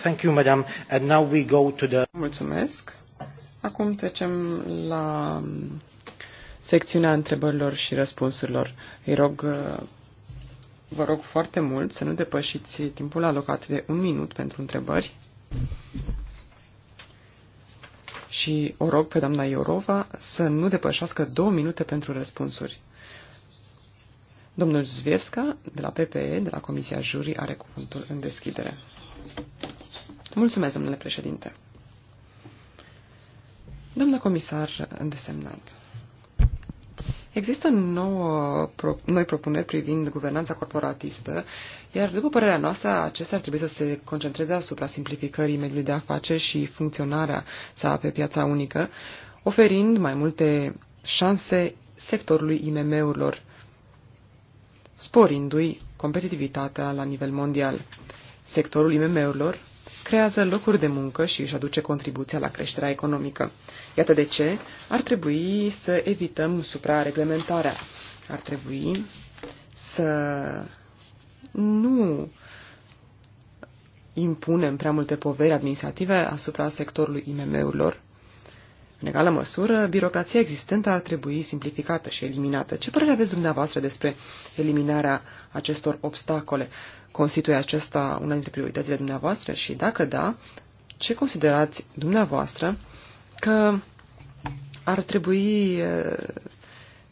Thank you, madam. And now we go to the... Mulțumesc. Acum trecem la um, secțiunea întrebărilor și răspunsurilor. Îi rog, uh, vă rog foarte mult să nu depășiți timpul alocat de un minut pentru întrebări. Și o rog pe doamna Iorova să nu depășească două minute pentru răspunsuri. Domnul Zvierska, de la PPE, de la Comisia Jurii, are cuvântul în deschidere. Mulțumesc, domnule președinte. Doamna comisar îndesemnat, există nouă, pro, noi propuneri privind guvernanța corporatistă, iar după părerea noastră, acestea ar trebui să se concentreze asupra simplificării mediului de afaceri și funcționarea sa pe piața unică, oferind mai multe șanse sectorului IMM-urilor, sporindu-i competitivitatea la nivel mondial. Sectorul IMM-urilor creează locuri de muncă și își aduce contribuția la creșterea economică. Iată de ce ar trebui să evităm suprareglementarea. Ar trebui să nu impunem prea multe poveri administrative asupra sectorului IMM-urilor. În egală măsură, birocrația existentă ar trebui simplificată și eliminată. Ce părere aveți dumneavoastră despre eliminarea acestor obstacole? Constituie acesta una dintre prioritățile dumneavoastră și dacă da, ce considerați dumneavoastră că ar trebui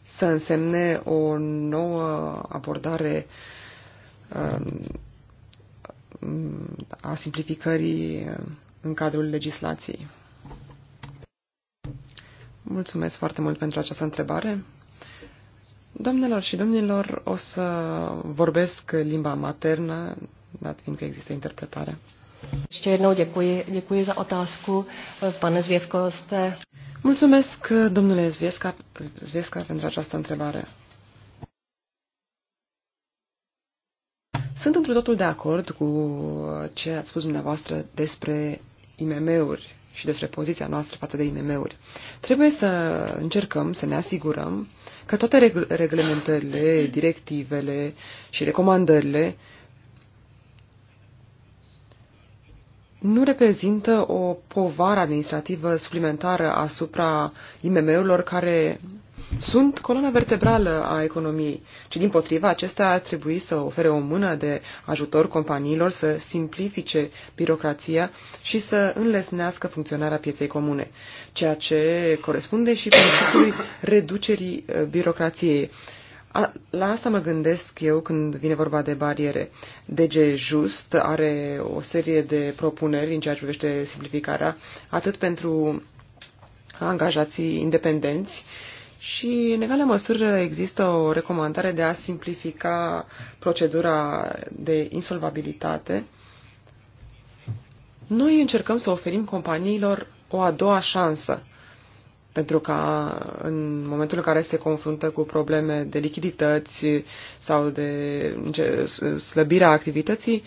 să însemne o nouă abordare a simplificării în cadrul legislației? Mulțumesc foarte mult pentru această întrebare. Doamnelor și domnilor, o să vorbesc limba maternă, dat fiind că există interpretare. Ještě jednou děkuji, děkuji za otázku. Pane Zvěvko, jste... Mulțumesc, domnule Zviesca, Zviesca, pentru această întrebare. Sunt într totul de acord cu ce ați spus dumneavoastră despre IMM-uri și despre poziția noastră față de IMM-uri. Trebuie să încercăm să ne asigurăm că toate regl reglementările, directivele și recomandările nu reprezintă o povară administrativă suplimentară asupra IMM-urilor care sunt coloana vertebrală a economiei, ci din potriva acestea ar trebui să ofere o mână de ajutor companiilor să simplifice birocrația și să înlesnească funcționarea pieței comune, ceea ce corespunde și principiului reducerii uh, birocrației. A, la asta mă gândesc eu când vine vorba de bariere. DG Just are o serie de propuneri în ceea ce privește simplificarea, atât pentru angajații independenți, uh, și, în egală măsură, există o recomandare de a simplifica procedura de insolvabilitate. Noi încercăm să oferim companiilor o a doua șansă, pentru ca în momentul în care se confruntă cu probleme de lichidități sau de slăbirea activității,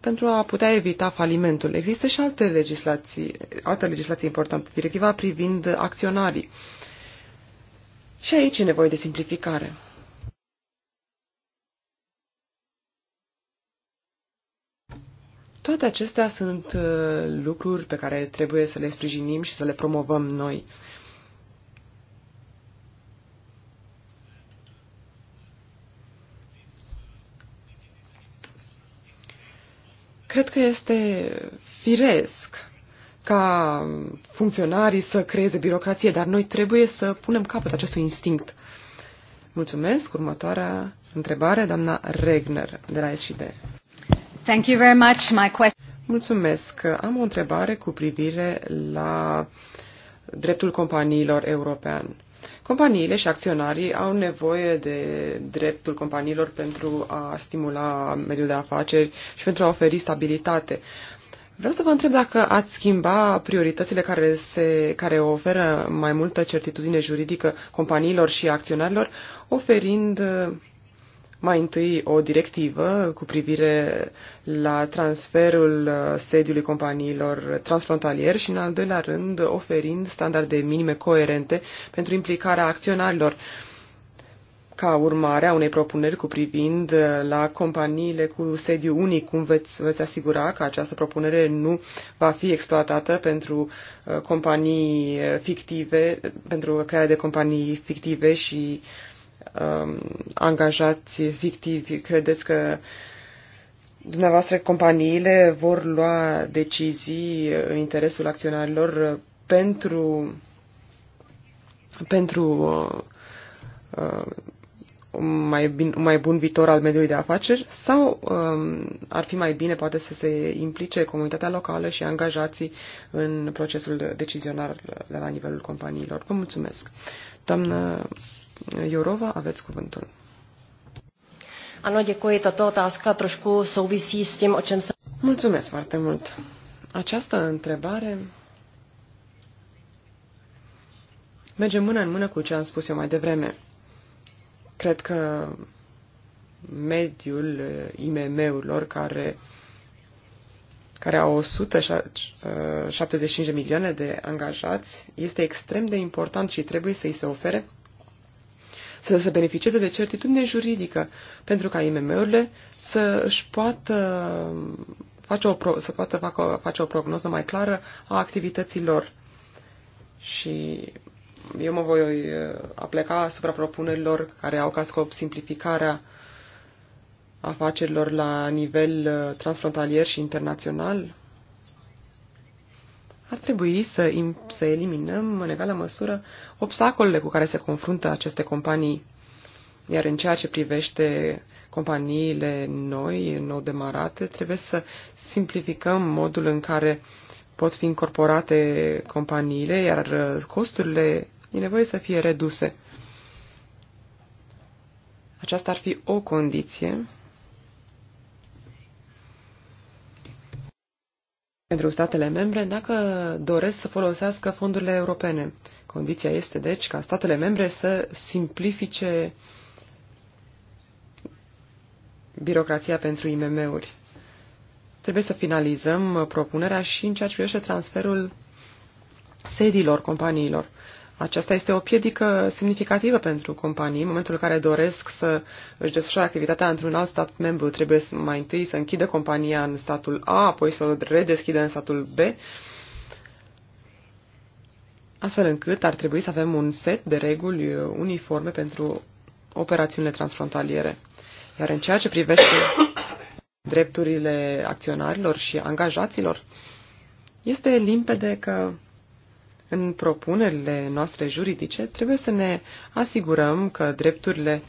pentru a putea evita falimentul. Există și alte legislații, alte legislații importante, directiva privind acționarii. Și aici e nevoie de simplificare. Toate acestea sunt uh, lucruri pe care trebuie să le sprijinim și să le promovăm noi. Cred că este firesc ca funcționarii să creeze birocrație, dar noi trebuie să punem capăt acestui instinct. Mulțumesc. Următoarea întrebare, doamna Regner, de la SCD. Thank you very much. My question... Mulțumesc. Am o întrebare cu privire la dreptul companiilor europeane. Companiile și acționarii au nevoie de dreptul companiilor pentru a stimula mediul de afaceri și pentru a oferi stabilitate. Vreau să vă întreb dacă ați schimba prioritățile care, se, care oferă mai multă certitudine juridică companiilor și acționarilor, oferind mai întâi o directivă cu privire la transferul uh, sediului companiilor transfrontalier și, în al doilea rând, oferind standarde minime coerente pentru implicarea acționarilor ca urmare a unei propuneri cu privind uh, la companiile cu sediu unic, cum veți, veți asigura că această propunere nu va fi exploatată pentru uh, companii fictive, pentru crearea de companii fictive și uh, um, angajați fictivi. Credeți că dumneavoastră companiile vor lua decizii în interesul acționarilor pentru, pentru uh, uh, un mai, bin, un mai bun viitor al mediului de afaceri sau um, ar fi mai bine poate să se implice comunitatea locală și angajații în procesul decizional la nivelul companiilor. Vă mulțumesc. Doamnă Jourova, aveți cuvântul. Ano, děkuji, tato otázka trošku souvisí s tím, o čem se... Mulțumesc foarte mult. Această întrebare merge mână în mână cu ce am spus eu mai devreme. Cred că mediul IMM-urilor care, care au 175 de milioane de angajați este extrem de important și trebuie să îi se ofere să se beneficieze de certitudine juridică pentru ca IMM-urile să își poată face o, pro- să poată facă, face o prognoză mai clară a activităților. Și eu mă voi uh, apleca asupra propunerilor care au ca scop simplificarea afacerilor la nivel uh, transfrontalier și internațional, ar trebui să, să eliminăm în egală măsură obstacolele cu care se confruntă aceste companii. Iar în ceea ce privește companiile noi, nou demarate, trebuie să simplificăm modul în care pot fi incorporate companiile, iar uh, costurile e nevoie să fie reduse. Aceasta ar fi o condiție pentru statele membre dacă doresc să folosească fondurile europene. Condiția este, deci, ca statele membre să simplifice birocrația pentru IMM-uri. Trebuie să finalizăm propunerea și în ceea ce privește transferul sediilor companiilor. Aceasta este o piedică semnificativă pentru companii. În momentul în care doresc să își desfășoare activitatea într-un alt stat membru, trebuie mai întâi să închidă compania în statul A, apoi să o redeschidă în statul B, astfel încât ar trebui să avem un set de reguli uniforme pentru operațiunile transfrontaliere. Iar în ceea ce privește drepturile acționarilor și angajaților, este limpede că în propunerile noastre juridice trebuie să ne asigurăm că drepturile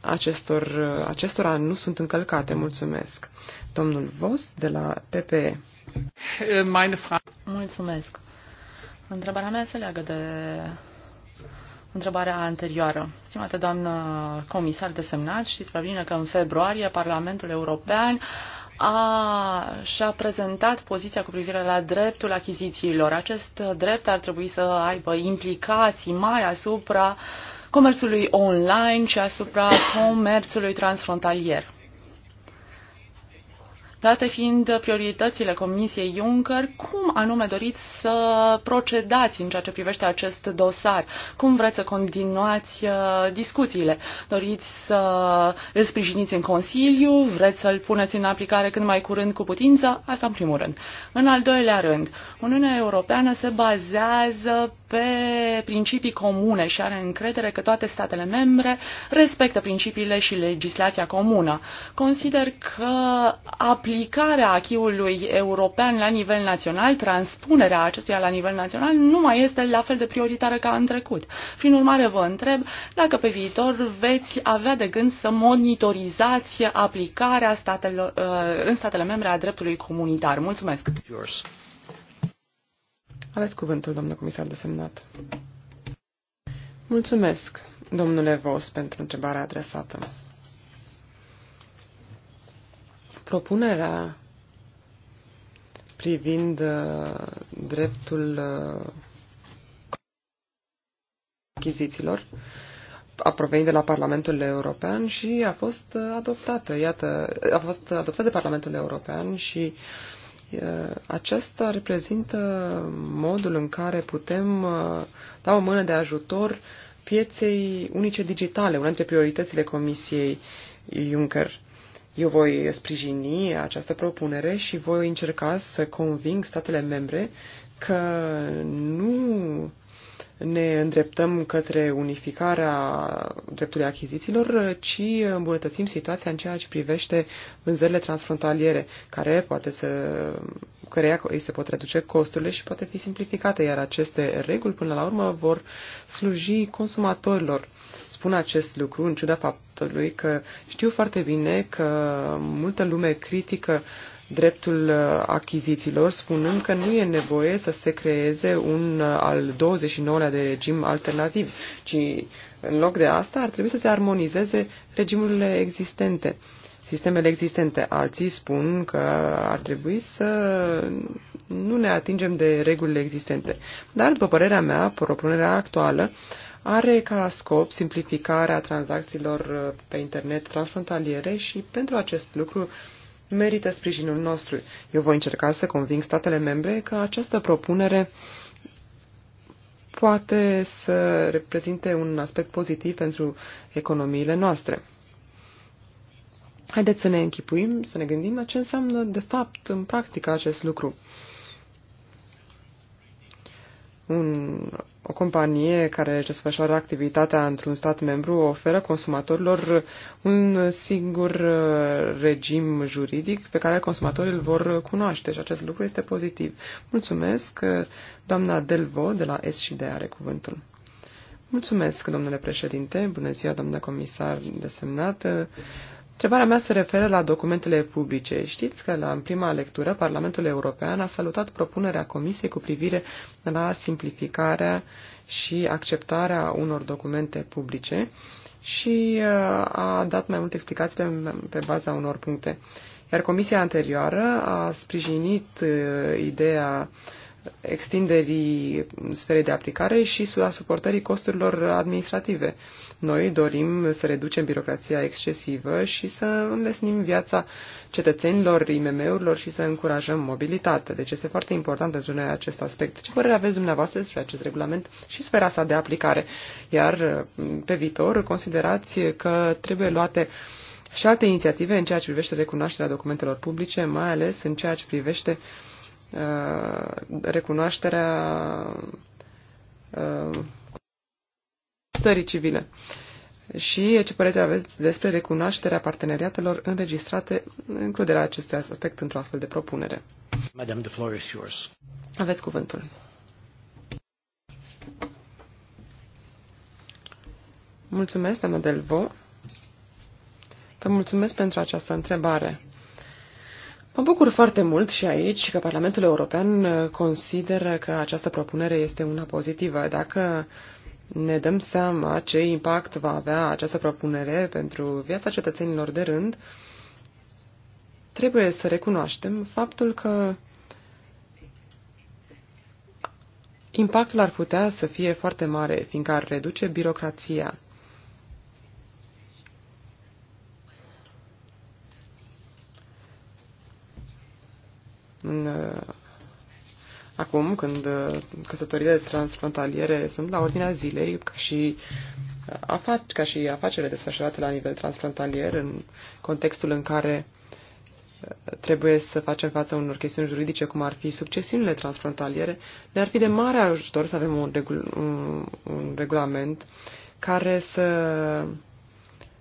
acestor, acestora nu sunt încălcate. Mulțumesc. Domnul Vos de la PPE. Mulțumesc. Întrebarea mea se leagă de întrebarea anterioară. Stimată doamnă comisar desemnat, știți prea bine că în februarie Parlamentul European a, și-a prezentat poziția cu privire la dreptul achizițiilor. Acest drept ar trebui să aibă implicații mai asupra comerțului online și asupra comerțului transfrontalier date fiind prioritățile Comisiei Juncker, cum anume doriți să procedați în ceea ce privește acest dosar? Cum vreți să continuați uh, discuțiile? Doriți să îl sprijiniți în Consiliu? Vreți să-l puneți în aplicare cât mai curând cu putință? Asta în primul rând. În al doilea rând, Uniunea Europeană se bazează pe principii comune și are încredere că toate statele membre respectă principiile și legislația comună. Consider că aplicarea acquis european la nivel național, transpunerea acestuia la nivel național, nu mai este la fel de prioritară ca în trecut. Prin urmare, vă întreb dacă pe viitor veți avea de gând să monitorizați aplicarea statelor, uh, în statele membre a dreptului comunitar. Mulțumesc! Yours. Aveți cuvântul, domnul comisar desemnat. Mulțumesc, domnule Vos, pentru întrebarea adresată. Propunerea privind uh, dreptul uh, achizițiilor a provenit de la Parlamentul European și a fost uh, adoptată. Iată, a fost adoptată de Parlamentul European și Uh, Aceasta reprezintă modul în care putem uh, da o mână de ajutor pieței unice digitale, una dintre prioritățile Comisiei Juncker. Eu voi sprijini această propunere și voi încerca să conving statele membre că nu ne îndreptăm către unificarea dreptului achizițiilor, ci îmbunătățim situația în ceea ce privește vânzările transfrontaliere, care poate să căreia îi se pot reduce costurile și poate fi simplificate, iar aceste reguli până la urmă vor sluji consumatorilor. Spun acest lucru în ciuda faptului că știu foarte bine că multă lume critică dreptul uh, achizițiilor, spunând că nu e nevoie să se creeze un uh, al 29-lea de regim alternativ, ci în loc de asta ar trebui să se armonizeze regimurile existente sistemele existente. Alții spun că ar trebui să nu ne atingem de regulile existente. Dar, după părerea mea, propunerea actuală are ca scop simplificarea tranzacțiilor uh, pe internet transfrontaliere și pentru acest lucru merită sprijinul nostru. Eu voi încerca să conving statele membre că această propunere poate să reprezinte un aspect pozitiv pentru economiile noastre. Haideți să ne închipuim, să ne gândim la ce înseamnă de fapt în practică acest lucru. Un o companie care desfășoară activitatea într-un stat membru oferă consumatorilor un singur uh, regim juridic pe care consumatorii îl vor cunoaște și acest lucru este pozitiv. Mulțumesc, uh, doamna Delvo de la SCD are cuvântul. Mulțumesc, domnule președinte, bună ziua, doamnă comisar desemnată. Întrebarea mea se referă la documentele publice. Știți că la în prima lectură Parlamentul European a salutat propunerea Comisiei cu privire la simplificarea și acceptarea unor documente publice și uh, a dat mai multe explicații pe, pe baza unor puncte. Iar Comisia anterioară a sprijinit uh, ideea uh, extinderii sferei de aplicare și a suportării costurilor administrative. Noi dorim să reducem birocrația excesivă și să înlesnim viața cetățenilor, IMM-urilor și să încurajăm mobilitatea. Deci este foarte important pentru noi acest aspect. Ce părere aveți dumneavoastră despre acest regulament și sfera sa de aplicare? Iar pe viitor considerați că trebuie luate și alte inițiative în ceea ce privește recunoașterea documentelor publice, mai ales în ceea ce privește uh, Uh, recunoașterea uh, stării civile. Și ce părere aveți despre recunoașterea parteneriatelor înregistrate, includerea acestui aspect într-o astfel de propunere? Madame, the floor is yours. Aveți cuvântul. Mulțumesc, doamnă Delvaux. Vă mulțumesc pentru această întrebare. Mă bucur foarte mult și aici că Parlamentul European uh, consideră că această propunere este una pozitivă. Dacă ne dăm seama ce impact va avea această propunere pentru viața cetățenilor de rând, trebuie să recunoaștem faptul că impactul ar putea să fie foarte mare, fiindcă ar reduce birocrația În, uh, acum, când uh, căsătorile transfrontaliere sunt la ordinea zilei, ca și, uh, afac, ca și afacere desfășurate la nivel transfrontalier, în contextul în care trebuie să facem față unor chestiuni juridice, cum ar fi succesiunile transfrontaliere, ne-ar fi de mare ajutor să avem un, regul, un, un regulament care să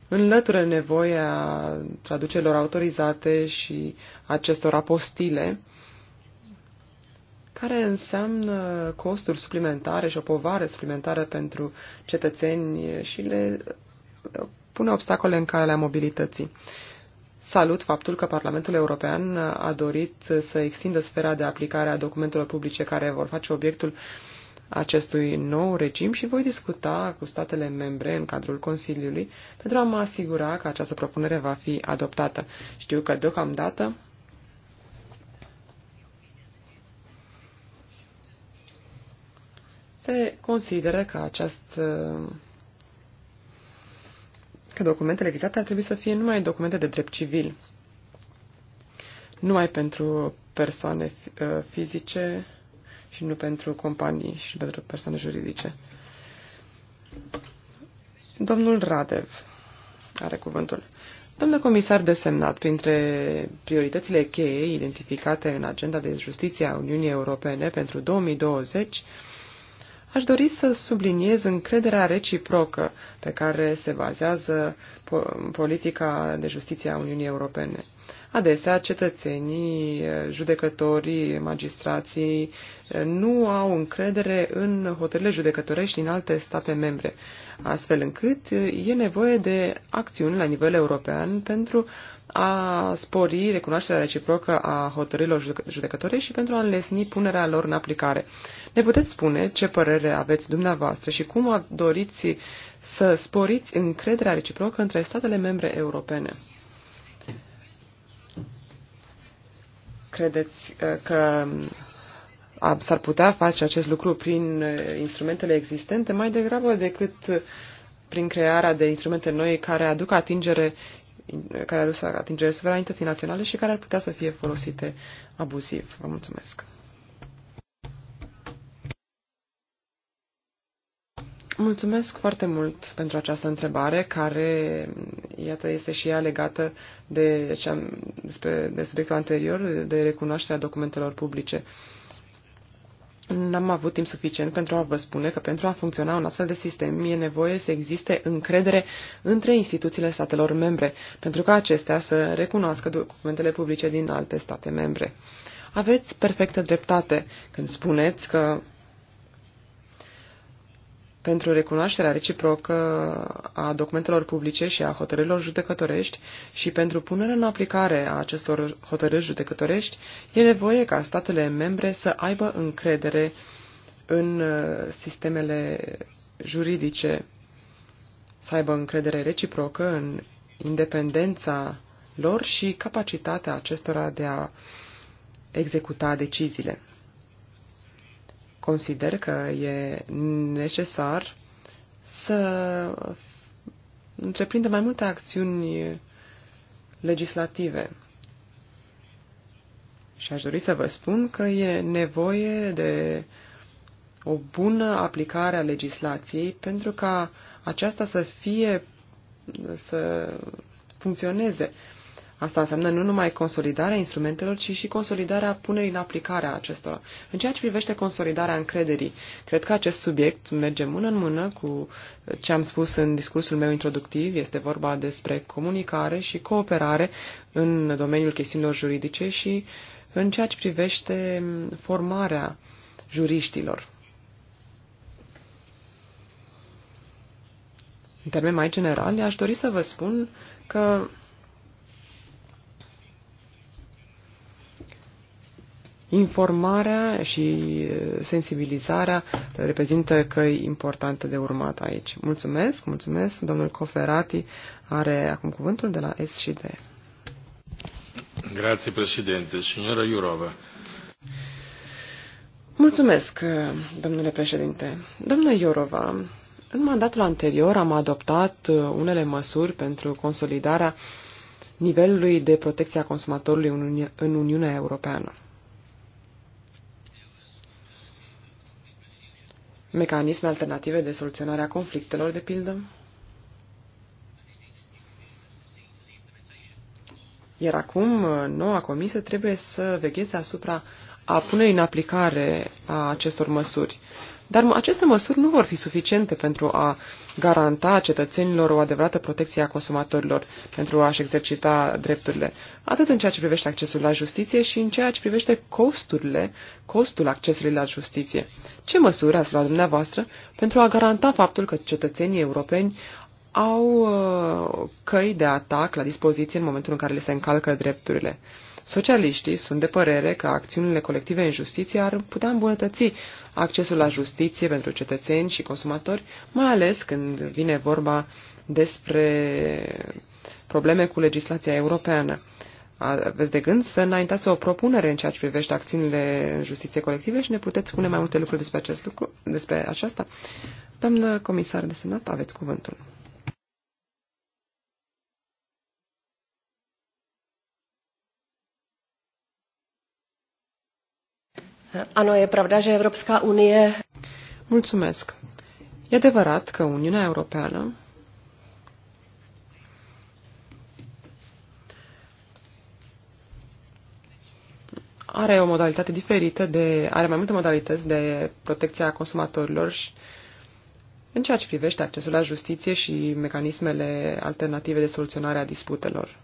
înlăture nevoia traducerilor autorizate și acestor apostile, care înseamnă costuri suplimentare și o povară suplimentară pentru cetățeni și le uh, pune obstacole în calea mobilității. Salut faptul că Parlamentul European a dorit să extindă sfera de aplicare a documentelor publice care vor face obiectul acestui nou regim și voi discuta cu statele membre în cadrul Consiliului pentru a mă asigura că această propunere va fi adoptată. Știu că deocamdată se consideră că acest uh, că documentele vizate ar trebui să fie numai documente de drept civil, numai pentru persoane uh, fizice și nu pentru companii și pentru persoane juridice. Domnul Radev are cuvântul. Domnul comisar desemnat, printre prioritățile cheie identificate în agenda de justiție a Uniunii Europene pentru 2020, Aș dori să subliniez încrederea reciprocă pe care se bazează politica de justiție a Uniunii Europene. Adesea, cetățenii, judecătorii, magistrații nu au încredere în hotările judecătorești din alte state membre, astfel încât e nevoie de acțiuni la nivel european pentru a spori recunoașterea reciprocă a hotărârilor judecătorești și pentru a înlesni punerea lor în aplicare. Ne puteți spune ce părere aveți dumneavoastră și cum doriți să sporiți încrederea reciprocă între statele membre europene? Credeți uh, că s-ar putea face acest lucru prin uh, instrumentele existente mai degrabă decât prin crearea de instrumente noi care aduc atingere uh, care a la atingere suveranității naționale și care ar putea să fie folosite abuziv. Vă mulțumesc. Mulțumesc foarte mult pentru această întrebare, care, iată, este și ea legată de, ce am, despre, de subiectul anterior, de recunoașterea documentelor publice. N-am avut timp suficient pentru a vă spune că pentru a funcționa un astfel de sistem e nevoie să existe încredere între instituțiile statelor membre, pentru ca acestea să recunoască documentele publice din alte state membre. Aveți perfectă dreptate când spuneți că pentru recunoașterea reciprocă a documentelor publice și a hotărârilor judecătorești și pentru punerea în aplicare a acestor hotărâri judecătorești, e nevoie ca statele membre să aibă încredere în uh, sistemele juridice, să aibă încredere reciprocă în independența lor și capacitatea acestora de a executa deciziile consider că e necesar să întreprindă mai multe acțiuni legislative. Și aș dori să vă spun că e nevoie de o bună aplicare a legislației pentru ca aceasta să fie, să funcționeze. Uh, Asta înseamnă nu numai consolidarea instrumentelor, ci și consolidarea punerii în aplicare a acestora. În ceea ce privește consolidarea încrederii, cred că acest subiect merge mână în mână cu ce am spus în discursul meu introductiv. Este vorba despre comunicare și cooperare în domeniul chestiunilor juridice și în ceea ce privește formarea juriștilor. În termeni mai generale, aș dori să vă spun că Informarea și sensibilizarea reprezintă căi importante de urmat aici. Mulțumesc, mulțumesc. Domnul Coferati are acum cuvântul de la S și D. Grazie, președinte. Signora Iurova. Mulțumesc, domnule președinte. Domnule Iurova, în mandatul anterior am adoptat unele măsuri pentru consolidarea nivelului de protecție a consumatorului în Uniunea Europeană. mecanisme alternative de soluționare a conflictelor, de pildă, Iar acum, noua comisie trebuie să vegheze asupra a pune în aplicare a acestor măsuri. Dar aceste măsuri nu vor fi suficiente pentru a garanta cetățenilor o adevărată protecție a consumatorilor pentru a-și exercita drepturile, atât în ceea ce privește accesul la justiție și în ceea ce privește costurile, costul accesului la justiție. Ce măsuri ați luat dumneavoastră pentru a garanta faptul că cetățenii europeni au uh, căi de atac la dispoziție în momentul în care le se încalcă drepturile? Socialiștii sunt de părere că acțiunile colective în justiție ar putea îmbunătăți accesul la justiție pentru cetățeni și consumatori, mai ales când vine vorba despre probleme cu legislația europeană. Aveți de gând să înaintați o propunere în ceea ce privește acțiunile în justiție colective și ne puteți spune mai multe lucruri despre acest lucru, despre aceasta? Doamnă comisar de senat, aveți cuvântul. Ano, e pravda, že Evropská Unie... Mulțumesc. E adevărat că Uniunea Europeană are o modalitate diferită de, are mai multe modalități de protecție a consumatorilor și în ceea ce privește accesul la justiție și mecanismele alternative de soluționare a disputelor.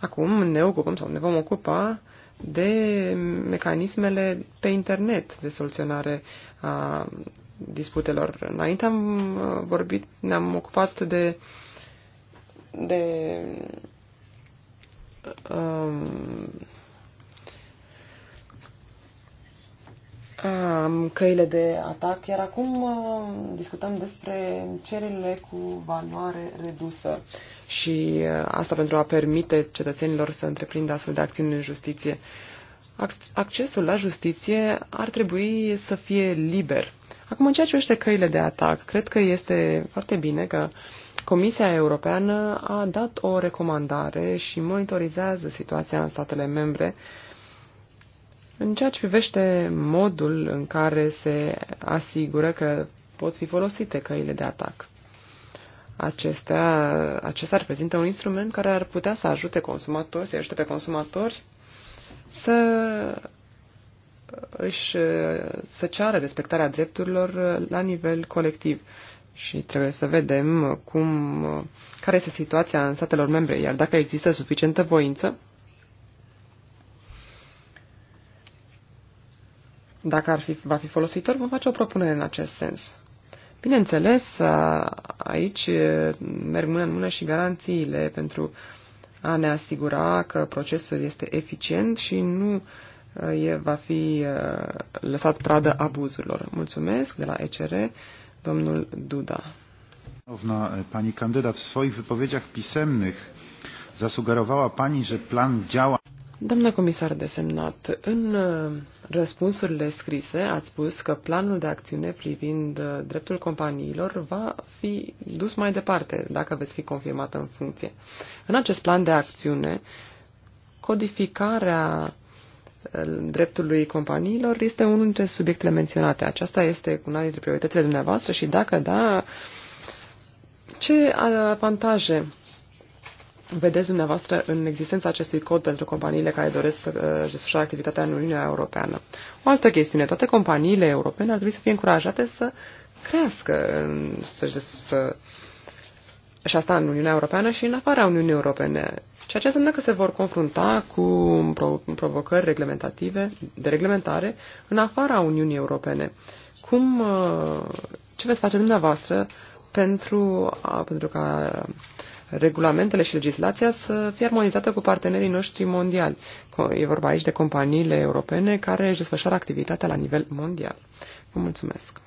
Acum ne ocupăm sau ne vom ocupa de mecanismele pe internet de soluționare a disputelor. Înainte am uh, vorbit, ne-am ocupat de, de um, Am căile de atac, iar acum uh, discutăm despre cererile cu valoare redusă. Uh, și uh, asta pentru a permite cetățenilor să întreprindă astfel de acțiuni în justiție. Accesul la justiție ar trebui să fie liber. Acum, în ceea ce privește căile de atac, cred că este foarte bine că Comisia Europeană a dat o recomandare și monitorizează situația în statele membre în ceea ce privește modul în care se asigură că pot fi folosite căile de atac acestea, acesta reprezintă un instrument care ar putea să ajute consumatori, să ajute pe consumatori să își, să ceară respectarea drepturilor la nivel colectiv. Și trebuie să vedem cum, care este situația în statelor membre, iar dacă există suficientă voință, dacă ar fi, va fi folositor, vom face o propunere în acest sens. Bineînțeles, aici merg mână în mână și garanțiile pentru a ne asigura că procesul este eficient și nu e, va fi lăsat pradă abuzurilor. Mulțumesc de la ECR, domnul Duda. Pani kandydat w swoich wypowiedziach pisemnych zasugerowała Pani, że plan działa. Doamnă comisar desemnat, în uh, răspunsurile scrise ați spus că planul de acțiune privind uh, dreptul companiilor va fi dus mai departe dacă veți fi confirmată în funcție. În acest plan de acțiune, codificarea uh, dreptului companiilor este unul dintre subiectele menționate. Aceasta este una dintre prioritățile dumneavoastră și dacă da, ce avantaje vedeți dumneavoastră în existența acestui cod pentru companiile care doresc să uh, desfășoare activitatea în Uniunea Europeană. O altă chestiune, toate companiile europene ar trebui să fie încurajate să crească, să, să, și asta în Uniunea Europeană și în afara Uniunii Europene. Ceea ce înseamnă că se vor confrunta cu provocări reglementative, de reglementare, în afara Uniunii Europene. Cum, uh, ce veți face dumneavoastră pentru, pentru ca regulamentele și legislația să fie armonizată cu partenerii noștri mondiali. E vorba aici de companiile europene care își desfășoară activitatea la nivel mondial. Vă mulțumesc!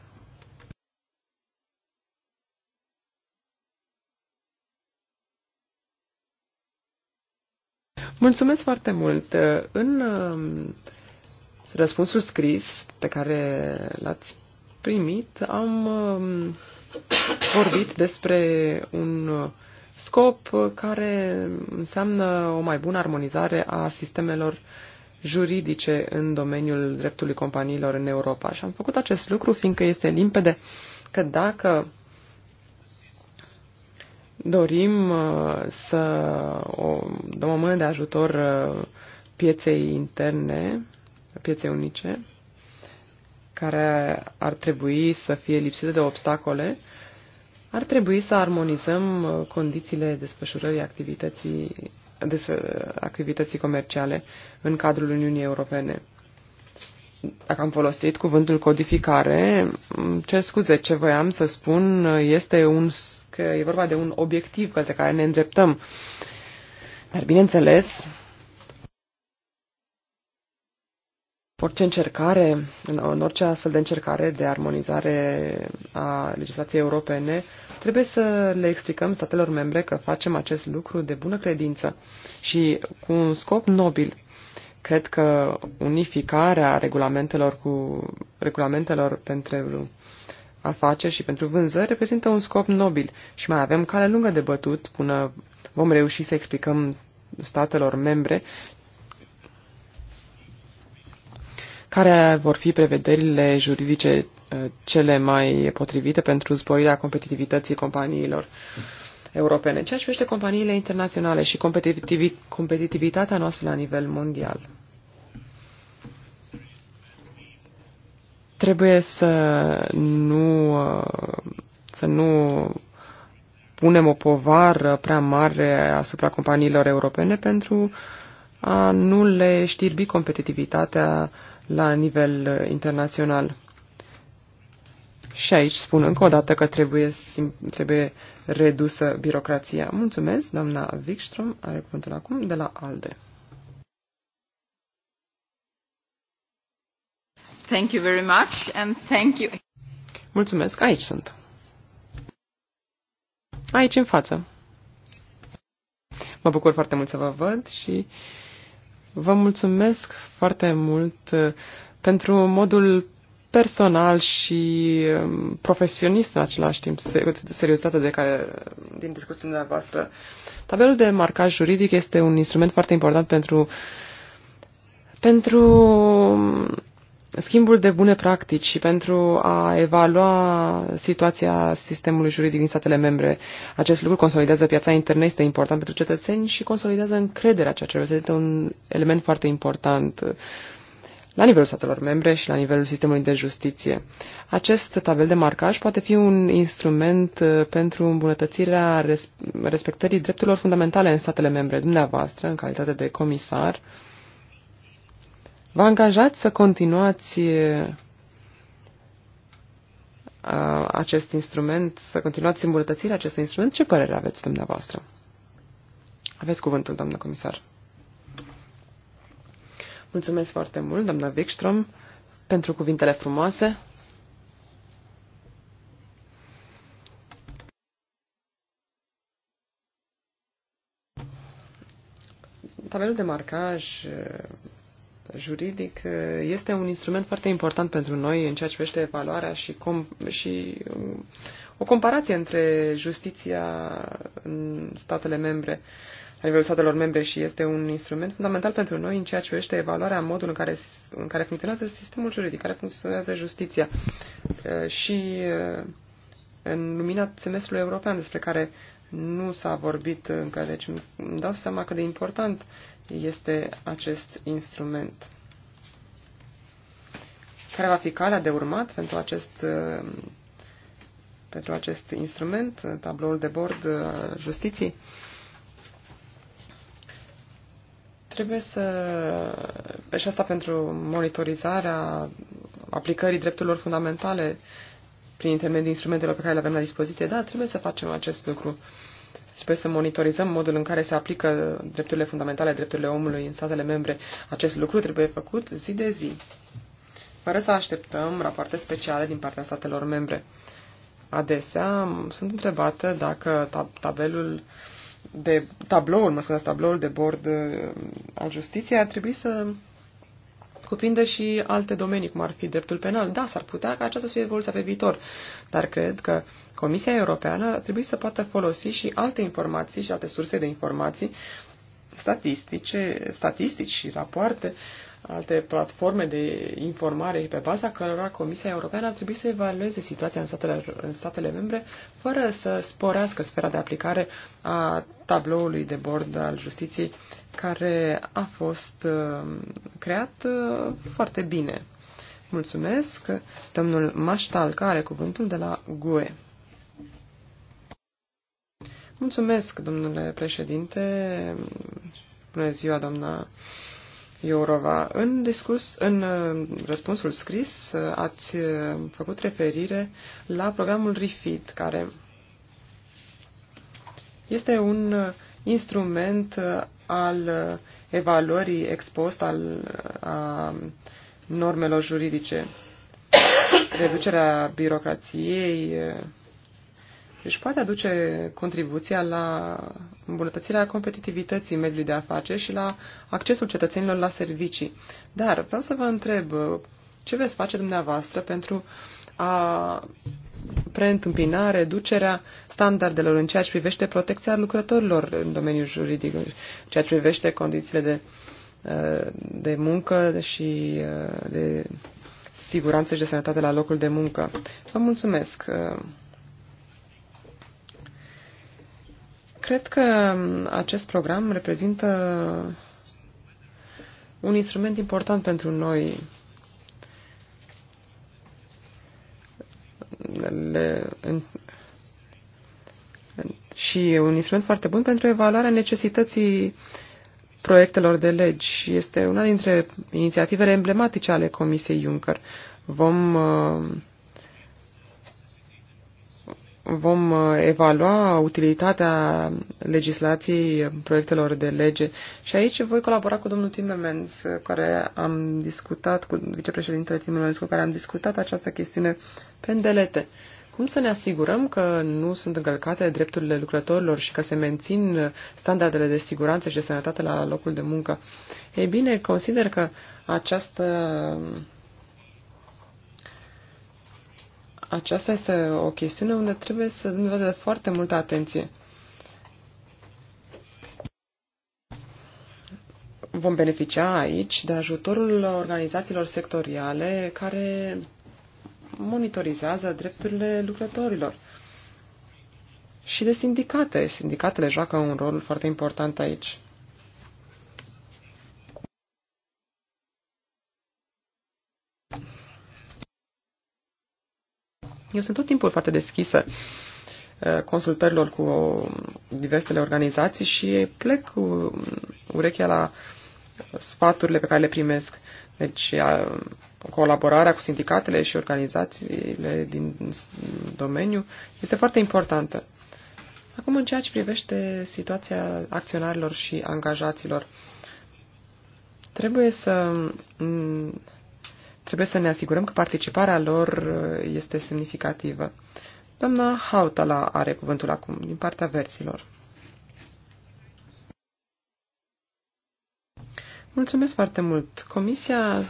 Mulțumesc foarte mult! În um, răspunsul scris pe care l-ați primit, am um, vorbit despre un scop uh, care înseamnă o mai bună armonizare a sistemelor juridice în domeniul dreptului companiilor în Europa. Și am făcut acest lucru fiindcă este limpede că dacă dorim uh, să o, dăm o mână de ajutor uh, pieței interne, pieței unice, care ar trebui să fie lipsite de obstacole, ar trebui să armonizăm uh, condițiile desfășurării activității, des, uh, activității comerciale în cadrul Uniunii Europene. Dacă am folosit cuvântul codificare, ce scuze, ce voiam să spun uh, este un, că e vorba de un obiectiv către care ne îndreptăm. Dar bineînțeles, Orice încercare, în orice astfel de încercare de armonizare a legislației europene, trebuie să le explicăm statelor membre că facem acest lucru de bună credință și cu un scop nobil. Cred că unificarea regulamentelor, cu, regulamentelor pentru afaceri și pentru vânzări reprezintă un scop nobil și mai avem cale lungă de bătut până vom reuși să explicăm statelor membre care vor fi prevederile juridice uh, cele mai potrivite pentru zborirea competitivității companiilor europene, ceea ce privește companiile internaționale și competitiv competitivitatea noastră la nivel mondial. Trebuie să nu, uh, să nu punem o povară prea mare asupra companiilor europene pentru a nu le știrbi competitivitatea la nivel uh, internațional. Și aici spun încă o dată că trebuie, trebuie redusă birocrația. Mulțumesc, doamna Wikström, are cuvântul acum de la ALDE. Thank you very much and thank you. Mulțumesc, aici sunt. Aici în față. Mă bucur foarte mult să vă văd și uh, Vă mulțumesc foarte mult uh, pentru modul personal și um, profesionist în același timp, seriozitatea de care, din discuția dumneavoastră. Tabelul de marcaj juridic este un instrument foarte important pentru, pentru um, schimbul de bune practici și pentru a evalua situația sistemului juridic din statele membre. Acest lucru consolidează piața internă, este important pentru cetățeni și consolidează încrederea, ceea ce reprezintă un element foarte important la nivelul statelor membre și la nivelul sistemului de justiție. Acest tabel de marcaj poate fi un instrument uh, pentru îmbunătățirea respectării drepturilor fundamentale în statele membre. Dumneavoastră, în calitate de comisar, Vă angajați să continuați acest instrument, să continuați îmbunătățirea acestui instrument? Ce părere aveți dumneavoastră? Aveți cuvântul, doamnă comisar. Mulțumesc foarte mult, doamna Wikström, pentru cuvintele frumoase. Tabelul de marcaj juridic eh, este un instrument foarte important pentru noi în ceea ce privește evaluarea și, com- și um, o comparație între justiția în statele membre, la nivelul statelor membre și este un instrument fundamental pentru noi în ceea ce privește evaluarea modul în care, în care funcționează sistemul juridic, care funcționează justiția eh, și eh, în lumina semestrului european despre care nu s-a vorbit încă, deci îmi dau seama cât de important este acest instrument. Care va fi calea de urmat pentru acest, pentru acest instrument, tabloul de bord justiției? Trebuie să... Și asta pentru monitorizarea aplicării drepturilor fundamentale prin intermediul instrumentelor pe care le avem la dispoziție. Da, trebuie să facem acest lucru. Uh, Trebuie să monitorizăm modul în care se aplică drepturile fundamentale, drepturile omului în statele membre. Acest lucru trebuie făcut zi de zi, fără să așteptăm rapoarte speciale din partea statelor membre. Adesea sunt întrebată dacă tab- tabelul de tabloul, mă scuzați, tabloul de bord uh, al justiției ar trebui să cuprinde și alte domenii, cum ar fi dreptul penal. Da, s-ar putea ca aceasta să fie evoluția pe viitor, dar cred că Comisia Europeană ar trebui să poată folosi și alte informații și alte surse de informații statistice, statistici și rapoarte alte platforme de informare și pe baza cărora Comisia Europeană ar trebui să evalueze situația în statele, în statele membre fără să sporească sfera de aplicare a tabloului de bord al justiției care a fost uh, creat uh, foarte bine. Mulțumesc. Domnul Maștal care are cuvântul de la GUE. Mulțumesc, domnule președinte. Bună ziua, doamna Iorova, în, discurs, în uh, răspunsul scris uh, ați uh, făcut referire la programul REFIT, care este un instrument al evaluării expost al a normelor juridice, reducerea birocrației, își deci poate aduce contribuția la îmbunătățirea competitivității mediului de afaceri și la accesul cetățenilor la servicii. Dar vreau să vă întreb, ce veți face dumneavoastră pentru a preîntâmpina reducerea standardelor în ceea ce privește protecția lucrătorilor în domeniul juridic, în ceea ce privește condițiile de, uh, de muncă și uh, de siguranță și de sănătate la locul de muncă. Vă mulțumesc! Uh, Cred că um, acest program reprezintă un instrument important pentru noi. Le, în, și un instrument foarte bun pentru evaluarea necesității proiectelor de legi. Este una dintre inițiativele emblematice ale Comisiei Juncker. Vom uh, vom uh, evalua utilitatea legislației proiectelor de lege și aici voi colabora cu domnul Timmermans, uh, care am discutat, cu vicepreședintele Timmermans, cu care am discutat această chestiune pe îndelete. Cum să ne asigurăm că nu sunt încălcate drepturile lucrătorilor și că se mențin standardele de siguranță și de sănătate la locul de muncă? Ei bine, consider că această aceasta este o chestiune unde trebuie să dăm de foarte multă atenție. Vom beneficia aici de ajutorul organizațiilor sectoriale care monitorizează drepturile lucrătorilor și de sindicate. Sindicatele joacă un rol foarte important aici. Eu sunt tot timpul foarte deschisă uh, consultărilor cu diversele organizații și plec cu urechea la sfaturile pe care le primesc. Deci uh, colaborarea cu sindicatele și organizațiile din domeniu este foarte importantă. Acum, în ceea ce privește situația acționarilor și angajaților, trebuie să mm, Trebuie să ne asigurăm că participarea lor uh, este semnificativă. Doamna Hautala are cuvântul acum, din partea versilor. Mulțumesc foarte mult. Comisia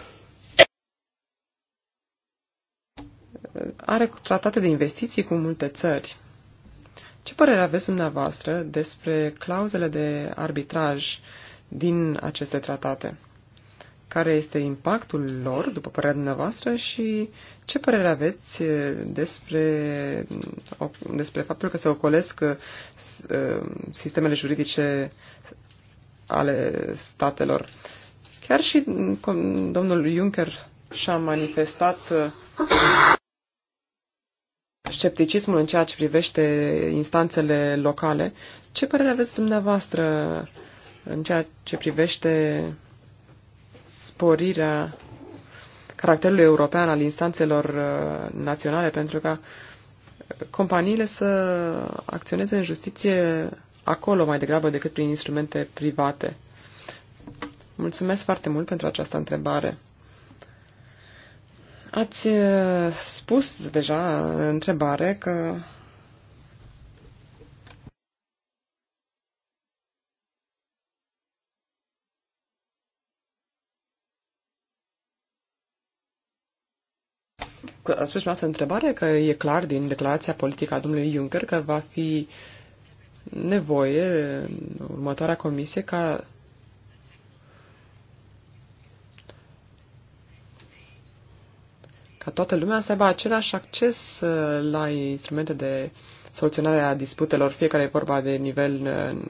are tratate de investiții cu multe țări. Ce părere aveți dumneavoastră despre clauzele de arbitraj din aceste tratate? care este impactul lor, după părerea dumneavoastră, și ce părere aveți despre, despre faptul că se ocolesc sistemele juridice ale statelor. Chiar și domnul Juncker și-a manifestat scepticismul în ceea ce privește instanțele locale. Ce părere aveți dumneavoastră în ceea ce privește sporirea caracterului european al instanțelor uh, naționale pentru ca uh, companiile să acționeze în justiție acolo mai degrabă decât prin instrumente private. Mulțumesc foarte mult pentru această întrebare. Ați uh, spus deja întrebare că ați spus noastră întrebare că e clar din declarația politică a domnului Juncker că va fi nevoie în următoarea comisie ca ca toată lumea să aibă același acces uh, la instrumente de soluționare a disputelor, fie că e vorba de nivel uh,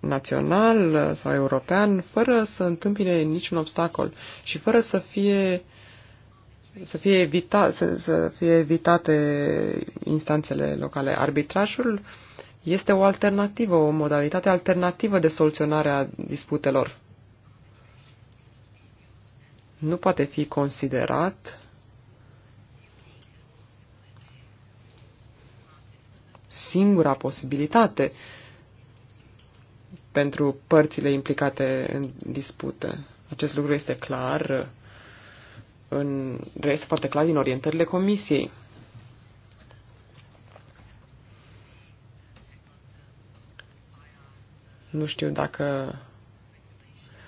național uh, sau european, fără să întâmpine niciun obstacol și fără să fie să fie, evita, să, să fie evitate instanțele locale. Arbitrajul este o alternativă, o modalitate alternativă de soluționare a disputelor. Nu poate fi considerat singura posibilitate pentru părțile implicate în dispută. Acest lucru este clar în, reiese foarte clar din orientările comisiei. Nu știu dacă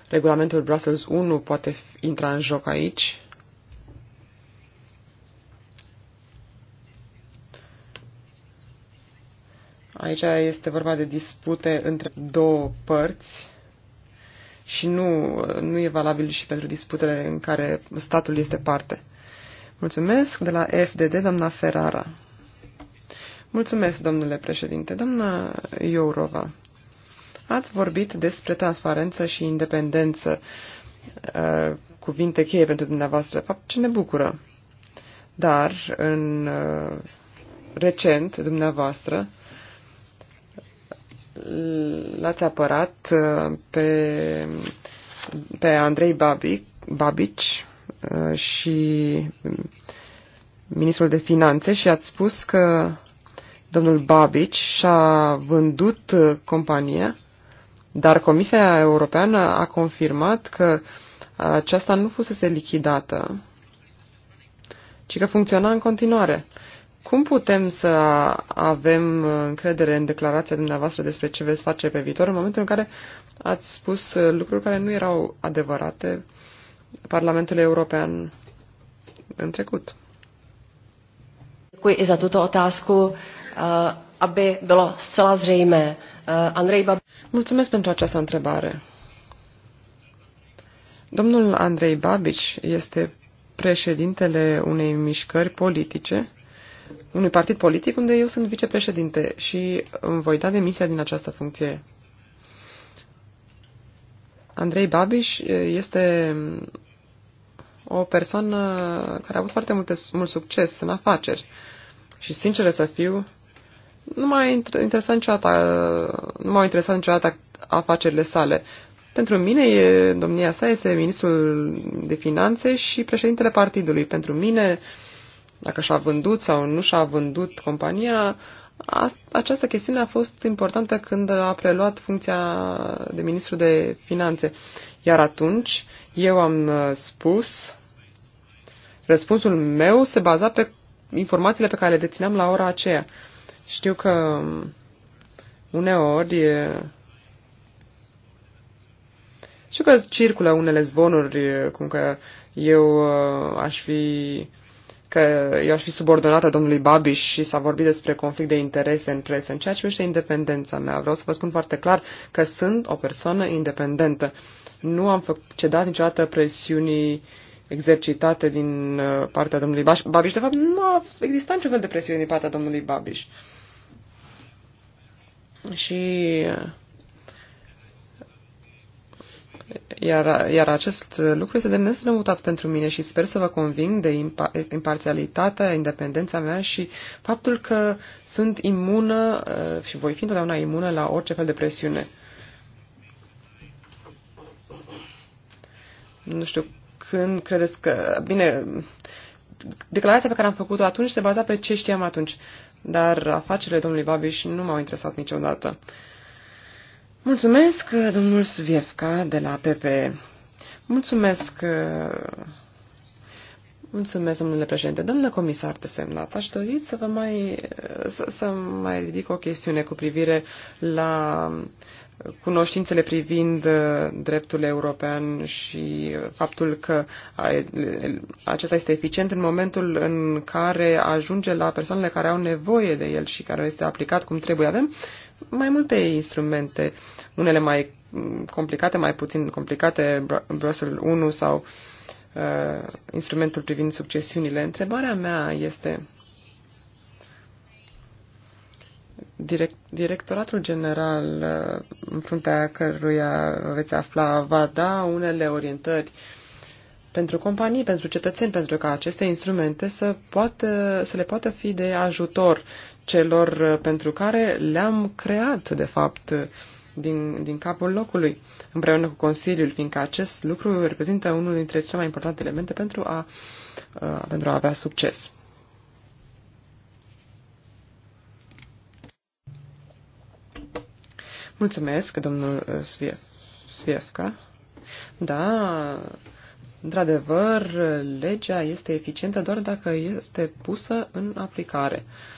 regulamentul Brussels 1 poate intra în joc aici. Aici este vorba de dispute între două părți și nu, nu e valabil și pentru disputele în care statul este parte. Mulțumesc de la FDD, doamna Ferrara. Mulțumesc, domnule președinte. Doamna Iourova, ați vorbit despre transparență și independență, uh, cuvinte cheie pentru dumneavoastră, fapt ce ne bucură. Dar, în uh, recent, dumneavoastră, l-ați apărat uh, pe, pe Andrei Babic, Babici uh, și ministrul de finanțe și ați spus că domnul Babici și-a vândut compania, dar Comisia Europeană a confirmat că aceasta nu fusese lichidată, ci că funcționa în continuare. Cum putem să avem încredere în declarația dumneavoastră despre ce veți face pe viitor în momentul în care ați spus lucruri care nu erau adevărate Parlamentului European în trecut? Děkuji i za tuto otázku, eh, aby bylo zcela zřejmé. Eh, Andrei Babiš. Mulțumesc pentru această întrebare. Domnul Andrei Babiš este președintele unei mișcări politice unui partid politic unde eu sunt vicepreședinte și îmi voi da demisia din această funcție. Andrei Babiș eh, este o persoană care a avut foarte multe, mult succes în afaceri și, sincer să fiu, nu m-a interesat niciodată, eh, nu m a interesat niciodată afacerile sale. Pentru mine, domnia sa este ministrul de finanțe și președintele partidului. Pentru mine, uh, dacă și-a vândut sau nu și-a vândut compania, această chestiune a fost importantă când a preluat funcția de ministru de finanțe. Iar atunci eu am uh, spus, răspunsul meu se baza pe informațiile pe care le dețineam la ora aceea. Știu că um, uneori e... știu că circulă unele zvonuri uh, cum că eu uh, aș fi că eu aș fi subordonată domnului Babiș și s-a vorbit despre conflict de interese în presă. În ceea ce privește independența mea, vreau să vă spun foarte clar că sunt o persoană independentă. Nu am cedat niciodată presiunii exercitate din uh, partea domnului Babiș. De fapt, nu a existat niciun fel de presiune din partea domnului Babiș. Și uh, iar, iar acest lucru este de nesrămutat pentru mine și sper să vă conving de imparțialitatea, independența mea și faptul că sunt imună uh, și voi fi întotdeauna imună la orice fel de presiune. Nu știu când credeți că... Bine, declarația pe care am făcut-o atunci se baza pe ce știam atunci, dar afacerile domnului Babiș nu m-au interesat niciodată. Uh, Mulțumesc, uh, domnul Suviefca de la PP. Mulțumesc, uh, mulțumesc, domnule președinte. Domnule comisar semnat, aș dori să vă mai, uh, să, să mai ridic o chestiune cu privire la cunoștințele privind dreptul european și faptul că acesta este eficient în momentul în care ajunge la persoanele care au nevoie de el și care este aplicat cum trebuie. Avem mai multe instrumente, unele mai complicate, mai puțin complicate, Brussel 1 sau uh, instrumentul privind succesiunile. Întrebarea mea este direct, directoratul general uh, în fruntea căruia veți afla va da unele orientări pentru companii, pentru cetățeni, pentru ca aceste instrumente să, poată, să le poată fi de ajutor celor uh, pentru care le-am creat, de fapt, din, din capul locului, împreună cu Consiliul, fiindcă acest lucru reprezintă unul dintre cele mai importante elemente pentru a, a, uh, pentru a avea succes. Mulțumesc, domnul uh, Svief, Sviefka. Da, într-adevăr, legea este eficientă doar dacă este pusă în aplicare. Uh,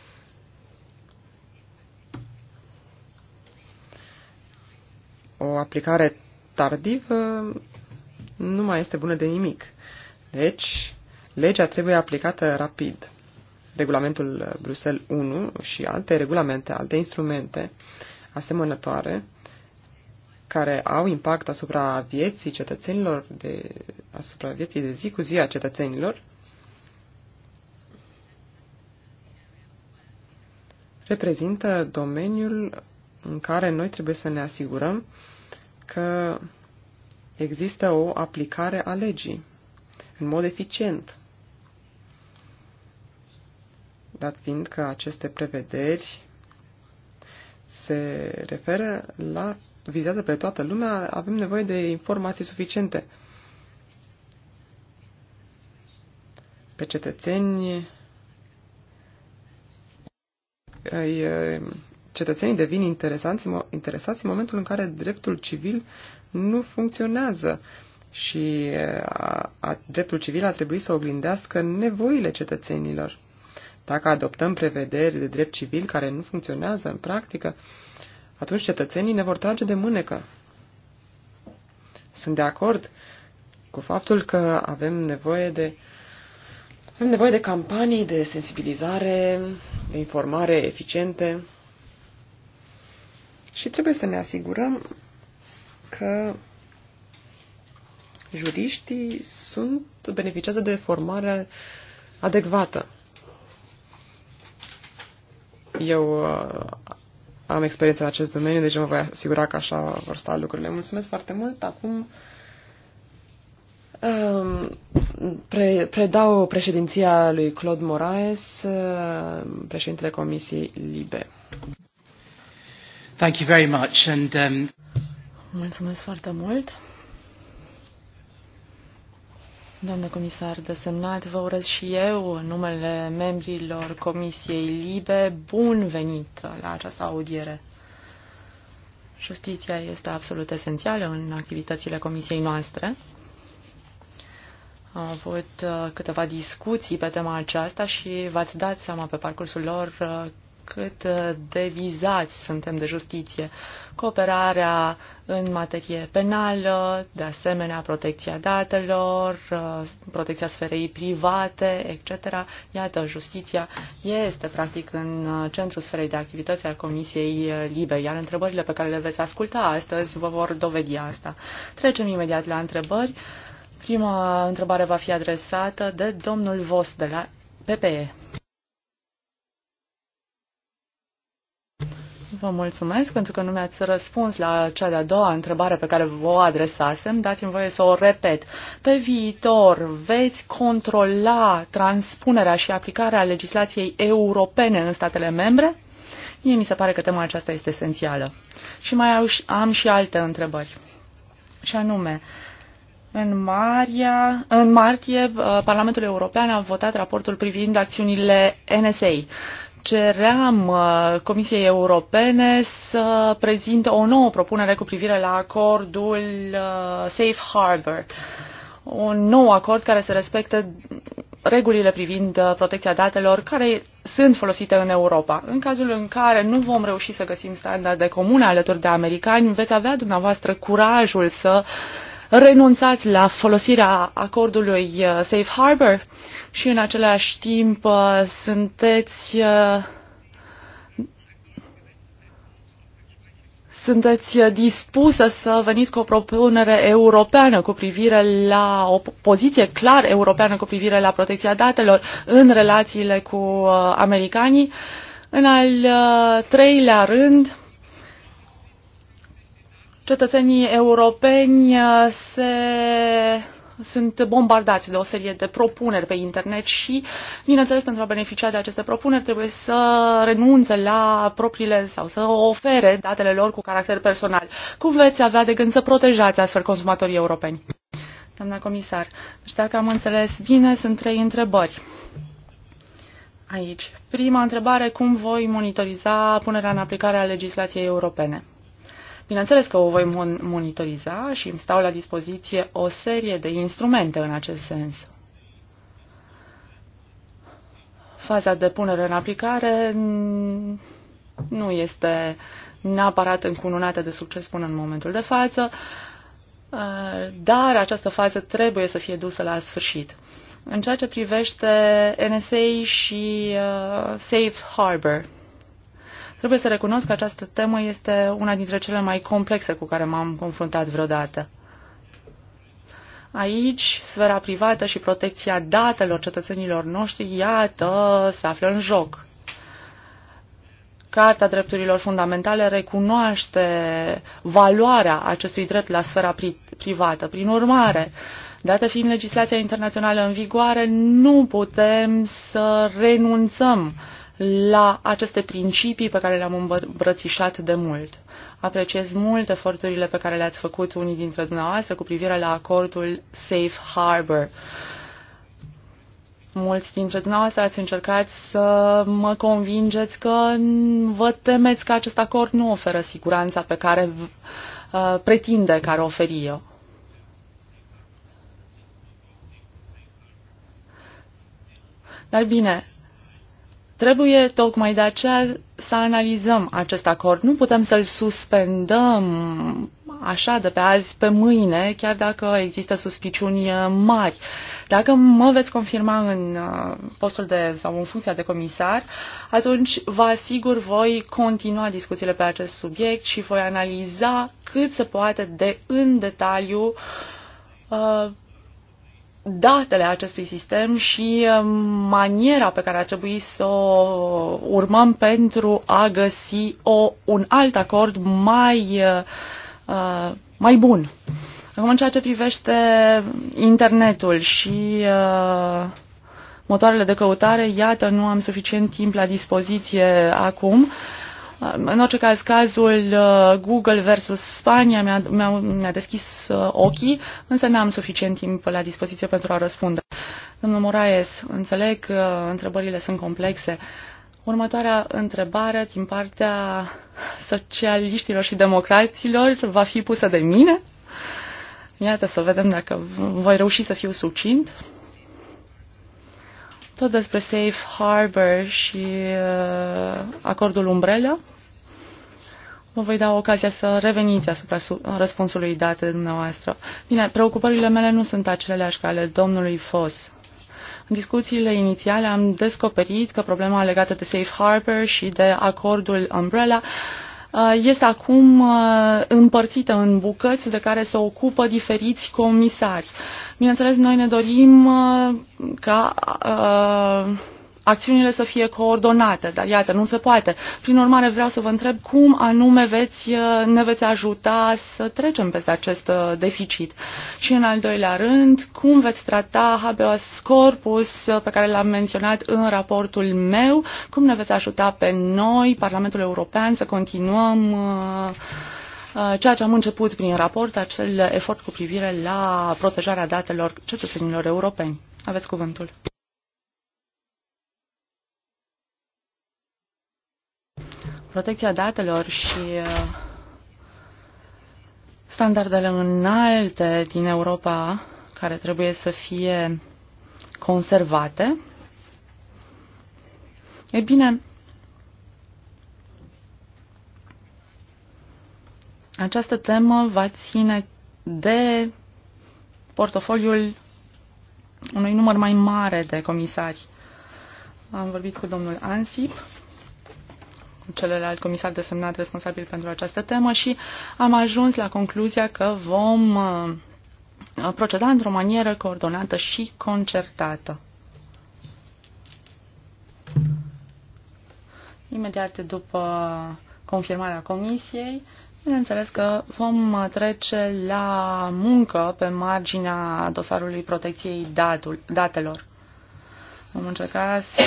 o aplicare tardivă nu mai este bună de nimic. Deci, legea trebuie aplicată rapid. Regulamentul Bruxelles 1 și alte regulamente, alte instrumente asemănătoare care au impact asupra vieții cetățenilor, de, asupra vieții de zi cu zi a cetățenilor, reprezintă domeniul în care noi trebuie să ne asigurăm că există o aplicare a legii în mod eficient. Dat fiind că aceste prevederi se referă la, vizează pe toată lumea, avem nevoie de informații suficiente. Pe cetățeni îi cetățenii devin interesanți, interesați în momentul în care dreptul civil nu funcționează și a, a, dreptul civil a trebuit să oglindească nevoile cetățenilor. Dacă adoptăm prevederi de drept civil care nu funcționează în practică, atunci cetățenii ne vor trage de mânecă. Sunt de acord cu faptul că avem nevoie de avem nevoie de campanii de sensibilizare, de informare eficiente, și trebuie să ne asigurăm că juriștii sunt, beneficiază de formare adecvată. Eu uh, am experiență în acest domeniu, deci mă voi asigura că așa vor sta lucrurile. Mulțumesc foarte mult. Acum um, pre, predau președinția lui Claude Moraes, uh, președintele Comisiei Libe. Thank you very much and um... Mulțumesc foarte mult. Doamnă comisar desemnat, vă urez și eu, în numele membrilor Comisiei Libe, bun venit la această audiere. Justiția este absolut esențială în activitățile Comisiei noastre. Am avut uh, câteva discuții pe tema aceasta și v-ați dat seama pe parcursul lor uh, cât uh, de vizați suntem de justiție. Cooperarea în materie penală, de asemenea protecția datelor, uh, protecția sferei private, etc. Iată, justiția este practic în uh, centrul sferei de activități a Comisiei Libe, iar întrebările pe care le veți asculta astăzi vă vor dovedi asta. Trecem imediat la întrebări. Prima întrebare va fi adresată de domnul Vos de la PPE. Vă mulțumesc pentru că nu mi-ați răspuns la cea de-a doua întrebare pe care vă adresasem. Dați-mi voie să o repet. Pe viitor veți controla transpunerea și aplicarea legislației europene în statele membre? Mie mi se pare că tema aceasta este esențială. Și mai am și alte întrebări. Și anume, în, Maria, în martie, uh, Parlamentul European a votat raportul privind acțiunile NSA ceream uh, Comisiei Europene să prezinte o nouă propunere cu privire la acordul uh, Safe Harbor, un nou acord care să respecte regulile privind uh, protecția datelor care sunt folosite în Europa. În cazul în care nu vom reuși să găsim standarde comune alături de americani, veți avea dumneavoastră curajul să uh, renunțați la folosirea acordului uh, Safe Harbor și în același timp uh, sunteți uh, sunteți dispusă să veniți cu o propunere europeană cu privire la o poziție clar europeană cu privire la protecția datelor în relațiile cu americanii. În al treilea rând, cetățenii europeni uh, se sunt bombardați de o serie de propuneri pe internet și, bineînțeles, pentru a beneficia de aceste propuneri trebuie să renunțe la propriile sau să ofere datele lor cu caracter personal. Cum veți avea de gând să protejați astfel consumatorii europeni? Doamna comisar, deci dacă am înțeles bine, sunt trei întrebări aici. Prima întrebare, cum voi monitoriza punerea în aplicare a legislației europene? Bineînțeles că o voi monitoriza și îmi stau la dispoziție o serie de instrumente în acest sens. Faza de punere în aplicare nu este neapărat încununată de succes până în momentul de față, uh, dar această fază trebuie să fie dusă la sfârșit. În ceea ce privește NSA și uh, Safe Harbor, Trebuie să recunosc că această temă este una dintre cele mai complexe cu care m-am confruntat vreodată. Aici, sfera privată și protecția datelor cetățenilor noștri, iată, se află în joc. Carta Drepturilor Fundamentale recunoaște valoarea acestui drept la sfera pri privată. Prin urmare, dată fiind legislația internațională în vigoare, nu putem să renunțăm uh, la aceste principii pe care le-am îmbrățișat de mult. Apreciez mult eforturile pe care le-ați făcut unii dintre dumneavoastră cu privire la acordul Safe Harbor. Mulți dintre dumneavoastră ați încercat să mă convingeți că vă temeți că acest acord nu oferă siguranța pe care uh, pretinde că ar oferi eu. Dar bine, Trebuie tocmai de aceea să analizăm acest acord. Nu putem să-l suspendăm așa de pe azi pe mâine, chiar dacă există suspiciuni uh, mari. Dacă mă veți confirma în uh, postul de sau în funcția de comisar, atunci vă asigur voi continua discuțiile pe acest subiect și voi analiza cât se poate de în detaliu uh, datele acestui sistem și uh, maniera pe care ar trebui să o urmăm pentru a găsi o, un alt acord mai, uh, uh, mai bun. Acum, în ceea ce privește internetul și motoarele de căutare, iată, nu am suficient timp la dispoziție acum. În orice caz, cazul uh, Google versus Spania mi-a, mi-a, mi-a deschis uh, ochii, însă n-am suficient timp la dispoziție pentru a răspunde. Domnul Moraes, înțeleg că uh, întrebările sunt complexe. Următoarea întrebare din partea socialiștilor și democraților va fi pusă de mine. Iată să vedem dacă voi reuși să fiu sucint tot despre Safe Harbor și uh, acordul Umbrella. Vă voi da ocazia să reveniți asupra uh, răspunsului dat de dumneavoastră. Bine, preocupările mele nu sunt aceleași ca ale domnului Foss. În discuțiile inițiale am descoperit că problema legată de Safe Harbor și de acordul Umbrella Uh, este acum uh, împărțită în bucăți de care se ocupă diferiți comisari. Bineînțeles, noi ne dorim uh, ca acțiunile să fie coordonate, dar iată, nu se poate. Prin urmare, vreau să vă întreb cum anume veți, uh, ne veți ajuta să trecem peste acest uh, deficit. Și în al doilea rând, cum veți trata habeas corpus uh, pe care l-am menționat în raportul meu, cum ne veți ajuta pe noi, Parlamentul European, să continuăm ceea ce am început prin raport, acel efort cu privire la protejarea datelor cetățenilor europeni. Aveți cuvântul. protecția datelor și uh, standardele înalte din Europa care trebuie să fie conservate. E bine, această temă va ține de portofoliul unui număr mai mare de comisari. Am vorbit cu domnul Ansip celălalt comisar desemnat responsabil pentru această temă și am ajuns la concluzia că vom uh, proceda într-o manieră coordonată și concertată. Imediat după confirmarea comisiei, bineînțeles că vom uh, trece la muncă pe marginea dosarului protecției datul, datelor. Vom încerca să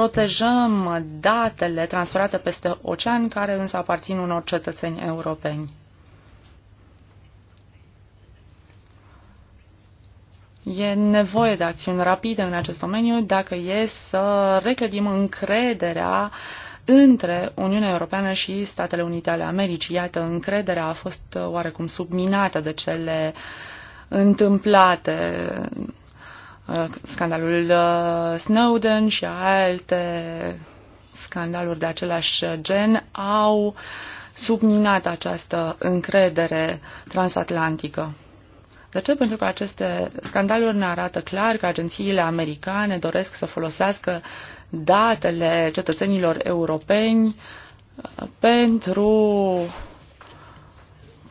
protejăm datele transferate peste ocean, care însă aparțin unor cetățeni europeni. E nevoie de acțiuni rapide în acest domeniu dacă e să reclădim încrederea între Uniunea Europeană și Statele Unite ale Americii. Iată, încrederea a fost oarecum subminată de cele întâmplate Scandalul uh, Snowden și alte scandaluri de același gen au subminat această încredere transatlantică. De ce? Pentru că aceste scandaluri ne arată clar că agențiile americane doresc să folosească datele cetățenilor europeni uh, pentru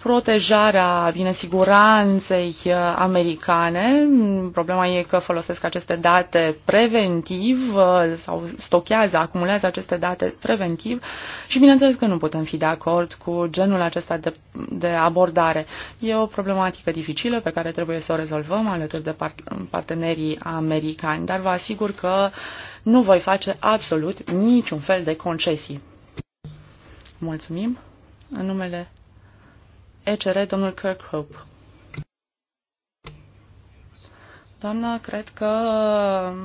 protejarea, bine, siguranței uh, americane. Problema e că folosesc aceste date preventiv uh, sau stochează, acumulează aceste date preventiv și bineînțeles că nu putem fi de acord cu genul acesta de, de abordare. E o problematică dificilă pe care trebuie să o rezolvăm alături de part- partenerii americani, dar vă asigur că nu voi face absolut niciun fel de concesii. Mulțumim. În numele ECR, domnul Kirkhope. Doamnă, cred că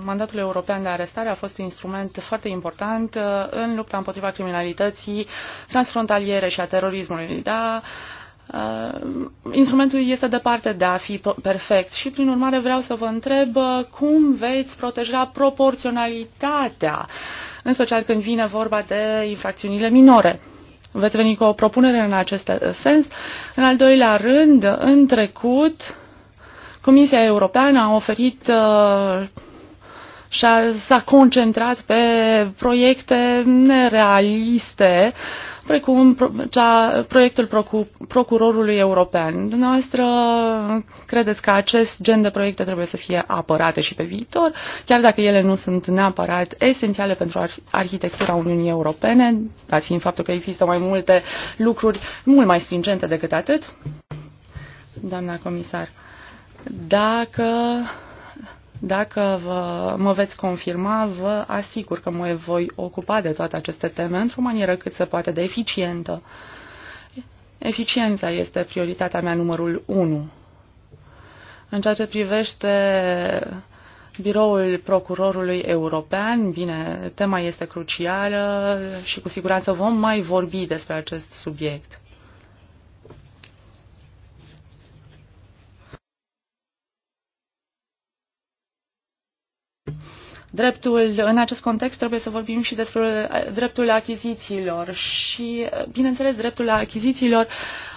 mandatul european de arestare a fost un instrument foarte important uh, în lupta împotriva criminalității transfrontaliere și a terorismului. Da, uh, instrumentul este departe de a fi perfect și, prin urmare, vreau să vă întreb uh, cum veți proteja proporționalitatea, în special când vine vorba de infracțiunile minore veți veni cu o propunere în acest sens. În al doilea rând, în trecut, Comisia Europeană a oferit uh, și s-a concentrat pe proiecte nerealiste, precum cea, proiectul procu, procurorului european. Dumneavoastră credeți că acest gen de proiecte trebuie să fie apărate și pe viitor, chiar dacă ele nu sunt neapărat esențiale pentru ar, arhitectura Uniunii Europene, dat fiind faptul că există mai multe lucruri mult mai stringente decât atât? Doamna comisar, dacă dacă vă, mă veți confirma, vă asigur că mă voi ocupa de toate aceste teme într-o manieră cât se poate de eficientă. Eficiența este prioritatea mea numărul 1. În ceea ce privește biroul procurorului european, bine, tema este crucială și cu siguranță vom mai vorbi despre acest subiect. dreptul, în acest context trebuie să vorbim și despre eh, dreptul achizițiilor și, eh, bineînțeles, dreptul achizițiilor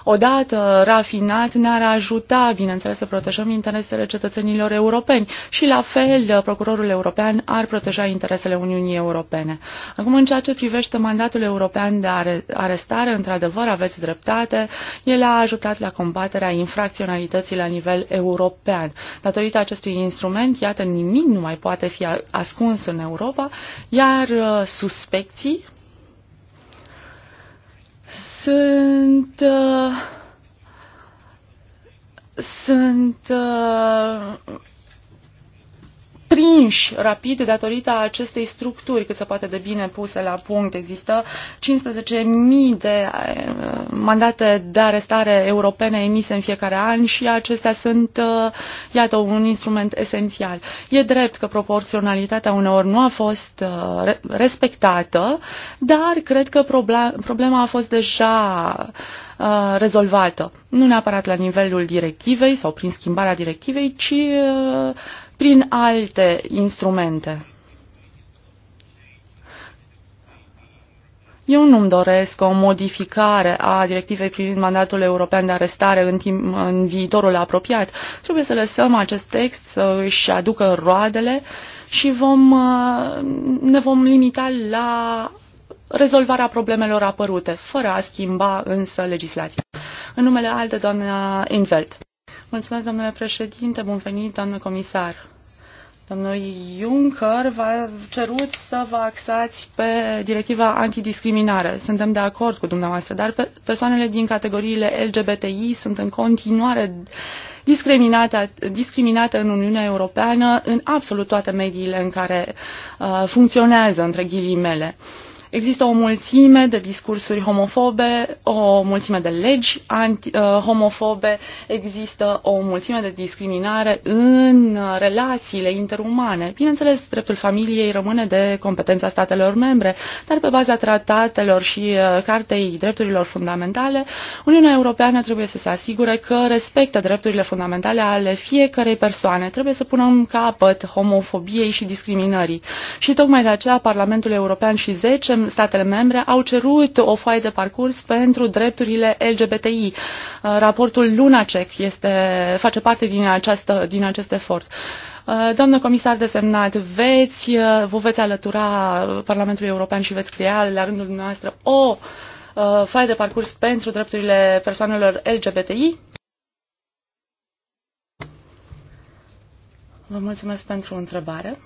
odată rafinat ne-ar ajuta, bineînțeles, să protejăm interesele cetățenilor europeni și, la fel, eh, procurorul european ar proteja interesele Uniunii Europene. Acum, în ceea ce privește mandatul european de are, arestare, într-adevăr, aveți dreptate, el a ajutat la combaterea infracționalității la nivel european. Datorită acestui instrument, iată, nimic nu mai poate fi ascuns în Europa, iar uh, suspecții sunt uh, sunt uh, prinși rapid datorită acestei structuri cât se poate de bine puse la punct. Există 15.000 de uh, mandate de arestare europene emise în fiecare an și acestea sunt, uh, iată, un instrument esențial. E drept că proporționalitatea uneori nu a fost uh, respectată, dar cred că problema a fost deja rezolvată. Nu neapărat la nivelul directivei sau prin schimbarea directivei, ci prin alte instrumente. Eu nu-mi doresc o modificare a directivei privind mandatul european de arestare în, timp, în viitorul apropiat. Trebuie să lăsăm acest text să își aducă roadele și vom, uh, ne vom limita la rezolvarea problemelor apărute, fără a schimba însă legislația. În numele alte, doamna Invelt. Mulțumesc, domnule președinte, bun venit, doamnă comisar. Domnul Juncker v-a cerut să vă axați pe directiva antidiscriminare. Suntem de acord cu dumneavoastră, dar persoanele din categoriile LGBTI sunt în continuare discriminate, discriminate în Uniunea Europeană în absolut toate mediile în care uh, funcționează, între ghilimele. Uh, Există o mulțime de discursuri homofobe, o mulțime de legi anti, uh, homofobe, există o mulțime de discriminare în relațiile interumane. Bineînțeles, dreptul familiei rămâne de competența statelor membre, dar pe baza tratatelor și uh, Cartei Drepturilor Fundamentale, Uniunea Europeană trebuie să se asigure că respectă drepturile fundamentale ale fiecarei persoane. Trebuie să punem capăt homofobiei și discriminării. Și tocmai de aceea Parlamentul European și 10 statele membre au cerut o foaie de parcurs pentru drepturile LGBTI. Uh, raportul Lunacek este, face parte din, această, din acest efort. Uh, doamnă comisar desemnat, veți, uh, vă veți alătura Parlamentului European și veți crea la rândul noastră o foaie de parcurs pentru drepturile persoanelor LGBTI? Vă mulțumesc pentru întrebare.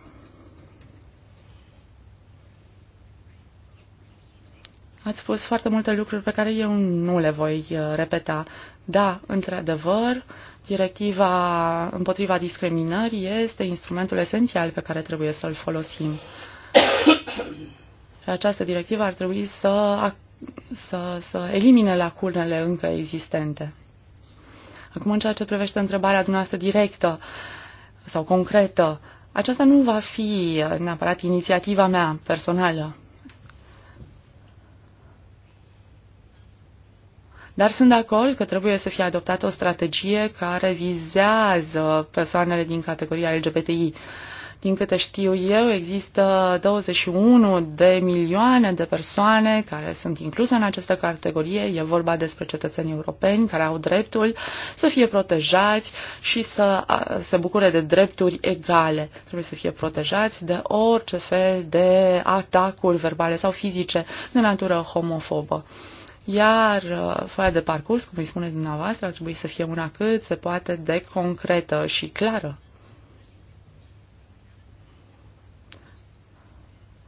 Ați spus foarte multe lucruri pe care eu nu le voi uh, repeta. Da, într-adevăr, directiva împotriva discriminării este instrumentul esențial pe care trebuie să-l folosim. Și această directivă ar trebui să, să, să elimine lacunele încă existente. Acum, în ceea ce privește întrebarea dumneavoastră directă sau concretă, aceasta nu va fi neapărat inițiativa mea personală. Dar sunt de acord că trebuie să fie adoptată o strategie care vizează persoanele din categoria LGBTI. Din câte știu eu, există 21 de milioane de persoane care sunt incluse în această categorie. E vorba despre cetățenii europeni care au dreptul să fie protejați și să se bucure de drepturi egale. Trebuie să fie protejați de orice fel de atacuri verbale sau fizice de natură homofobă iar uh, foaia de parcurs, cum îi spuneți dumneavoastră, ar trebui să fie una cât se poate de concretă și clară.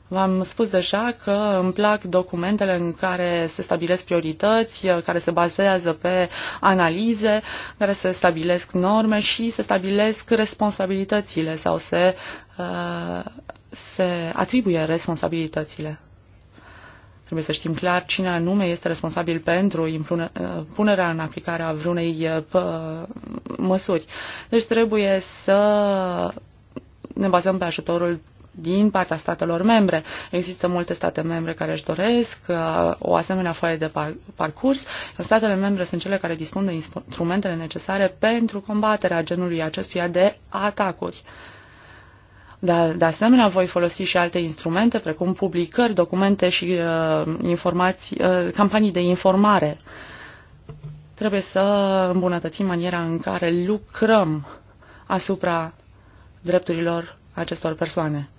V-am spus deja că îmi plac documentele în care se stabilesc priorități, uh, care se bazează pe analize, care se stabilesc norme și se stabilesc responsabilitățile sau se, uh, se atribuie responsabilitățile. Trebuie să știm clar cine anume este responsabil pentru punerea în aplicare a vreunei uh, măsuri. Deci trebuie să ne bazăm pe ajutorul din partea statelor membre. Există multe state membre care își doresc uh, o asemenea foaie de parcurs. Statele membre sunt cele care dispun de instrumentele necesare pentru combaterea genului acestuia de atacuri. Dar, de asemenea, voi folosi și alte instrumente, precum publicări, documente și uh, informații, uh, campanii de informare. Trebuie să îmbunătățim maniera în care lucrăm asupra drepturilor acestor persoane.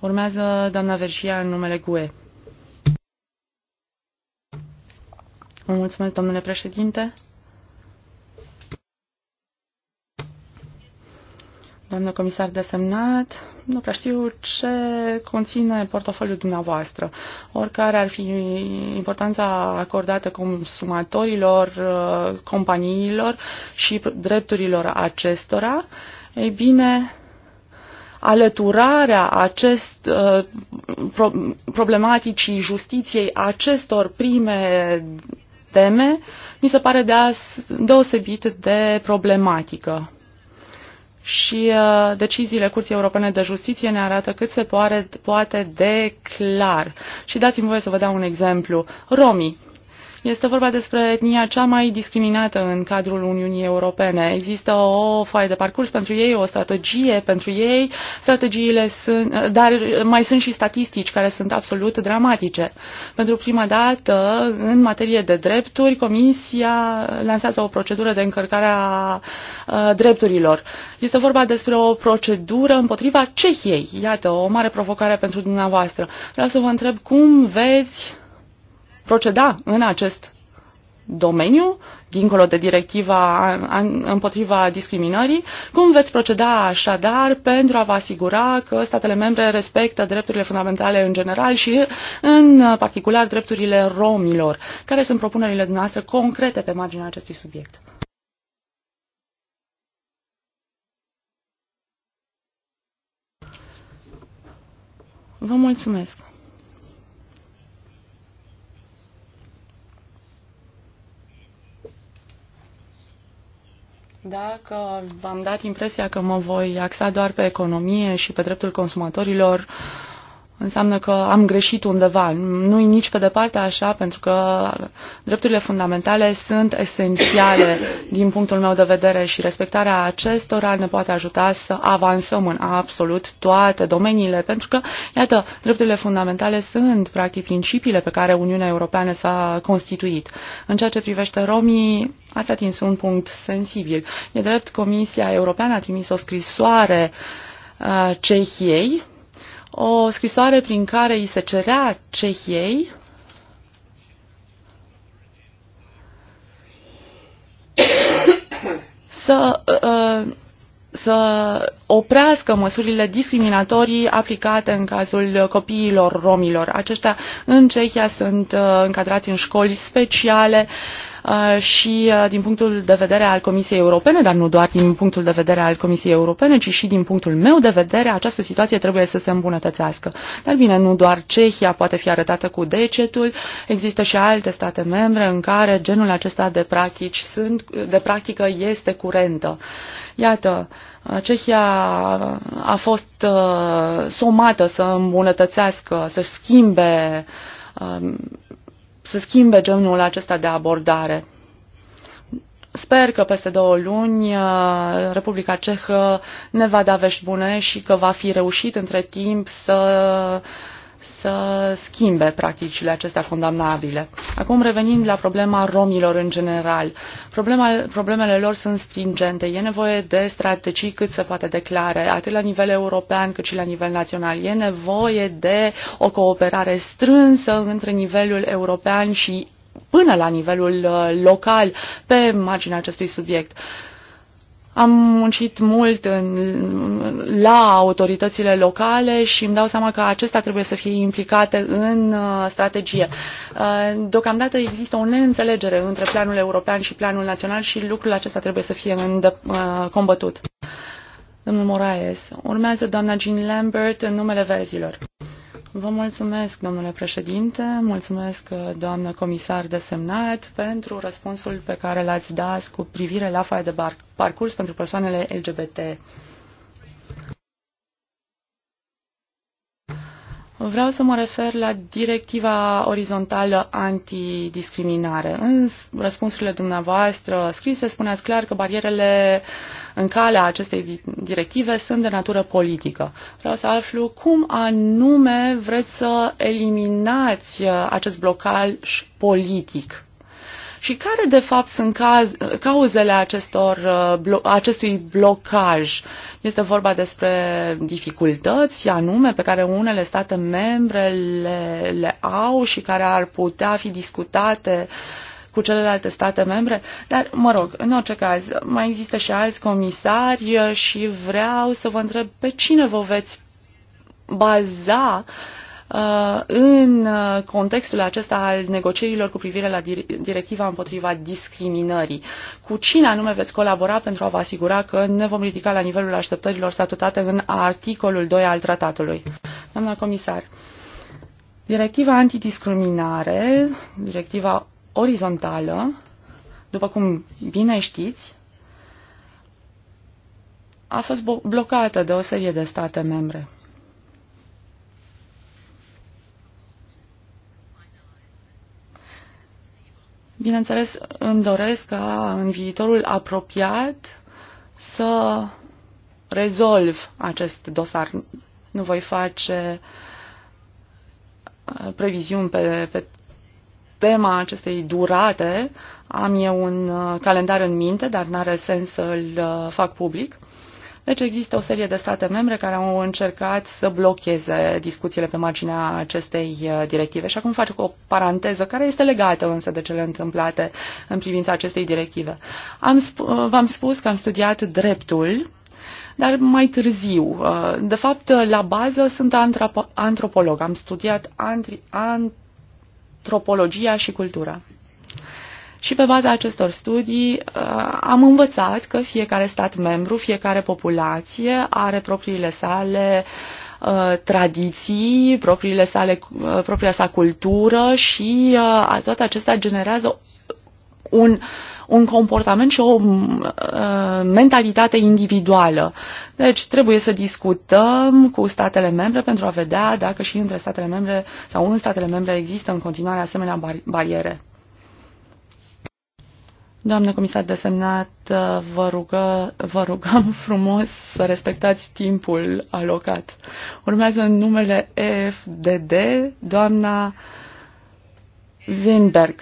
Urmează doamna Vergia în numele GUE. mulțumesc, domnule președinte. doamnă comisar desemnat, nu prea știu ce conține portofoliul dumneavoastră. Oricare ar fi importanța acordată consumatorilor, uh, companiilor și drepturilor acestora, ei bine, alăturarea acest, uh, pro, problematicii justiției acestor prime teme mi se pare de deosebit de problematică și uh, deciziile Curții Europene de Justiție ne arată cât se poare, poate de clar. Și dați-mi voie să vă dau un exemplu. Romii este vorba despre etnia cea mai discriminată în cadrul Uniunii Europene. Există o foaie de parcurs pentru ei, o strategie pentru ei, strategiile sunt, dar mai sunt și statistici care sunt absolut dramatice. Pentru prima dată, în materie de drepturi, Comisia lansează o procedură de încărcare a drepturilor. Este vorba despre o procedură împotriva Cehiei. Iată, o mare provocare pentru dumneavoastră. Vreau să vă întreb cum veți proceda în acest domeniu, dincolo de directiva împotriva discriminării, cum veți proceda așadar pentru a vă asigura că statele membre respectă drepturile fundamentale în general și în particular drepturile romilor? Care sunt propunerile dumneavoastră concrete pe marginea acestui subiect? Vă mulțumesc. Dacă v-am dat impresia că mă voi axa doar pe economie și pe dreptul consumatorilor, uh, înseamnă că am greșit undeva. Nu-i nici pe departe așa, pentru că drepturile fundamentale sunt esențiale din punctul meu de vedere și respectarea acestora ne poate ajuta să avansăm în absolut toate domeniile, pentru că, iată, drepturile fundamentale sunt, practic, principiile pe care Uniunea Europeană s-a constituit. În ceea ce privește romii, ați atins un punct sensibil. E drept, Comisia Europeană a trimis o scrisoare uh, Cehiei, o scrisoare prin care îi se cerea Cehiei să, ă, să oprească măsurile discriminatorii aplicate în cazul copiilor romilor. Aceștia în Cehia sunt ă, încadrați în școli speciale, uh, Uh, și uh, din punctul de vedere al Comisiei Europene, dar nu doar din punctul de vedere al Comisiei Europene, ci și din punctul meu de vedere, această situație trebuie să se îmbunătățească. Dar bine, nu doar Cehia poate fi arătată cu decetul, există și alte state membre în care genul acesta de, practici sunt, de practică este curentă. Iată, uh, Cehia a fost somată să îmbunătățească, să schimbe să schimbe genul acesta de abordare. Sper că peste două luni uh, Republica Cehă ne va da vești bune și că va fi reușit între timp să uh, să schimbe practicile acestea condamnabile. Acum revenind la problema romilor în general. Problema, problemele lor sunt stringente. E nevoie de strategii cât se poate declare, atât la nivel european cât și la nivel național. E nevoie de o cooperare strânsă între nivelul european și până la nivelul uh, local pe marginea acestui subiect. Uh, am muncit mult în, la autoritățile locale și îmi dau seama că acestea trebuie să fie implicate în uh, strategie. Uh, deocamdată există o neînțelegere între planul european și planul național și lucrul acesta trebuie să fie îndă, uh, combătut. Domnul Moraes, urmează doamna Jean Lambert în numele verzilor. Vă mulțumesc, domnule președinte, mulțumesc, doamnă comisar desemnat, pentru răspunsul pe care l-ați dat cu privire la faia de parcurs pentru persoanele LGBT. Vreau să mă refer la directiva orizontală antidiscriminare. În răspunsurile dumneavoastră scrise spuneați clar că barierele uh, în calea acestei directive sunt de natură politică. Vreau să aflu cum anume vreți să eliminați uh, acest blocaj politic. Și care, de fapt, sunt caz, cauzele acestor, uh, blo, acestui blocaj? Este vorba despre dificultăți anume pe care unele state membre le, le au și care ar putea fi discutate cu celelalte state membre, dar, mă rog, în orice caz, mai există și alți comisari și vreau să vă întreb pe cine vă veți baza uh, în uh, contextul acesta al negocierilor cu privire la directiva împotriva discriminării. Cu cine anume veți colabora pentru a vă asigura că ne vom ridica la nivelul așteptărilor statutate în articolul 2 al tratatului? Doamna comisar, directiva antidiscriminare, directiva orizontală, după cum bine știți, a fost blocată de o serie de state membre. Bineînțeles, îmi doresc ca în viitorul apropiat să rezolv acest dosar. Nu voi face uh, previziuni pe, pe tema acestei durate am eu un uh, calendar în minte, dar n-are sens să-l uh, fac public. Deci există o serie de state membre care au încercat să blocheze discuțiile pe marginea acestei uh, directive. Și acum fac o paranteză care este legată însă de cele întâmplate în privința acestei directive. Am sp- v-am spus că am studiat dreptul dar mai târziu. De fapt, la bază sunt antropolog. Am studiat antri- antropologia și cultura. Și pe baza acestor studii uh, am învățat că fiecare stat membru, fiecare populație are propriile sale uh, tradiții, propriile sale, uh, propria sa cultură și toate acestea generează un uh, un comportament și o uh, mentalitate individuală. Deci trebuie să discutăm cu statele membre pentru a vedea dacă și între statele membre sau în statele membre există în continuare asemenea bar- bariere. Doamne comisar desemnat, uh, vă, rugă, vă rugăm frumos să respectați timpul alocat. Urmează în numele FDD, doamna Winberg.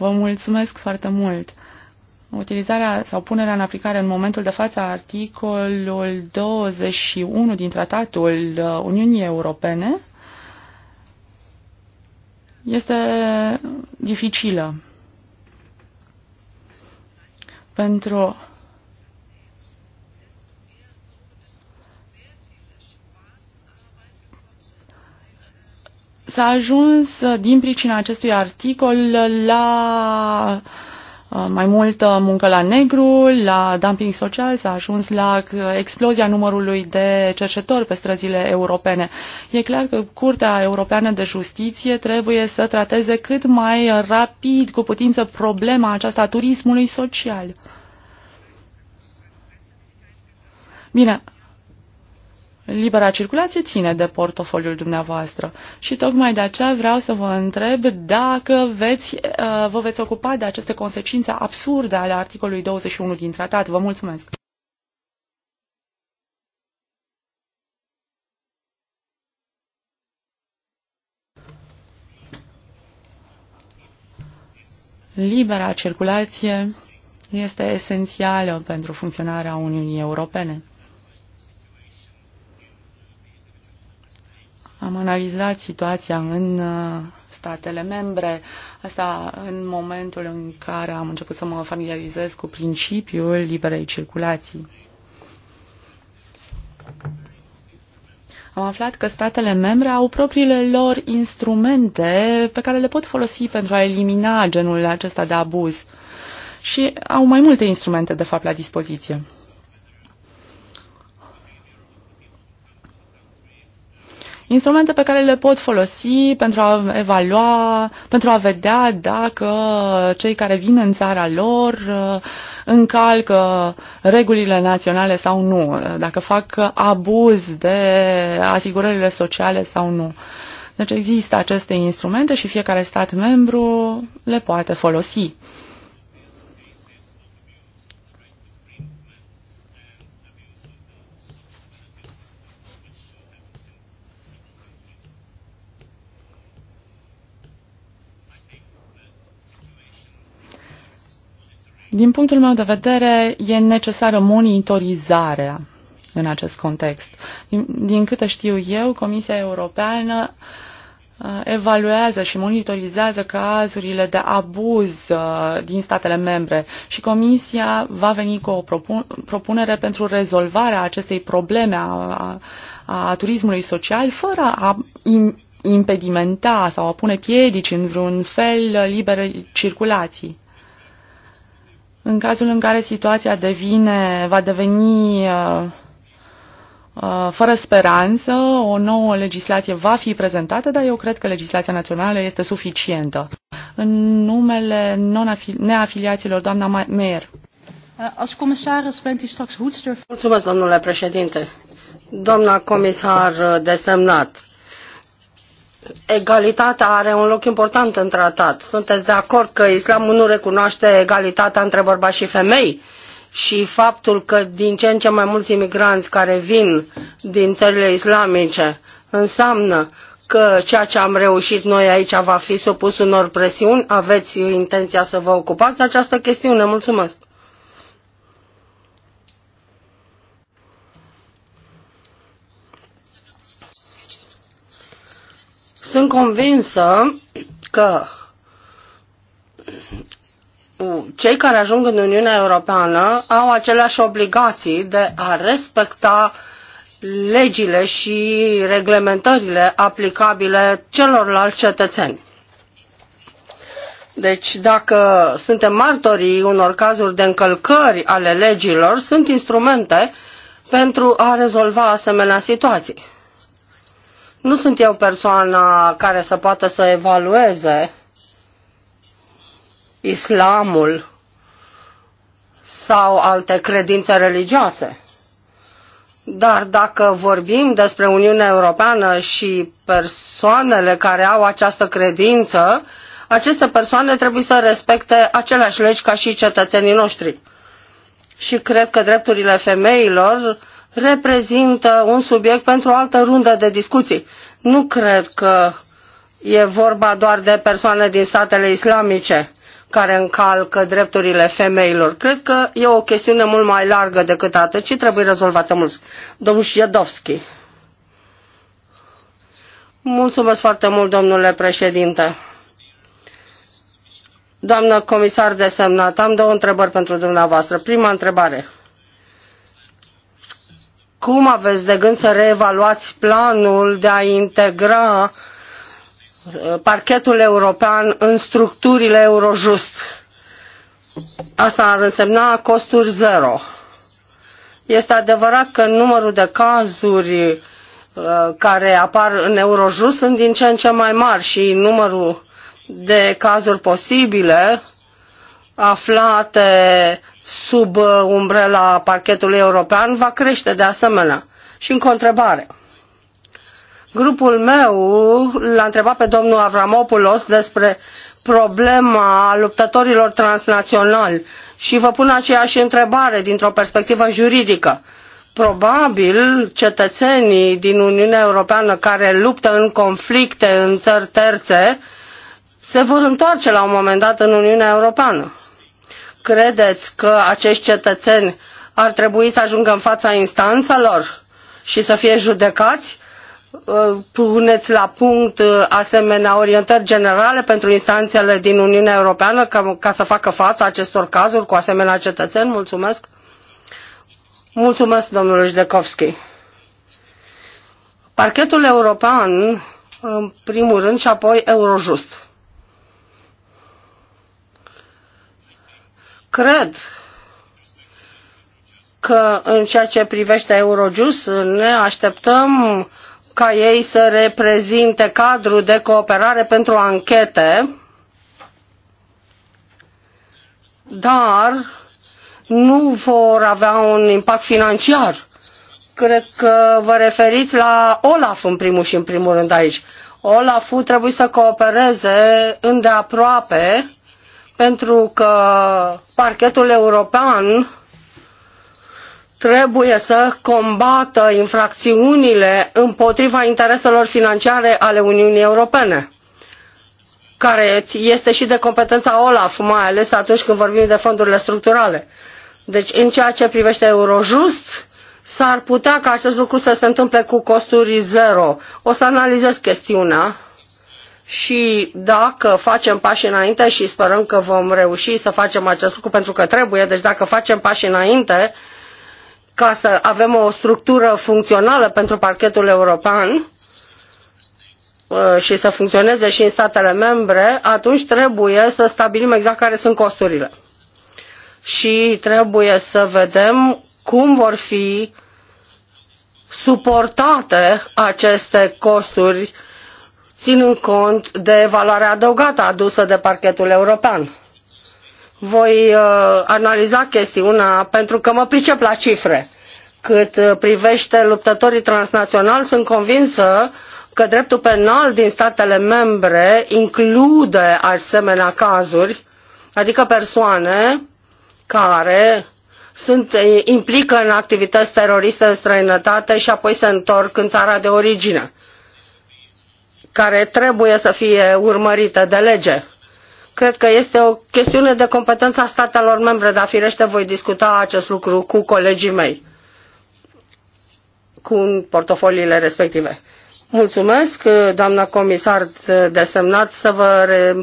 Vă mulțumesc foarte mult! Utilizarea sau punerea în aplicare în momentul de față a articolul 21 din Tratatul uh, Uniunii Europene este dificilă pentru S-a ajuns uh, din pricina acestui articol la uh, mai multă muncă la negru, la dumping social, s-a ajuns la uh, explozia numărului de cercetori pe străzile europene. E clar că Curtea Europeană de Justiție trebuie să trateze cât mai rapid, cu putință, problema aceasta a turismului social. Bine, Libera circulație ține de portofoliul dumneavoastră și tocmai de aceea vreau să vă întreb dacă veți, uh, vă veți ocupa de aceste consecințe absurde ale articolului 21 din tratat. Vă mulțumesc! Libera circulație este esențială pentru funcționarea Uniunii Europene. Am analizat situația în uh, statele membre, asta în momentul în care am început să mă familiarizez cu principiul liberei circulații. Am aflat că statele membre au propriile lor instrumente pe care le pot folosi pentru a elimina genul acesta de abuz și au mai multe instrumente, de fapt, la dispoziție. instrumente pe care le pot folosi pentru a evalua, pentru a vedea dacă cei care vin în țara lor uh, încalcă regulile naționale sau nu, uh, dacă fac abuz de asigurările sociale sau nu. Deci există aceste instrumente și fiecare stat membru le poate folosi. Din punctul meu de vedere, e necesară monitorizarea în acest context. Din, din câte știu eu, Comisia Europeană uh, evaluează și monitorizează cazurile de abuz uh, din statele membre și Comisia va veni cu o propunere pentru rezolvarea acestei probleme a, a, a turismului social fără a impedimenta sau a pune piedici în vreun fel libere circulații. În cazul în care situația devine, va deveni uh, uh, fără speranță, o nouă legislație va fi prezentată, dar eu cred că legislația națională este suficientă. În numele neafiliaților, doamna Meier. Eh, als commissaris bent u straks hoedster. Mulțumesc, domnule președinte. Doamna comisar eh, desemnat, egalitatea are un loc important în tratat. Sunteți de acord că islamul nu recunoaște egalitatea între bărbați și femei? Și faptul că din ce în ce mai mulți imigranți care vin din țările islamice înseamnă că ceea ce am reușit noi aici va fi supus unor presiuni? Aveți intenția să vă ocupați de această chestiune? Mulțumesc! Sunt convinsă că cei care ajung în Uniunea Europeană au aceleași obligații de a respecta legile și reglementările aplicabile celorlalți cetățeni. Deci dacă suntem martorii unor cazuri de încălcări ale legilor, sunt instrumente pentru a rezolva asemenea situații. Nu sunt eu persoana care să poată să evalueze islamul sau alte credințe religioase. Dar dacă vorbim despre Uniunea Europeană și persoanele care au această credință, aceste persoane trebuie să respecte aceleași legi ca și cetățenii noștri. Și cred că drepturile femeilor reprezintă un subiect pentru o altă rundă de discuții. Nu cred că e vorba doar de persoane din statele islamice care încalcă drepturile femeilor. Cred că e o chestiune mult mai largă decât atât și trebuie rezolvată mult. Domnul Jedovski. Mulțumesc foarte mult, domnule președinte. Doamnă comisar desemnat, am două întrebări pentru dumneavoastră. Prima întrebare cum aveți de gând să reevaluați planul de a integra uh, parchetul european în structurile Eurojust? Asta ar însemna costuri zero. Este adevărat că numărul de cazuri uh, care apar în Eurojust sunt din ce în ce mai mari și numărul de cazuri posibile aflate sub uh, umbrela parchetului european va crește de asemenea. Și în întrebare. Grupul meu l-a întrebat pe domnul Avramopoulos despre problema luptătorilor transnaționali și vă pun aceeași întrebare dintr-o perspectivă juridică. Probabil cetățenii din Uniunea Europeană care luptă în conflicte în țări terțe se vor întoarce la un moment dat în Uniunea Europeană. Credeți că acești cetățeni ar trebui să ajungă în fața instanțelor și să fie judecați? Uh, puneți la punct uh, asemenea orientări generale pentru instanțele din Uniunea Europeană ca, ca să facă față acestor cazuri cu asemenea cetățeni? Mulțumesc. Mulțumesc, domnule Jdekovski. Parchetul european, în primul rând, și apoi Eurojust. cred că în ceea ce privește Eurojust ne așteptăm ca ei să reprezinte cadrul de cooperare pentru anchete, dar nu vor avea un impact financiar. Cred că vă referiți la Olaf în primul și în primul rând aici. Olaf trebuie să coopereze îndeaproape pentru că parchetul european trebuie să combată infracțiunile împotriva intereselor financiare ale Uniunii Europene care este și de competența OLAF, mai ales atunci când vorbim de fondurile structurale. Deci, în ceea ce privește Eurojust, s-ar putea ca acest lucru să se întâmple cu costuri zero. O să analizez chestiunea și dacă facem pași înainte și sperăm că vom reuși să facem acest lucru pentru că trebuie, deci dacă facem pași înainte ca să avem o structură funcțională pentru parchetul european uh, și să funcționeze și în statele membre, atunci trebuie să stabilim exact care sunt costurile. Și trebuie să vedem cum vor fi suportate aceste costuri uh, ținând cont de valoarea adăugată adusă de parchetul european. Voi uh, analiza chestiunea pentru că mă pricep la cifre. Cât uh, privește luptătorii transnaționali, sunt convinsă că dreptul penal din statele membre include asemenea cazuri, adică persoane care sunt, implică în activități teroriste în străinătate și apoi se întorc în țara de origine care trebuie să fie urmărită de lege. Cred că este o chestiune de competența statelor membre, dar firește voi discuta acest lucru cu colegii mei, cu portofoliile respective. Mulțumesc, doamna comisar desemnat, să vă re,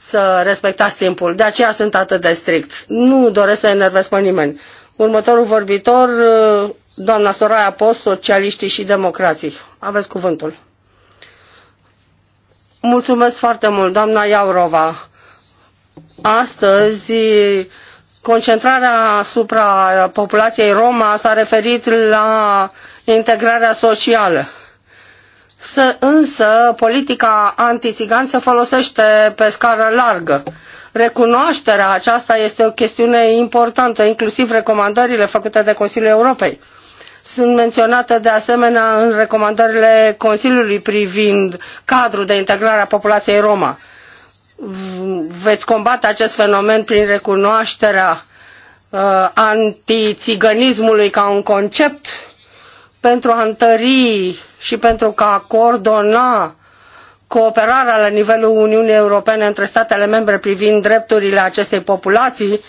să respectați timpul. De aceea sunt atât de strict. Nu doresc să enervez pe nimeni. Următorul vorbitor, doamna Soraya Post, socialiștii și democrații. Aveți cuvântul. Mulțumesc foarte mult, doamna Iaurova. Astăzi, concentrarea asupra populației Roma s-a referit la integrarea socială. Să, însă, politica antițigan se folosește pe scară largă. Recunoașterea aceasta este o chestiune importantă, inclusiv recomandările făcute de Consiliul Europei sunt menționate de asemenea în recomandările Consiliului privind cadrul de integrare a populației Roma. Veți combate acest fenomen prin recunoașterea uh, antițiganismului ca un concept pentru a întări și pentru ca a coordona cooperarea la nivelul Uniunii Europene între statele membre privind drepturile acestei populații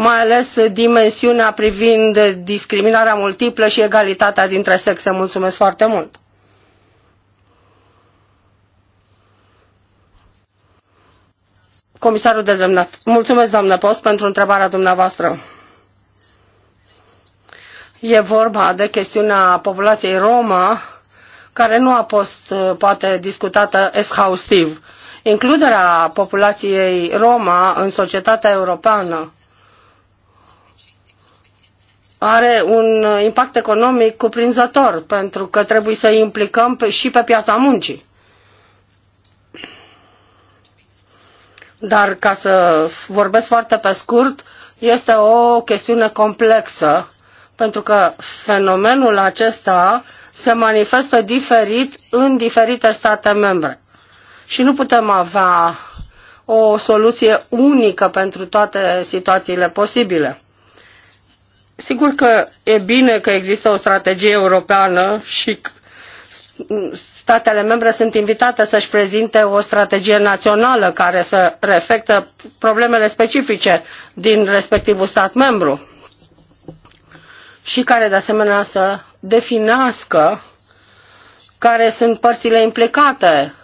mai ales dimensiunea privind discriminarea multiplă și egalitatea dintre sexe. Mulțumesc foarte mult! Comisarul dezemnat. Mulțumesc, doamnă Post, pentru întrebarea dumneavoastră. E vorba de chestiunea populației romă, care nu a fost, poate, discutată exhaustiv. Includerea populației Roma în societatea europeană are un uh, impact economic cuprinzător, pentru că trebuie să implicăm și pe piața muncii. Dar ca să vorbesc foarte pe scurt, este o chestiune complexă, pentru că fenomenul acesta se manifestă diferit în diferite state membre. Și nu putem avea o soluție unică pentru toate situațiile posibile. Sigur că e bine că există o strategie europeană și statele membre sunt invitate să-și prezinte o strategie națională care să reflectă problemele specifice din respectivul stat membru și care de asemenea să definească care sunt părțile implicate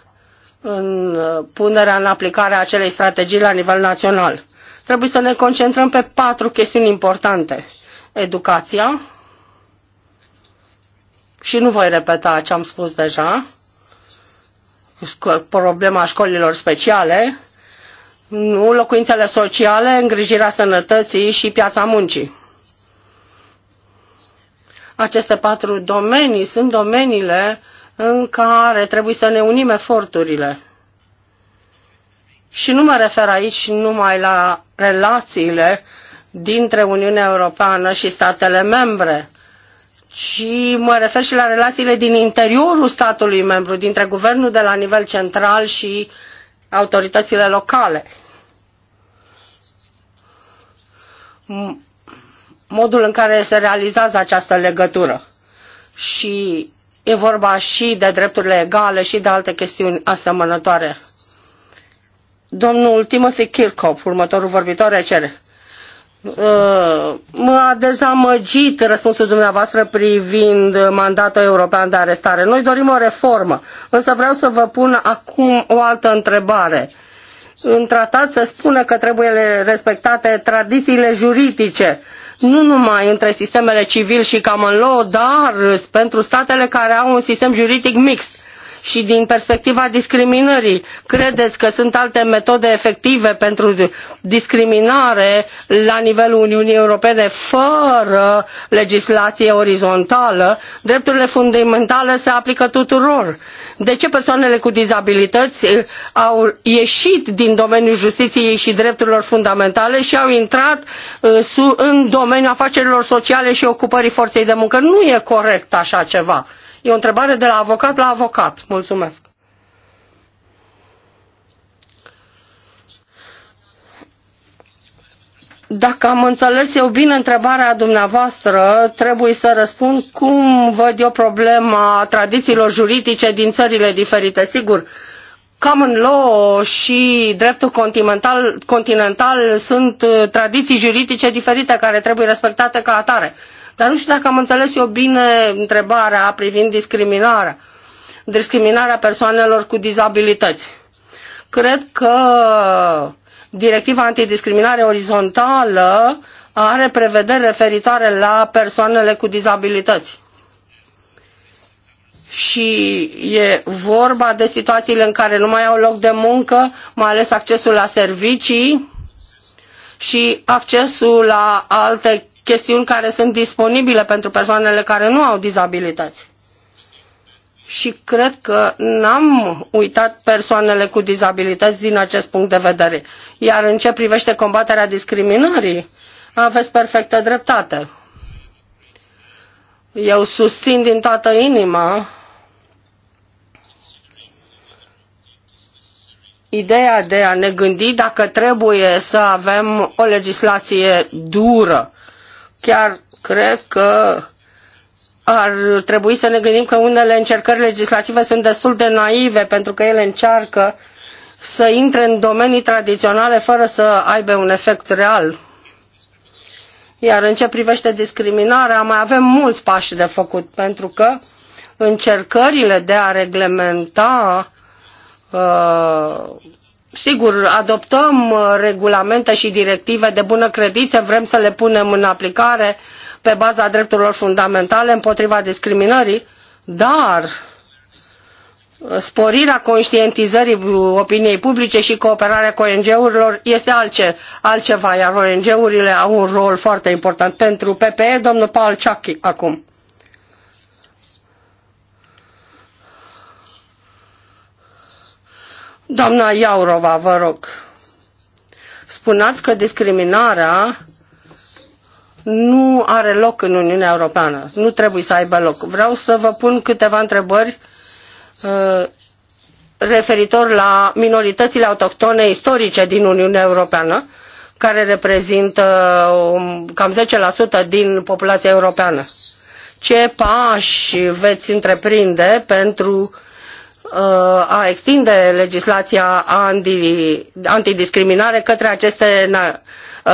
în punerea în aplicare a acelei strategii la nivel național. Trebuie să ne concentrăm pe patru chestiuni importante educația și nu voi repeta ce am spus deja, problema școlilor speciale, nu locuințele sociale, îngrijirea sănătății și piața muncii. Aceste patru domenii sunt domeniile în care trebuie să ne unim eforturile. Și nu mă refer aici numai la relațiile dintre Uniunea Europeană și statele membre, ci mă refer și la relațiile din interiorul statului membru, dintre guvernul de la nivel central și autoritățile locale. Modul în care se realizează această legătură. Și e vorba și de drepturile egale și de alte chestiuni asemănătoare. Domnul Timothy Kirchhoff, următorul vorbitor, cere. Uh, m-a dezamăgit răspunsul dumneavoastră privind mandatul european de arestare. Noi dorim o reformă, însă vreau să vă pun acum o altă întrebare. În tratat se spune că trebuie respectate tradițiile juridice, nu numai între sistemele civil și common law, dar pentru statele care au un sistem juridic mixt și din perspectiva discriminării, credeți că sunt alte metode efective pentru discriminare la nivelul Uniunii Europene fără legislație orizontală? Drepturile fundamentale se aplică tuturor. De ce persoanele cu dizabilități eh, au ieșit din domeniul justiției și drepturilor fundamentale și au intrat eh, în domeniul afacerilor sociale și ocupării forței de muncă? Nu e corect așa ceva. E o întrebare de la avocat la avocat. Mulțumesc. Dacă am înțeles eu bine întrebarea dumneavoastră, trebuie să răspund cum văd eu problema tradițiilor juridice din țările diferite. Sigur, common law și dreptul continental, continental sunt uh, tradiții juridice diferite care trebuie respectate ca atare. Dar nu știu dacă am înțeles eu bine întrebarea privind discriminarea, discriminarea persoanelor cu dizabilități. Cred că directiva antidiscriminare orizontală are prevederi referitoare la persoanele cu dizabilități și e vorba de situațiile în care nu mai au loc de muncă, mai ales accesul la servicii și accesul la alte chestiuni care sunt disponibile pentru persoanele care nu au dizabilități. Și cred că n-am uitat persoanele cu dizabilități din acest punct de vedere. Iar în ce privește combaterea discriminării, aveți perfectă dreptate. Eu susțin din toată inima ideea de a ne gândi dacă trebuie să avem o legislație dură Chiar cred că ar trebui să ne gândim că unele încercări legislative sunt destul de naive pentru că ele încearcă să intre în domenii tradiționale fără să aibă un efect real. Iar în ce privește discriminarea, mai avem mulți pași de făcut, pentru că încercările de a reglementa uh, Sigur, adoptăm uh, regulamente și directive de bună credință, vrem să le punem în aplicare pe baza drepturilor fundamentale împotriva discriminării, dar sporirea conștientizării opiniei publice și cooperarea cu ONG-urilor este altce, altceva, iar ONG-urile au un rol foarte important pentru PPE, domnul Paul Ciachi acum. Doamna Iaurova, vă rog, spuneați că discriminarea nu are loc în Uniunea Europeană, nu trebuie să aibă loc. Vreau să vă pun câteva întrebări uh, referitor la minoritățile autohtone istorice din Uniunea Europeană, care reprezintă um, cam 10% din populația europeană. Ce pași veți întreprinde pentru a extinde legislația antidiscriminare către aceste uh,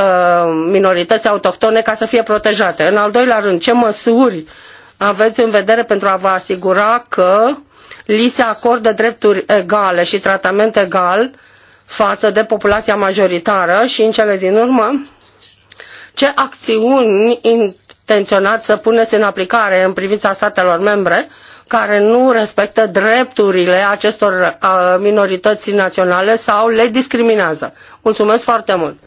minorități autohtone ca să fie protejate. În al doilea rând, ce măsuri aveți în vedere pentru a vă asigura că li se acordă drepturi egale și tratament egal față de populația majoritară și în cele din urmă ce acțiuni intenționați să puneți în aplicare în privința statelor membre care nu respectă drepturile acestor uh, minorități naționale sau le discriminează. Mulțumesc foarte mult!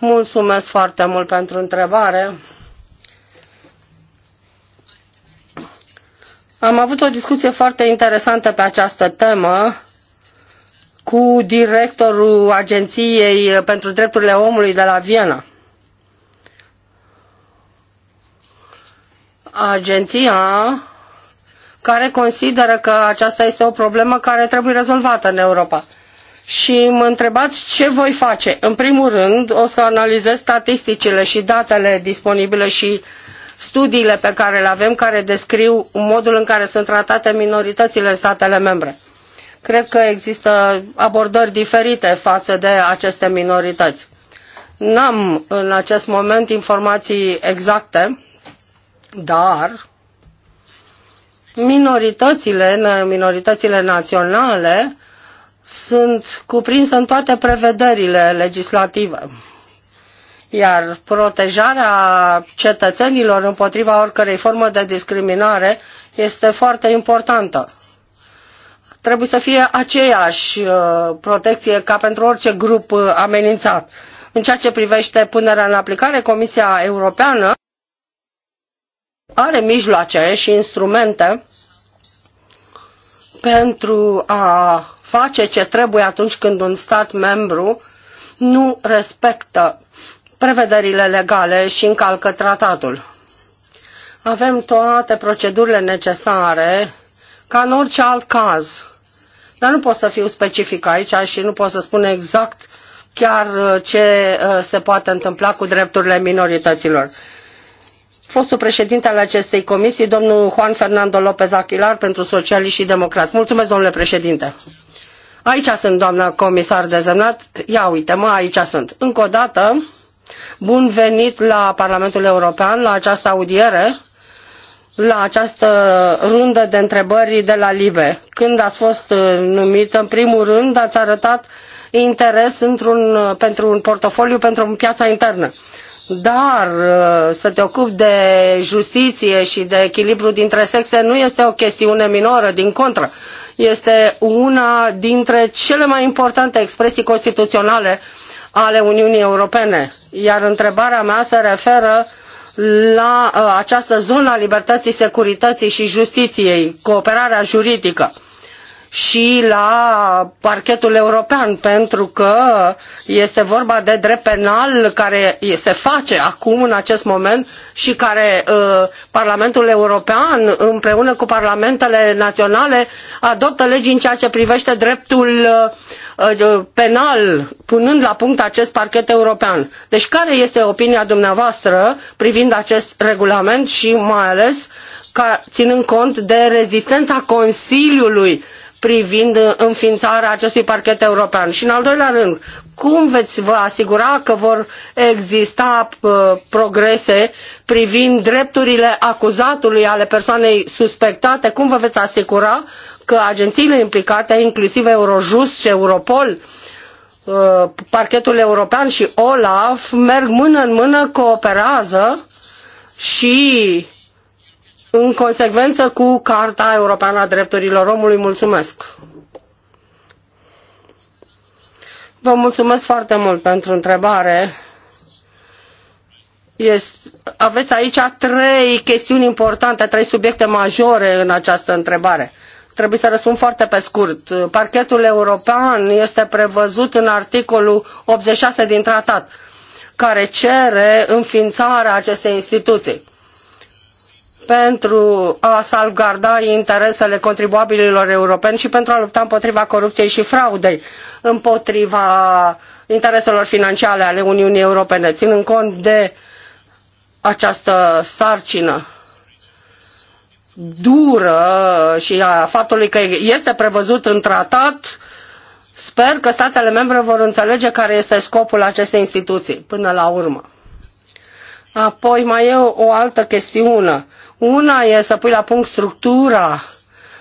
Mulțumesc foarte mult pentru întrebare. Am avut o discuție foarte interesantă pe această temă cu directorul Agenției pentru Drepturile Omului de la Viena. agenția care consideră că aceasta este o problemă care trebuie rezolvată în Europa. Și mă întrebați ce voi face. În primul rând, o să analizez statisticile și datele disponibile și studiile pe care le avem, care descriu modul în care sunt tratate minoritățile în statele membre. Cred că există abordări diferite față de aceste minorități. N-am în acest moment informații exacte dar minoritățile, minoritățile naționale sunt cuprinse în toate prevederile legislative iar protejarea cetățenilor împotriva oricărei formă de discriminare este foarte importantă. Trebuie să fie aceeași uh, protecție ca pentru orice grup uh, amenințat. În ceea ce privește punerea în aplicare, Comisia Europeană are mijloace și instrumente pentru a face ce trebuie atunci când un stat membru nu respectă prevederile legale și încalcă tratatul. Avem toate procedurile necesare, ca în orice alt caz. Dar nu pot să fiu specific aici și nu pot să spun exact chiar ce uh, se poate întâmpla cu drepturile minorităților fostul președinte al acestei comisii, domnul Juan Fernando López Aguilar, pentru socialiști și democrați. Mulțumesc, domnule președinte. Aici sunt, doamnă comisar dezemnat. Ia uite, mă, aici sunt. Încă o dată, bun venit la Parlamentul European, la această audiere, la această rundă de întrebări de la LIBE. Când ați fost numită, în primul rând, ați arătat interes într-un, pentru un portofoliu pentru piața internă. Dar uh, să te ocupi de justiție și de echilibru dintre sexe nu este o chestiune minoră, din contră. Este una dintre cele mai importante expresii constituționale ale Uniunii Europene. Iar întrebarea mea se referă la uh, această zonă a libertății, securității și justiției, cooperarea juridică și la parchetul european, pentru că este vorba de drept penal care se face acum, în acest moment, și care uh, Parlamentul European, împreună cu parlamentele naționale, adoptă legi în ceea ce privește dreptul uh, uh, penal, punând la punct acest parchet european. Deci care este opinia dumneavoastră privind acest regulament și mai ales ca, ținând cont de rezistența Consiliului privind uh, înființarea acestui parchet european? Și în al doilea rând, cum veți vă asigura că vor exista uh, progrese privind drepturile acuzatului ale persoanei suspectate? Cum vă veți asigura că agențiile implicate, inclusiv Eurojust și Europol, uh, parchetul european și OLAF merg mână în mână, cooperează și în consecvență cu Carta Europeană a Drepturilor Omului. Mulțumesc! Vă mulțumesc foarte mult pentru întrebare. Este, aveți aici trei chestiuni importante, trei subiecte majore în această întrebare. Trebuie să răspund foarte pe scurt. Parchetul european este prevăzut în articolul 86 din tratat, care cere înființarea acestei instituții pentru a salvgarda interesele contribuabililor europeni și pentru a lupta împotriva corupției și fraudei, împotriva intereselor financiare ale Uniunii Europene, ținând cont de această sarcină dură și a faptului că este prevăzut în tratat, sper că statele membre vor înțelege care este scopul acestei instituții până la urmă. Apoi mai e o altă chestiune una e să pui la punct structura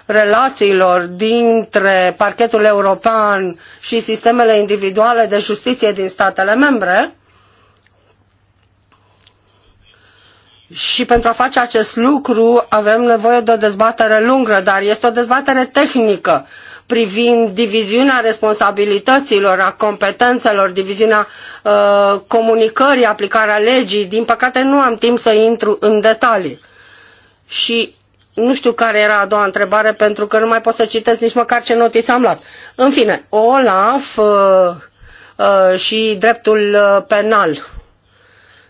relațiilor dintre parchetul european și sistemele individuale de justiție din statele membre. Și pentru a face acest lucru avem nevoie de o dezbatere lungă, dar este o dezbatere tehnică privind diviziunea responsabilităților, a competențelor, diviziunea uh, comunicării, aplicarea legii. Din păcate nu am timp să intru în detalii. Și nu știu care era a doua întrebare, pentru că nu mai pot să citesc nici măcar ce notițe am luat. În fine, Olaf uh, uh, și dreptul uh, penal.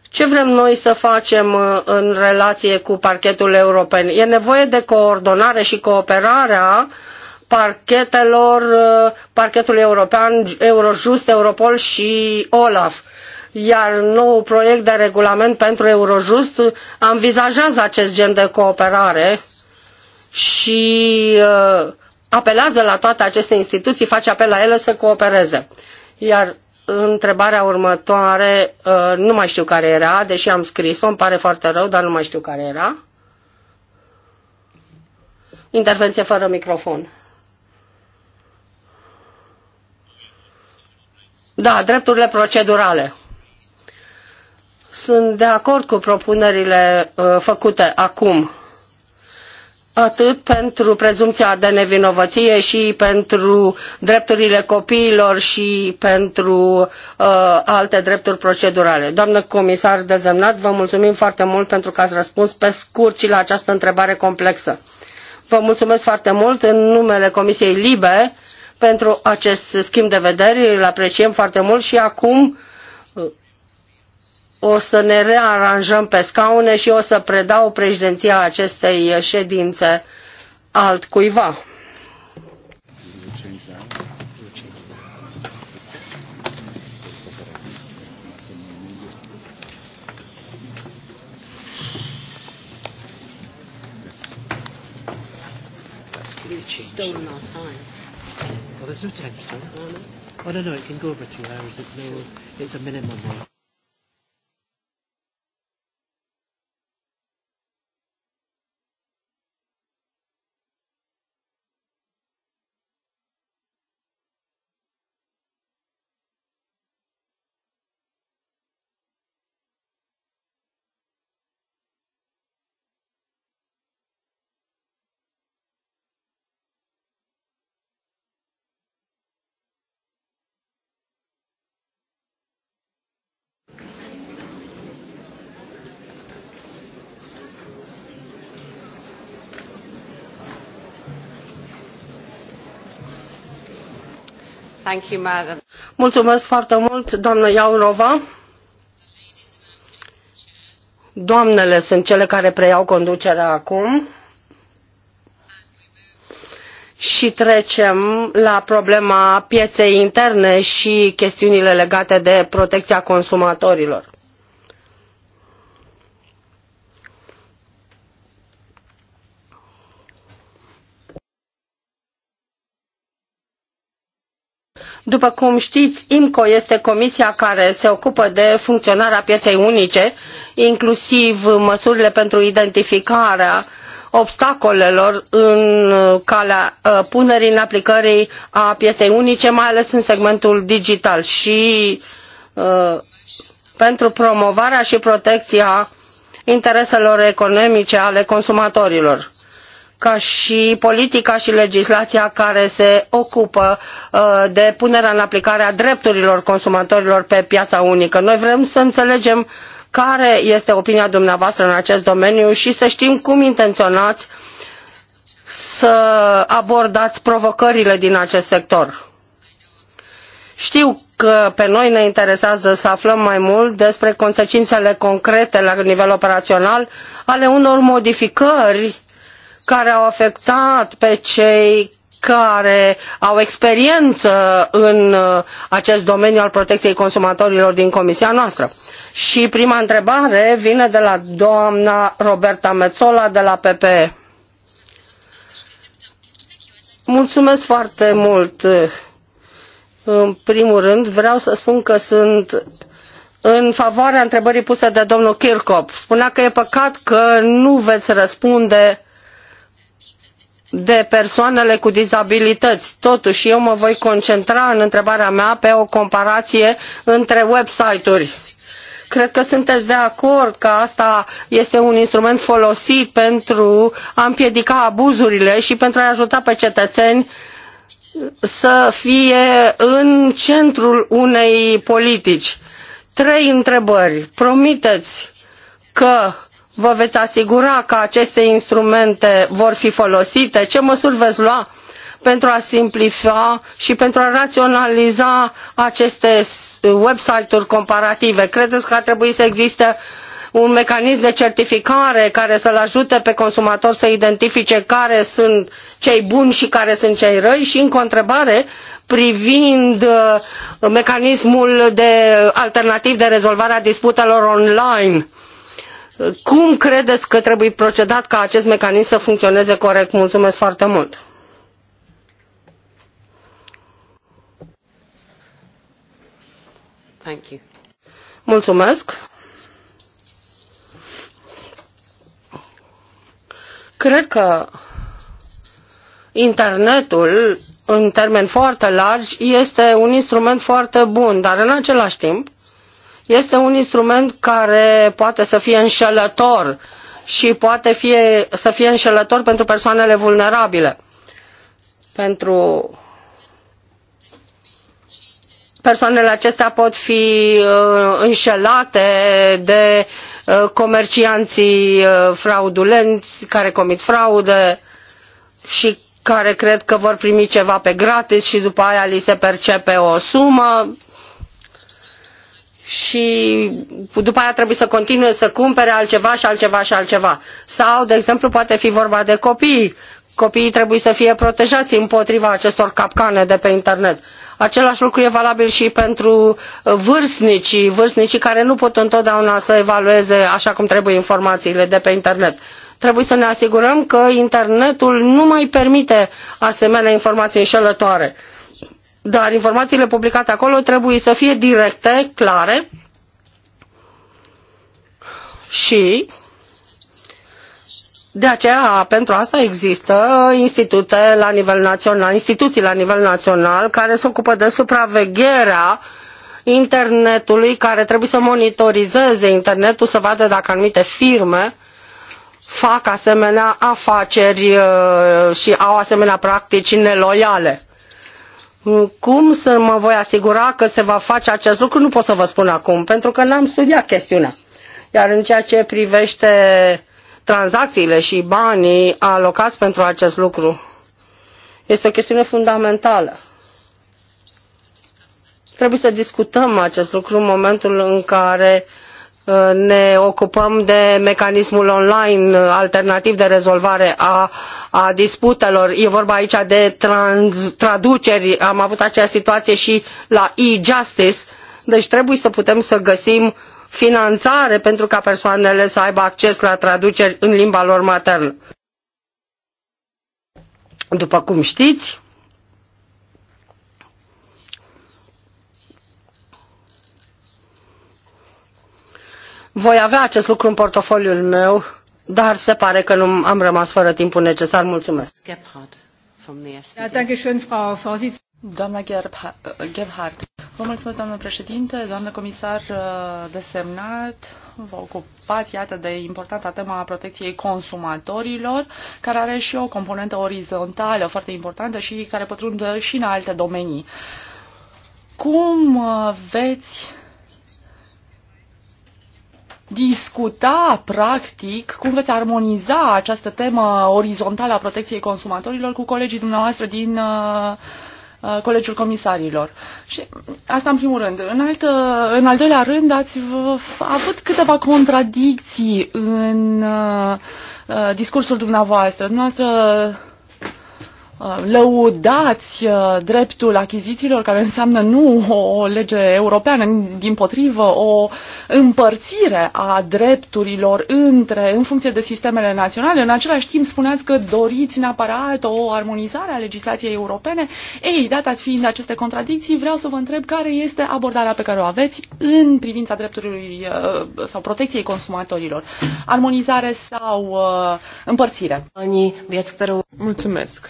Ce vrem noi să facem uh, în relație cu parchetul european? E nevoie de coordonare și cooperarea parchetelor, uh, parchetul european, Eurojust, Europol și Olaf iar noul proiect de regulament pentru Eurojust anvizajează acest gen de cooperare și uh, apelează la toate aceste instituții, face apel la ele să coopereze. Iar întrebarea următoare, uh, nu mai știu care era, deși am scris-o, îmi pare foarte rău, dar nu mai știu care era. Intervenție fără microfon. Da, drepturile procedurale. Sunt de acord cu propunerile uh, făcute acum, atât pentru prezumția de nevinovăție și pentru drepturile copiilor și pentru uh, alte drepturi procedurale. Doamnă comisar dezemnat, vă mulțumim foarte mult pentru că ați răspuns pe scurt și la această întrebare complexă. Vă mulțumesc foarte mult în numele Comisiei Libe pentru acest schimb de vederi, îl apreciem foarte mult și acum o să ne rearanjăm pe scaune și o să predau președinția acestei ședințe altcuiva. stolen our time. Well, there's no time stone. Oh, no. oh, no, no, it can go over two hours. It's, no, it's a minimum. Now. Mulțumesc foarte mult, doamnă Iaurova. Doamnele sunt cele care preiau conducerea acum. Și trecem la problema pieței interne și chestiunile legate de protecția consumatorilor. După cum știți, IMCO este comisia care se ocupă de funcționarea pieței unice, inclusiv măsurile pentru identificarea obstacolelor în calea uh, punerii în aplicării a pieței unice, mai ales în segmentul digital și uh, pentru promovarea și protecția intereselor economice ale consumatorilor ca și politica și legislația care se ocupă uh, de punerea în aplicare a drepturilor consumatorilor pe piața unică. Noi vrem să înțelegem care este opinia dumneavoastră în acest domeniu și să știm cum intenționați să abordați provocările din acest sector. Știu că pe noi ne interesează să aflăm mai mult despre consecințele concrete la nivel operațional ale unor modificări care au afectat pe cei care au experiență în uh, acest domeniu al protecției consumatorilor din comisia noastră. Și prima întrebare vine de la doamna Roberta Mețola de la PPE. Mulțumesc foarte mult. În primul rând, vreau să spun că sunt în favoarea întrebării puse de domnul Kirchhoff. Spunea că e păcat că nu veți răspunde de persoanele cu dizabilități. Totuși, eu mă voi concentra în întrebarea mea pe o comparație între website-uri. Cred că sunteți de acord că asta este un instrument folosit pentru a împiedica abuzurile și pentru a ajuta pe cetățeni să fie în centrul unei politici. Trei întrebări. Promiteți că Vă veți asigura că aceste instrumente vor fi folosite? Ce măsuri veți lua pentru a simplifica și pentru a raționaliza aceste website-uri comparative? Credeți că ar trebui să existe un mecanism de certificare care să-l ajute pe consumator să identifice care sunt cei buni și care sunt cei răi și încă o întrebare privind uh, mecanismul de alternativ de rezolvare a disputelor online. Uh, cum credeți că trebuie procedat ca acest mecanism să funcționeze corect? Mulțumesc foarte mult! Thank you. Mulțumesc! Cred că internetul, în termen foarte larg, este un instrument foarte bun, dar în același timp este un instrument care poate să fie înșelător și poate fie, să fie înșelător pentru persoanele vulnerabile. Pentru persoanele acestea pot fi uh, înșelate de uh, comercianții uh, fraudulenți care comit fraude și care cred că vor primi ceva pe gratis și după aia li se percepe o sumă și după aia trebuie să continue să cumpere altceva și altceva și altceva. Sau, de exemplu, poate fi vorba de copii. Copiii trebuie să fie protejați împotriva acestor capcane de pe internet. Același lucru e valabil și pentru uh, vârstnicii, vârstnicii care nu pot întotdeauna să evalueze așa cum trebuie informațiile de pe internet. Trebuie să ne asigurăm că internetul nu mai permite asemenea informații înșelătoare dar informațiile publicate acolo trebuie să fie directe, clare și de aceea, pentru asta există institute la nivel național, instituții la nivel național care se ocupă de supravegherea internetului, care trebuie să monitorizeze internetul, să vadă dacă anumite firme fac asemenea afaceri uh, și au asemenea practici neloiale. Mm, cum să mă voi asigura că se va face acest lucru? Nu pot să vă spun acum, pentru că n-am studiat chestiunea. Iar în ceea ce privește tranzacțiile și banii alocați pentru acest lucru, este o chestiune fundamentală. Trebuie să discutăm acest lucru în momentul în care uh, ne ocupăm de mecanismul online uh, alternativ de rezolvare a, a disputelor. E vorba aici de trans, traduceri, am avut acea situație și la e-justice, deci trebuie să putem să găsim finanțare pentru ca persoanele să aibă acces la traduceri în limba lor maternă. După cum știți, Voi avea acest lucru în portofoliul meu, dar se pare că nu am rămas fără timpul necesar. Mulțumesc. Doamna Gebhardt, vă mulțumesc, doamnă președinte, doamnă comisar uh, desemnat, vă ocupați, iată, de importanta tema a protecției consumatorilor, care are și o componentă orizontală foarte importantă și care pătrunde și în alte domenii. Cum uh, veți discuta practic cum veți armoniza această temă orizontală a protecției consumatorilor cu colegii dumneavoastră din uh, uh Colegiul Comisarilor. Și asta în primul rând. În, altă, în al doilea rând ați avut câteva contradicții în uh, uh discursul dumneavoastră. Dumneavoastră Uh, lăudați uh, dreptul achizițiilor, care înseamnă nu o lege europeană, din potrivă o împărțire a drepturilor între, în funcție de sistemele naționale. În același timp spuneați că doriți neapărat o armonizare a legislației europene. Ei, data fiind aceste contradicții, vreau să vă întreb care este abordarea pe care o aveți în privința drepturilor uh, sau protecției consumatorilor. Armonizare sau împărțire? Mulțumesc!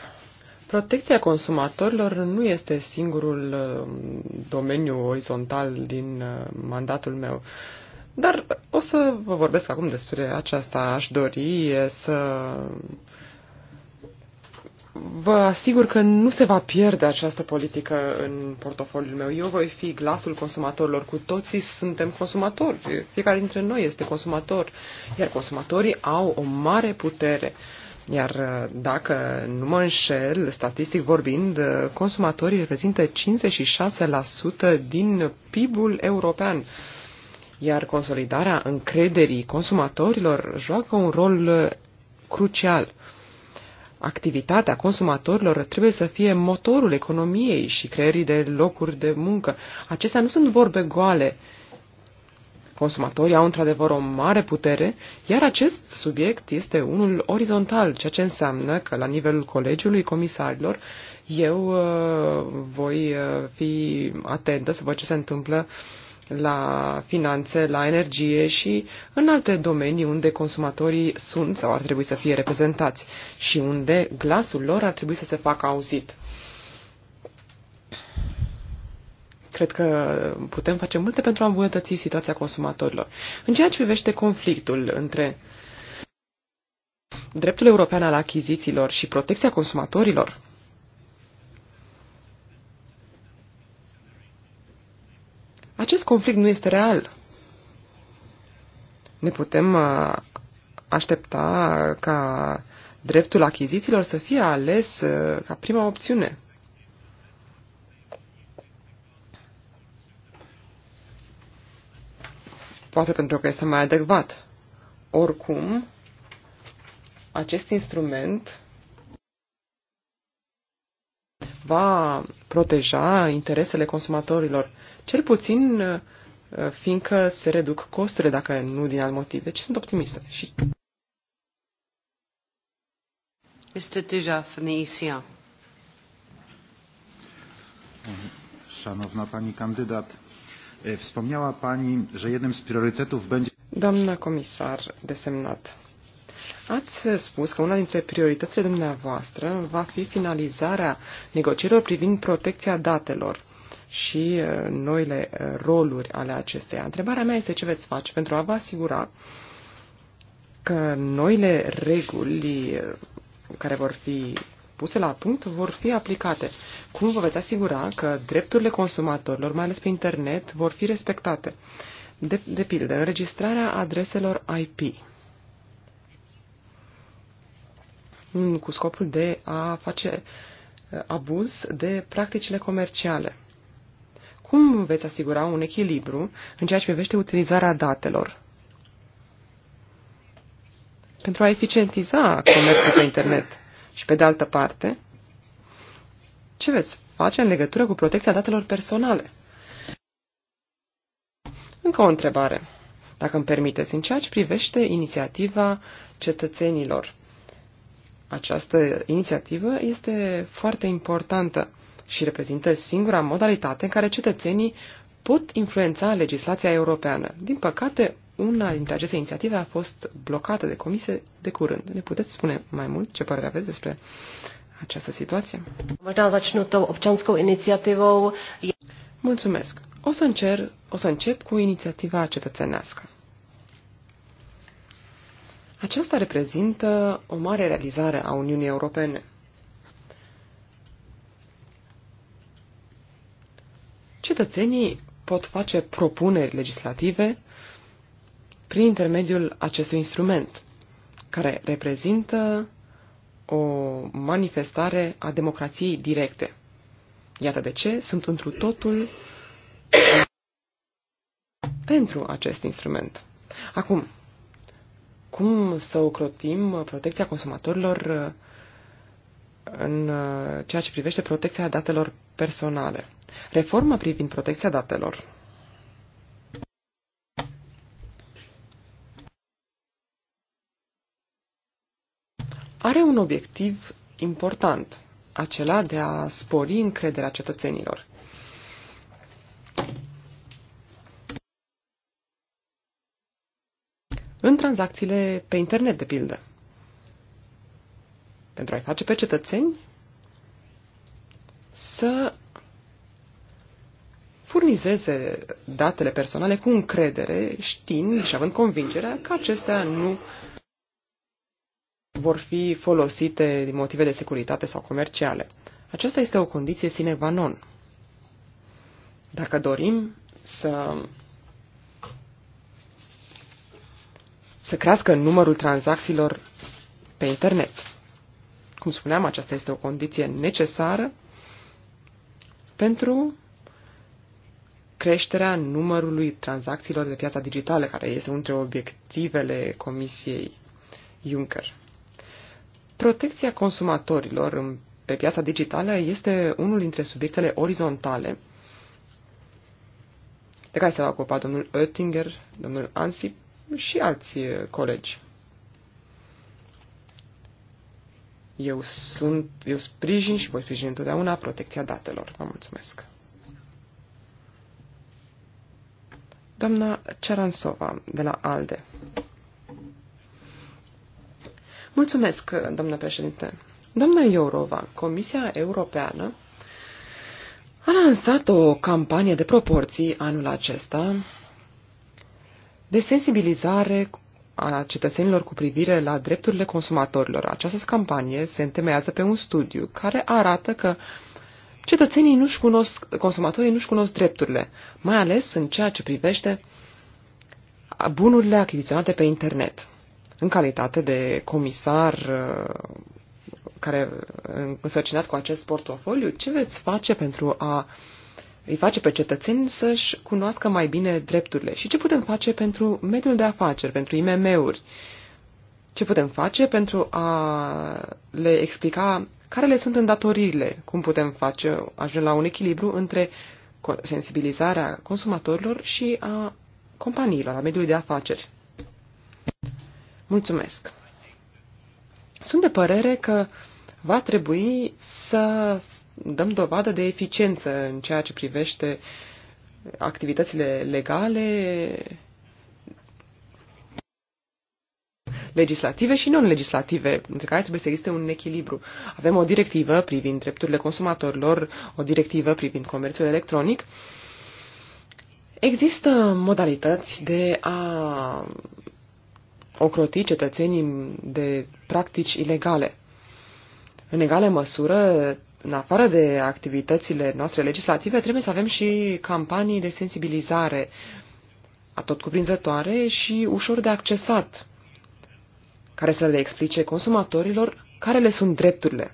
Protecția consumatorilor nu este singurul um, domeniu orizontal din uh, mandatul meu. Dar o să vă vorbesc acum despre aceasta. Aș dori să vă asigur că nu se va pierde această politică în portofoliul meu. Eu voi fi glasul consumatorilor. Cu toții suntem consumatori. Fiecare dintre noi este consumator. Iar consumatorii au o mare putere. Uh, iar uh, dacă nu mă înșel, statistic vorbind, uh, consumatorii reprezintă 56% din PIB-ul european. Iar consolidarea încrederii consumatorilor joacă un rol uh, crucial. Activitatea consumatorilor trebuie să fie motorul economiei și creierii de locuri de muncă. Acestea nu sunt vorbe goale, uh, Consumatorii au într-adevăr o mare putere, iar acest subiect este unul orizontal, ceea ce înseamnă că la nivelul colegiului comisarilor eu uh, voi uh, fi atentă să văd ce se întâmplă la finanțe, la energie și în alte domenii unde consumatorii sunt sau ar trebui să fie reprezentați și unde glasul lor ar trebui să se facă auzit. Cred că putem face multe pentru a îmbunătăți situația consumatorilor. În ceea ce privește conflictul între dreptul european al achizițiilor și protecția consumatorilor, acest conflict nu este real. Ne putem uh, aștepta ca dreptul achizițiilor să fie ales uh, ca prima opțiune. poate pentru că este mai adecvat. Oricum, acest instrument va proteja interesele consumatorilor, cel puțin fiindcă se reduc costurile, dacă nu din alt motiv. ci sunt optimistă. Și... Este deja finisia. Szanowna Pani Kandydat, Wspomniała Pani, że jednym z priorytetów będzie... Doamna comisar desemnat, ați spus că una dintre prioritățile dumneavoastră va fi finalizarea negocierilor privind protecția datelor și noile roluri ale acesteia. Întrebarea mea este ce veți face pentru a vă asigura că noile reguli care vor fi puse la punct vor fi aplicate. Cum vă veți asigura că drepturile consumatorilor, mai ales pe internet, vor fi respectate? De, de pildă, înregistrarea adreselor IP cu scopul de a face uh, abuz de practicile comerciale. Cum veți asigura un echilibru în ceea ce privește utilizarea datelor? Pentru a eficientiza comerțul pe internet și pe de altă parte, ce veți face în legătură cu protecția datelor personale? Încă o întrebare, dacă îmi permiteți, în ceea ce privește inițiativa cetățenilor. Această inițiativă este foarte importantă și reprezintă singura modalitate în care cetățenii pot influența legislația europeană. Din păcate, una dintre aceste inițiative a fost blocată de comisie de curând. Ne puteți spune mai mult ce părere aveți despre această situație? Možná začnu tou občanskou inițiativou. Mulțumesc. O să, încer, o să încep cu inițiativa cetățenească. Aceasta reprezintă o mare realizare a Uniunii Europene. Cetățenii pot face propuneri legislative prin intermediul acestui instrument, care reprezintă o manifestare a democrației directe. Iată de ce sunt întru totul pentru acest instrument. Acum, cum să ocrotim protecția consumatorilor în ceea ce privește protecția datelor personale? Reforma privind protecția datelor are un obiectiv important, acela de a spori încrederea cetățenilor. În tranzacțiile pe internet, de pildă. Pentru a-i face pe cetățeni să furnizeze datele personale cu încredere, știind și având convingerea că acestea nu vor fi folosite din motive de securitate sau comerciale. Aceasta este o condiție sine qua non. Dacă dorim să, să crească numărul tranzacțiilor pe internet, cum spuneam, aceasta este o condiție necesară pentru creșterea numărului tranzacțiilor de piața digitală, care este unul dintre obiectivele Comisiei Juncker. Protecția consumatorilor pe piața digitală este unul dintre subiectele orizontale de care s au ocupat domnul Oettinger, domnul Ansip și alți eh, colegi. Eu sunt, eu sprijin și voi sprijini întotdeauna protecția datelor. Vă mulțumesc. Doamna Ceransova, de la ALDE. Mulțumesc, domnule președinte. Doamna Iorova, Comisia Europeană a lansat o campanie de proporții anul acesta de sensibilizare a cetățenilor cu privire la drepturile consumatorilor. Această campanie se întemeiază pe un studiu care arată că cetățenii nu-și cunosc, consumatorii nu-și cunosc drepturile, mai ales în ceea ce privește bunurile achiziționate pe internet în calitate de comisar uh, care uh, însărcinat cu acest portofoliu, ce veți face pentru a îi face pe cetățeni să-și cunoască mai bine drepturile și ce putem face pentru mediul de afaceri, pentru IMM-uri, ce putem face pentru a le explica care le sunt îndatoririle, cum putem face, ajunge la un echilibru între sensibilizarea consumatorilor și a companiilor, a mediului de afaceri. Mulțumesc! Sunt de părere că va trebui să dăm dovadă de eficiență în ceea ce privește activitățile legale, legislative și non-legislative, între care trebuie să existe un echilibru. Avem o directivă privind drepturile consumatorilor, o directivă privind comerțul electronic. Există modalități de a ocroti cetățenii de practici ilegale. În egală măsură, în afară de activitățile noastre legislative, trebuie să avem și campanii de sensibilizare tot cuprinzătoare și ușor de accesat, care să le explice consumatorilor care le sunt drepturile.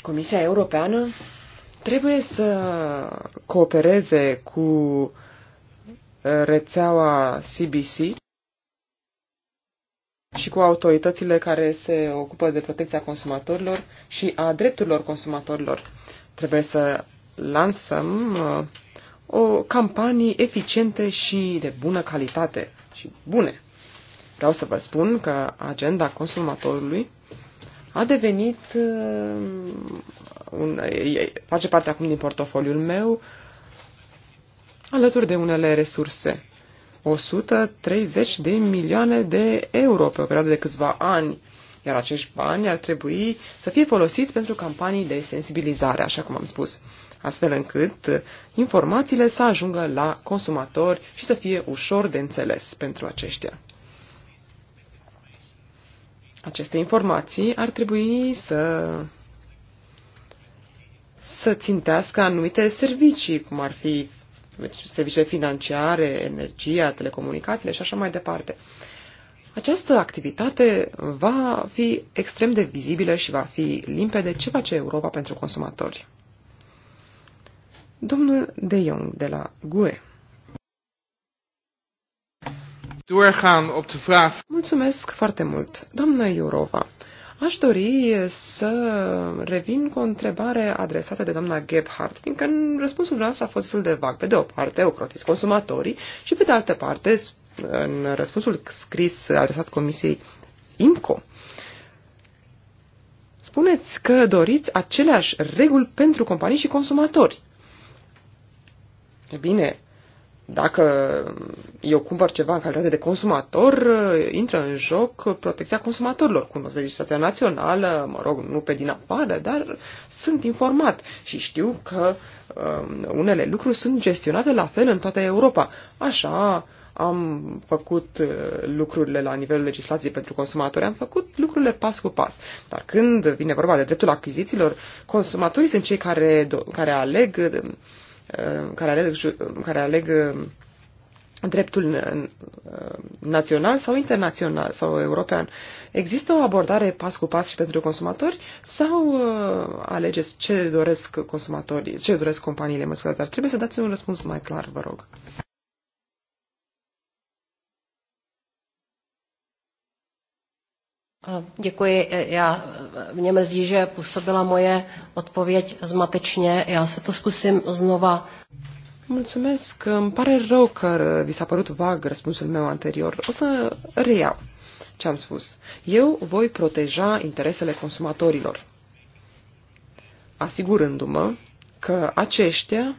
Comisia Europeană trebuie să coopereze cu rețeaua CBC și cu autoritățile care se ocupă de protecția consumatorilor și a drepturilor consumatorilor. Trebuie să lansăm uh, o campanii eficiente și de bună calitate și bune. Vreau să vă spun că agenda consumatorului a devenit uh, un, face parte acum din portofoliul meu alături de unele resurse 130 de milioane de euro pe o perioadă de câțiva ani, iar acești bani ar trebui să fie folosiți pentru campanii de sensibilizare, așa cum am spus, astfel încât informațiile să ajungă la consumatori și să fie ușor de înțeles pentru aceștia. Aceste informații ar trebui să să țintească anumite servicii, cum ar fi servicii financiare, energia, telecomunicațiile și așa mai departe. Această activitate va fi extrem de vizibilă și va fi limpede ce face Europa pentru consumatori. Domnul De Jong de la GUE. Doorgaan op de vraag. Mulțumesc foarte mult, doamnă Iurova. Aș dori să revin cu o întrebare adresată de doamna Gebhardt, fiindcă în răspunsul noastră a fost destul de vag. Pe de o parte, crotis consumatorii și pe de altă parte, în răspunsul scris adresat Comisiei IMCO, spuneți că doriți aceleași reguli pentru companii și consumatori. E bine, dacă eu cumpăr ceva în calitate de consumator, uh, intră în joc protecția consumatorilor. Cunosc legislația națională, mă rog, nu pe din afară, dar sunt informat și știu că um, unele lucruri sunt gestionate la fel în toată Europa. Așa am făcut uh, lucrurile la nivelul legislației pentru consumatori, am făcut lucrurile pas cu pas. Dar când vine vorba de dreptul achizițiilor, consumatorii sunt cei care, care aleg uh, Uh, care aleg, care aleg uh, dreptul uh, național sau internațional sau european. Există o abordare pas cu pas și pentru consumatori sau alegeți ce doresc consumatorii, ce doresc companiile, mă scuzați, dar trebuie să dați un răspuns mai clar, vă rog. Děkuji. Já, mě mrzí, že působila moje odpověď zmatečně. Já se to zkusím znova. Mulțumesc. Îmi pare rău că vi s-a părut vag răspunsul meu anterior. O să reiau ce am spus. Eu voi proteja interesele consumatorilor, asigurându-mă că aceștia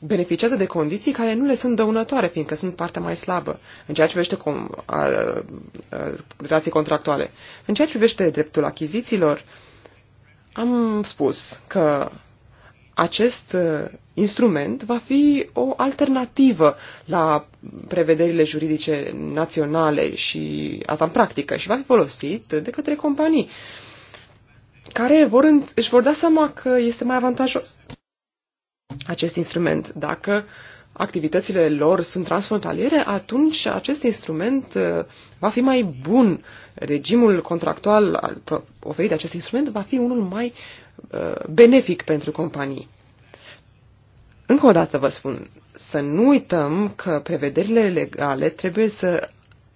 beneficiază de condiții care nu le sunt dăunătoare, fiindcă sunt partea mai slabă, în ceea ce privește com- a, a, a, relații contractuale. În ceea ce privește dreptul achizițiilor, am spus că acest uh, instrument va fi o alternativă la prevederile juridice naționale și asta în practică și va fi folosit de către companii care vor, își vor da seama că este mai avantajos acest instrument. Dacă activitățile lor sunt transfrontaliere, atunci acest instrument uh, va fi mai bun. Regimul contractual oferit de acest instrument va fi unul mai uh, benefic pentru companii. Încă o dată vă spun, să nu uităm că prevederile legale trebuie să,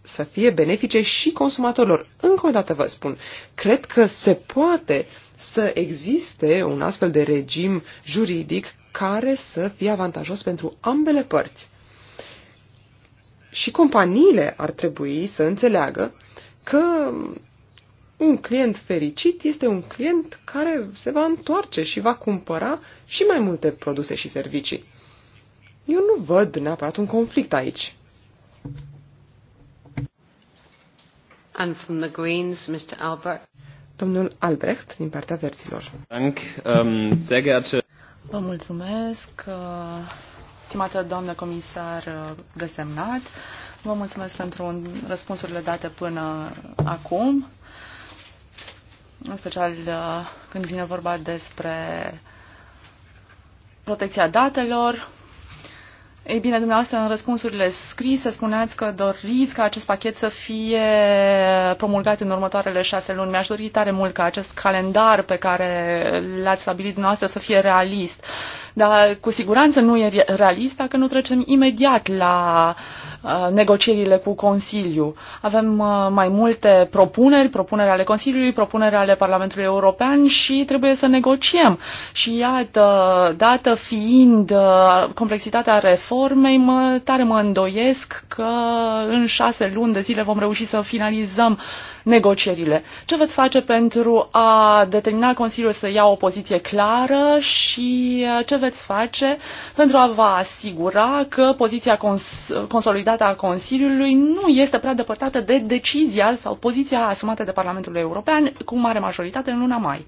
să fie benefice și consumatorilor. Încă o dată vă spun, cred că se poate să existe un astfel de regim juridic care să fie avantajos pentru ambele părți. Și companiile ar trebui să înțeleagă că un client fericit este un client care se va întoarce și va cumpăra și mai multe produse și servicii. Eu nu văd neapărat un conflict aici. And from the Greens, Mr. Albert. Domnul Albrecht, din partea verzilor. Dank, um, sehr geehrte... Vă mulțumesc, uh, stimată doamnă comisar uh, desemnat. Vă mulțumesc pentru răspunsurile date până acum, în special uh, când vine vorba despre protecția datelor, ei bine, dumneavoastră, în răspunsurile scrise spuneați că doriți ca acest pachet să fie promulgat în următoarele șase luni. Mi-aș dori tare mult ca acest calendar pe care l-ați stabilit dumneavoastră să fie realist. Dar cu siguranță nu e realist dacă nu trecem imediat la uh, Uh, negocierile cu Consiliu. Avem uh, mai multe propuneri, propuneri ale Consiliului, propuneri ale Parlamentului European și trebuie să negociem. Și iată, dată fiind uh, complexitatea reformei, mă, tare mă îndoiesc că în șase luni de zile vom reuși să finalizăm negocierile. Ce veți face pentru a determina Consiliul să ia o poziție clară și uh, ce veți face pentru a vă asigura că poziția cons- consolidată a Consiliului nu este prea depărtată de decizia sau poziția asumată de Parlamentul European cu mare majoritate în luna mai?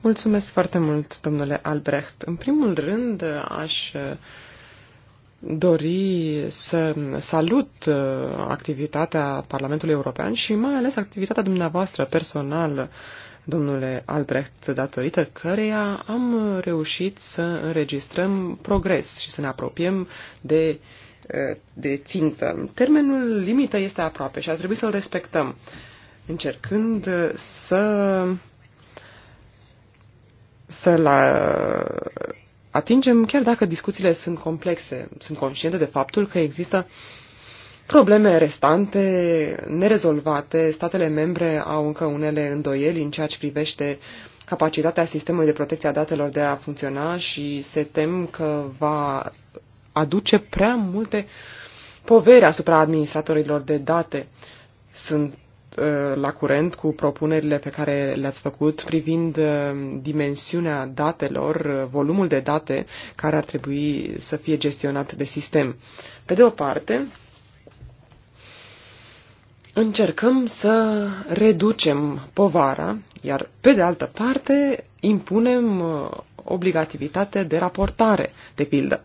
Mulțumesc foarte mult, domnule Albrecht. În primul rând, aș dori să salut uh, activitatea Parlamentului European și mai ales activitatea dumneavoastră personală, domnule Albrecht, datorită căreia am reușit să înregistrăm progres și să ne apropiem de, uh, de țintă. Termenul limită este aproape și ar trebui să-l respectăm, încercând să să la atingem, chiar dacă discuțiile sunt complexe. Sunt conștientă de faptul că există probleme restante, nerezolvate. Statele membre au încă unele îndoieli în ceea ce privește capacitatea sistemului de protecție a datelor de a funcționa și se tem că va aduce prea multe poveri asupra administratorilor de date. Sunt Uh, la curent cu propunerile pe care le-ați făcut privind uh, dimensiunea datelor, uh, volumul de date care ar trebui să fie gestionat de sistem. Pe de o parte, încercăm să reducem povara, iar pe de altă parte impunem obligativitate de raportare, de pildă.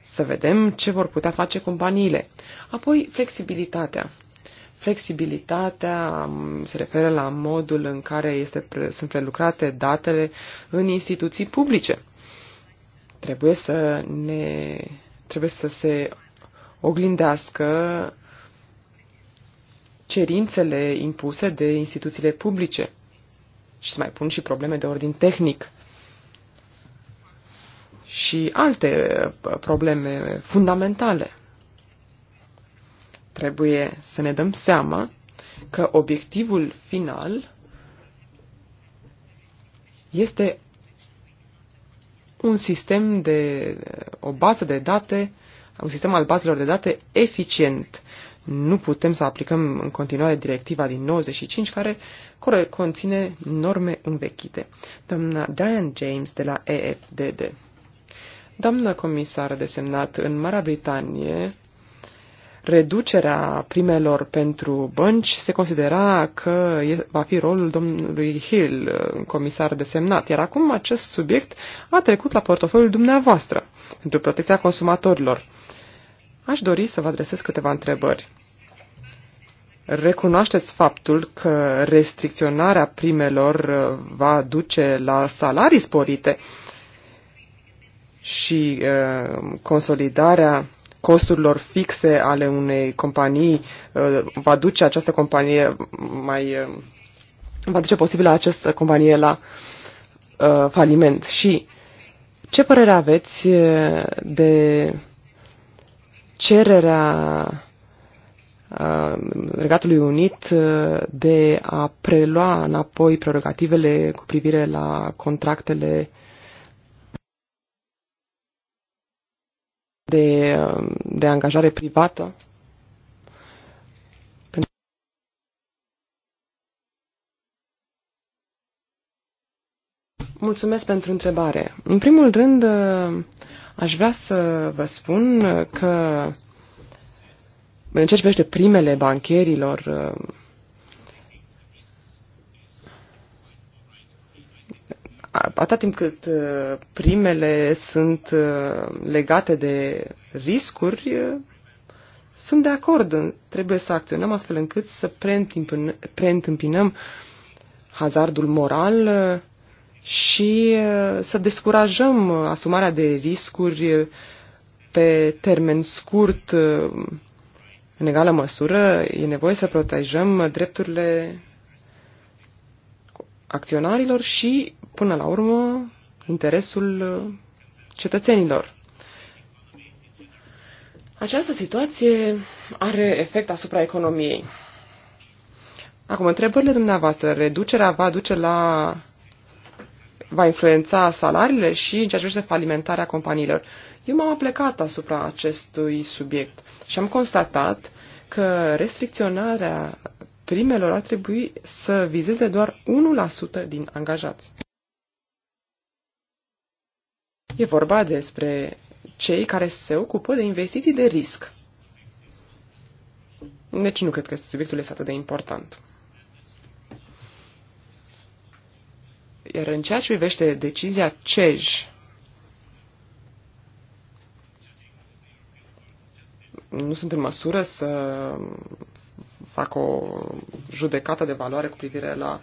Să vedem ce vor putea face companiile. Apoi, flexibilitatea. Flexibilitatea se referă la modul în care este, sunt prelucrate datele în instituții publice. Trebuie să, ne, trebuie să se oglindească cerințele impuse de instituțiile publice. Și să mai pun și probleme de ordin tehnic și alte uh, probleme fundamentale. Trebuie să ne dăm seama că obiectivul final este un sistem de o bază de date, un sistem al bazelor de date eficient. Nu putem să aplicăm în continuare directiva din 95 care conține norme învechite. Doamna Diane James de la EFDD. Doamna comisară desemnat în Marea Britanie, reducerea primelor pentru bănci, se considera că va fi rolul domnului Hill, uh, comisar desemnat, iar acum acest subiect a trecut la portofoliul dumneavoastră pentru protecția consumatorilor. Aș dori să vă adresez câteva întrebări. Recunoașteți faptul că restricționarea primelor uh, va duce la salarii sporite și uh, consolidarea costurilor fixe ale unei companii uh, va duce această companie mai uh, va duce posibil această companie la uh, faliment. Și ce părere aveți de cererea Regatului Unit de a prelua înapoi prerogativele cu privire la contractele uh, de, de angajare privată. Mulțumesc pentru întrebare. În primul rând, aș vrea să vă spun că în ce privește primele bancherilor, atâta timp cât uh, primele sunt uh, legate de riscuri, uh, sunt de acord. Trebuie să acționăm astfel încât să preîntâmpinăm hazardul moral și să descurajăm asumarea de riscuri pe termen scurt. În egală măsură, e nevoie să protejăm drepturile acționarilor și, până la urmă, interesul uh, cetățenilor. Această situație are efect asupra economiei. Acum, întrebările dumneavoastră. Reducerea va duce la... va influența salariile și în ceea ce privește falimentarea companiilor. Eu m-am plecat asupra acestui subiect și am constatat că restricționarea primelor ar trebui să vizeze doar 1% din angajați. E vorba despre cei care se ocupă de investiții de risc. Deci nu cred că subiectul este atât de important. Iar în ceea ce privește decizia CEJ, nu sunt în măsură să fac o judecată de valoare cu privire la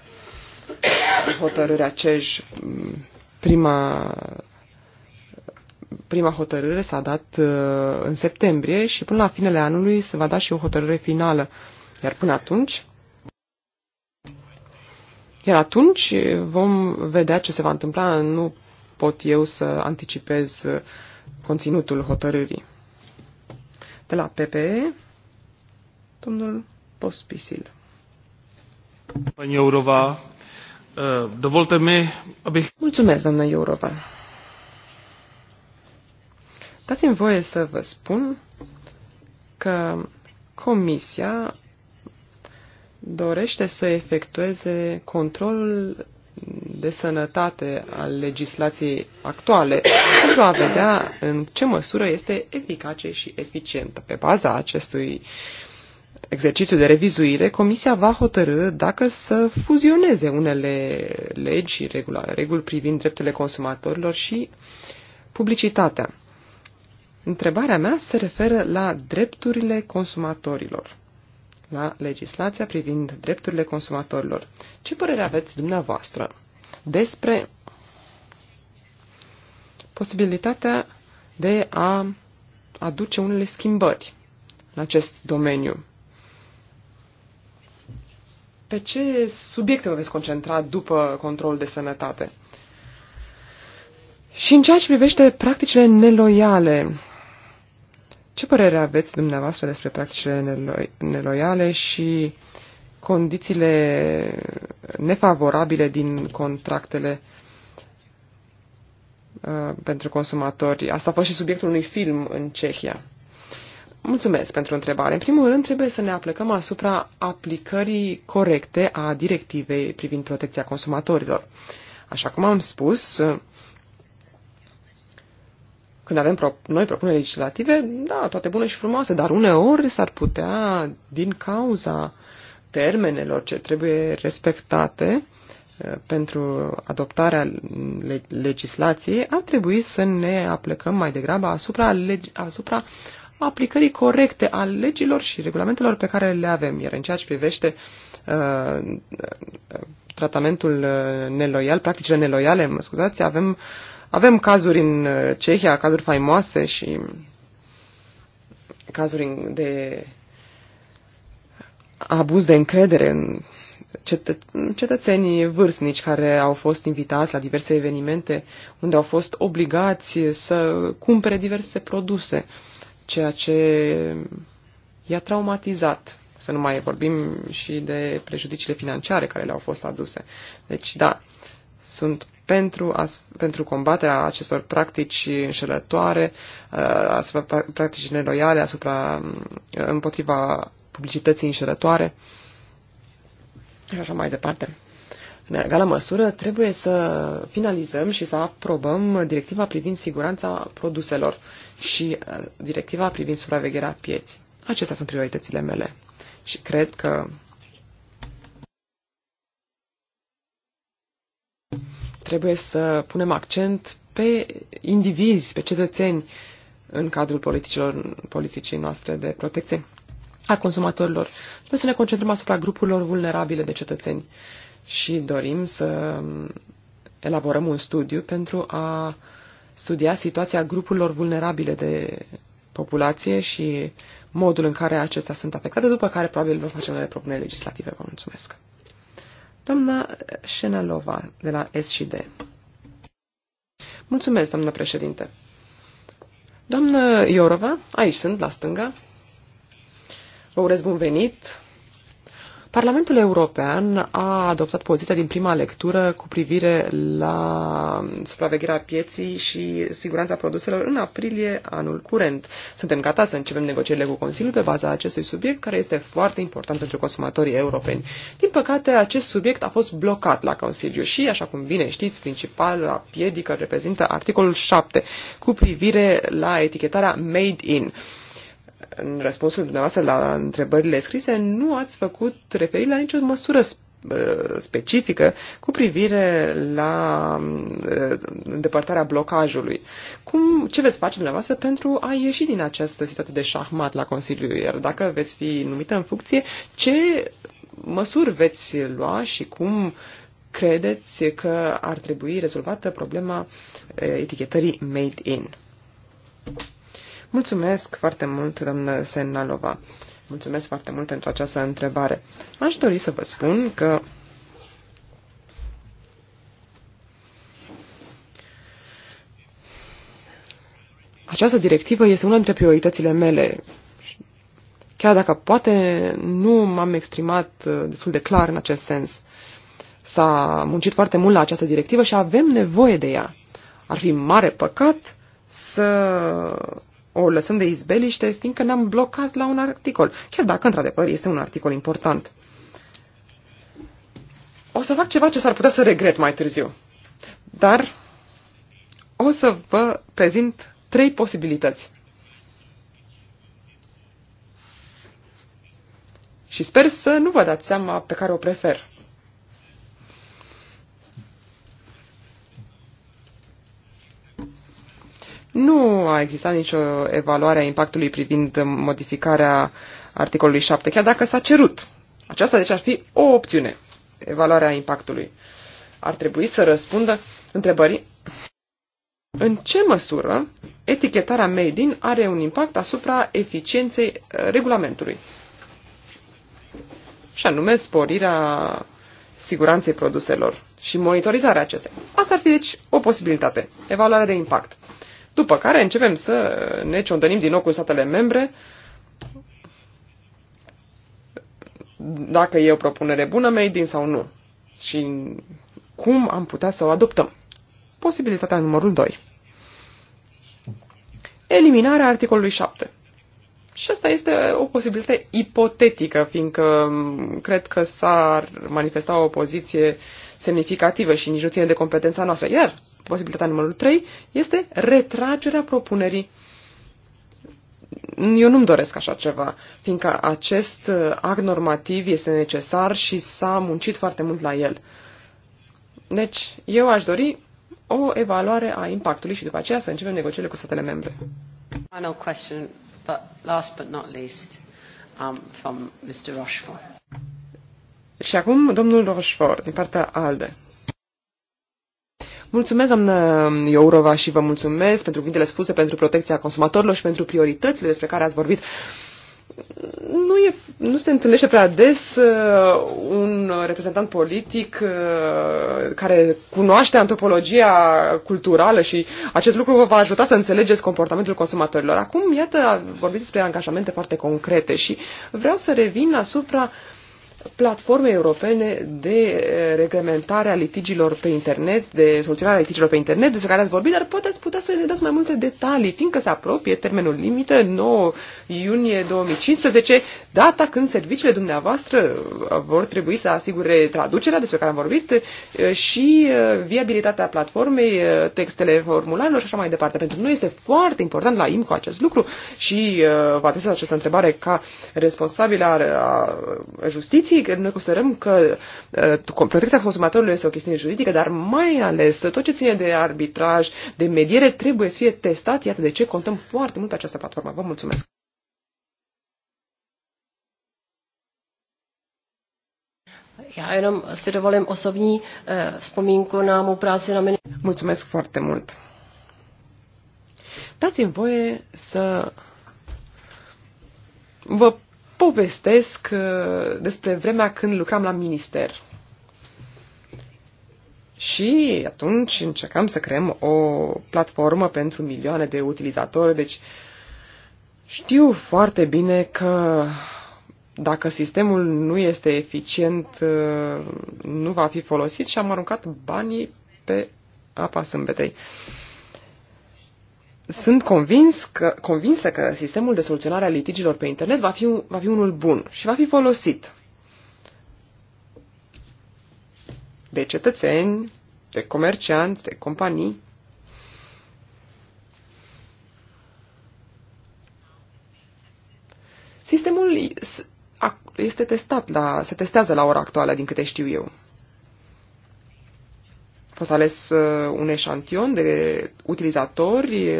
hotărârea CEJ. Prima, prima hotărâre s-a dat uh, în septembrie și până la finele anului se va da și o hotărâre finală. Iar până atunci, iar atunci vom vedea ce se va întâmpla. Nu pot eu să anticipez uh, conținutul hotărârii. De la PPE, domnul Pospisil. Pani Jourová, eh, dovolte mi, abych... Mulțumesc, doamna Jourova. Dați-mi voie să vă spun că Comisia dorește să efectueze controlul de sănătate al legislației actuale pentru a vedea în ce măsură este eficace și eficientă. Pe baza acestui uh, exercițiu de revizuire, Comisia va hotărâ dacă să fuzioneze unele legi și reguli privind drepturile consumatorilor și publicitatea. Întrebarea mea se referă la drepturile consumatorilor, la legislația privind drepturile consumatorilor. Ce părere aveți dumneavoastră despre posibilitatea de a aduce unele schimbări în acest domeniu? pe ce subiecte vă veți concentra după controlul de sănătate? Și în ceea ce privește practicile neloiale, ce părere aveți dumneavoastră despre practicile nelo- neloiale și condițiile nefavorabile din contractele uh, pentru consumatori? Asta a fost și subiectul unui film în Cehia. Mulțumesc pentru întrebare. În primul rând, trebuie să ne aplicăm asupra aplicării corecte a directivei privind protecția consumatorilor. Așa cum am spus, când avem pro- noi propuneri legislative, da, toate bune și frumoase, dar uneori s-ar putea, din cauza termenelor ce trebuie respectate eh, pentru adoptarea legislației, ar trebui să ne aplicăm mai degrabă asupra, asupra aplicării corecte a legilor și regulamentelor pe care le avem. Iar în ceea ce privește uh, tratamentul uh, neloial, practicile neloiale, mă scuzați, avem, avem cazuri în uh, Cehia, cazuri faimoase și cazuri de abuz de încredere în cetățenii vârstnici care au fost invitați la diverse evenimente unde au fost obligați să cumpere diverse produse uh, ceea ce i-a traumatizat. Să nu mai vorbim și de prejudiciile financiare care le-au fost aduse. Deci, da, sunt pentru, as, pentru combaterea acestor practici înșelătoare, uh, asupra practici neloiale, asupra, mm, împotriva publicității înșelătoare și așa mai departe. În egală măsură, trebuie să finalizăm și să aprobăm directiva privind siguranța produselor și uh, directiva privind supravegherea pieții. Acestea sunt prioritățile mele și cred că trebuie să punem accent pe indivizi, pe cetățeni în cadrul politicilor, politicii noastre de protecție a consumatorilor. Trebuie să ne concentrăm asupra grupurilor vulnerabile de cetățeni și dorim să elaborăm un studiu pentru a studia situația grupurilor vulnerabile de populație și modul în care acestea sunt afectate, după care probabil vom face noi propuneri legislative. Vă mulțumesc. Doamna Șenelova, de la SD. Mulțumesc, doamnă președinte. Doamnă Iorova, aici sunt, la stânga. Vă urez bun venit Parlamentul European a adoptat poziția din prima lectură cu privire la supravegherea pieții și siguranța produselor în aprilie anul curent. Suntem gata să începem negocierile cu Consiliul pe baza acestui subiect, care este foarte important pentru consumatorii europeni. Din păcate, acest subiect a fost blocat la Consiliu și, așa cum bine știți, principala piedică reprezintă articolul 7 cu privire la etichetarea Made in în răspunsul dumneavoastră la întrebările scrise, nu ați făcut referire la nicio măsură uh, specifică cu privire la uh, îndepărtarea blocajului. Cum, ce veți face dumneavoastră pentru a ieși din această situație de șahmat la Consiliu? Iar dacă veți fi numită în funcție, ce măsuri veți lua și cum credeți că ar trebui rezolvată problema uh, etichetării made in? Mulțumesc foarte mult, doamnă Senalova. Mulțumesc foarte mult pentru această întrebare. Aș dori să vă spun că această directivă este una dintre prioritățile mele. Chiar dacă poate nu m-am exprimat uh, destul de clar în acest sens. S-a muncit foarte mult la această directivă și avem nevoie de ea. Ar fi mare păcat să o lăsăm de izbeliște, fiindcă ne-am blocat la un articol, chiar dacă, într-adevăr, este un articol important. O să fac ceva ce s-ar putea să regret mai târziu, dar o să vă prezint trei posibilități. Și sper să nu vă dați seama pe care o prefer. Nu a existat nicio evaluare a impactului privind modificarea articolului 7, chiar dacă s-a cerut. Aceasta deci ar fi o opțiune, evaluarea impactului. Ar trebui să răspundă întrebării în ce măsură etichetarea made in are un impact asupra eficienței uh, regulamentului. Și anume sporirea siguranței produselor și monitorizarea acestei. Asta ar fi deci o posibilitate, evaluarea de impact. După care începem să ne ciondănim din nou cu statele membre. Dacă e o propunere bună, made din sau nu. Și cum am putea să o adoptăm. Posibilitatea numărul 2. Eliminarea articolului 7. Și asta este o posibilitate ipotetică, fiindcă cred că s-ar manifesta o opoziție semnificativă și nici nu ține de competența noastră. Iar posibilitatea numărul 3 este retragerea propunerii. Eu nu-mi doresc așa ceva, fiindcă acest uh, act normativ este necesar și s-a muncit foarte mult la el. Deci, eu aș dori o evaluare a impactului și după aceea să începem negocierile cu statele membre. Final question, but last but not least, um, from Mr. Rochefort. Și acum domnul Rochefort, din partea ALDE. Mulțumesc, doamnă Iourova, și vă mulțumesc pentru cuvintele spuse, pentru protecția consumatorilor și pentru prioritățile despre care ați vorbit nu, e, nu se întâlnește prea des uh, un reprezentant politic uh, care cunoaște antropologia culturală și acest lucru vă va ajuta să înțelegeți comportamentul consumatorilor. Acum, iată, vorbiți despre angajamente foarte concrete și vreau să revin asupra uh, platforme europene de eh, reglementare a litigilor pe internet, de soluționarea litigilor pe internet, despre care ați vorbit, dar poate ați putea să ne dați mai multe detalii, fiindcă se apropie termenul limită, 9 iunie 2015, data când serviciile dumneavoastră uh, vor trebui să asigure traducerea despre care am vorbit uh, și uh, viabilitatea platformei, textele formularilor, și așa mai departe. Pentru noi este foarte important la IMCO acest lucru și vă adresez această întrebare ca responsabilă a justiției Sigur, noi considerăm că uh, protecția consumatorului este o chestiune juridică, dar mai ales tot ce ține de arbitraj, de mediere, trebuie să fie testat, iată de ce contăm foarte mult pe această platformă. Vă mulțumesc! Já jenom si dovolím osobní eh, vzpomínku na mou práci na mini... Mulțumesc foarte mult. Dați-mi voie să vă povestesc uh, despre vremea când lucram la minister. Și atunci încercam să creăm o platformă pentru milioane de utilizatori, deci știu foarte bine că dacă sistemul nu este eficient, uh, nu va fi folosit și am aruncat banii pe apa sâmbetei. Uh, sunt convins că, convinsă că sistemul de soluționare a litigilor pe internet va fi, va fi unul bun și va fi folosit de cetățeni, de comercianți, de companii. Sistemul este testat la, se testează la ora actuală, din câte știu eu fost ales uh, un eșantion de utilizatori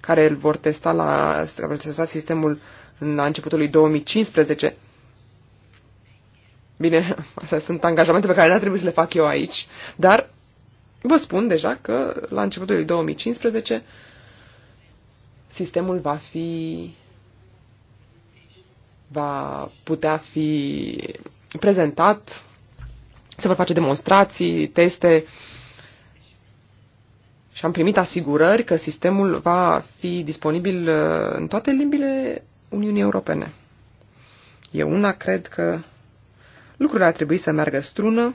care îl vor testa la vor testa sistemul la începutul lui 2015. Bine, astea sunt angajamente pe care nu a trebuit să le fac eu aici, dar vă spun deja că la începutul lui 2015 sistemul va fi va putea fi prezentat se vor face demonstrații, teste și am primit asigurări că sistemul va fi disponibil uh, în toate limbile Uniunii Europene. Eu una cred că lucrurile ar trebui să meargă strună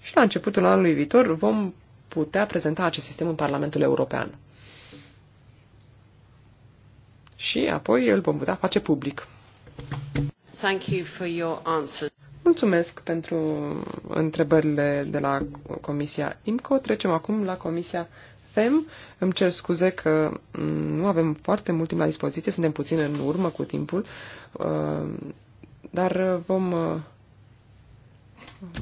și la începutul anului viitor vom putea prezenta acest sistem în Parlamentul European. Și apoi îl vom putea face public. Thank you for your answers. Mulțumesc pentru întrebările de la Comisia IMCO. Trecem acum la Comisia FEM. Îmi cer scuze că nu avem foarte mult timp la dispoziție, suntem puțin în urmă cu timpul, uh, dar vom, uh,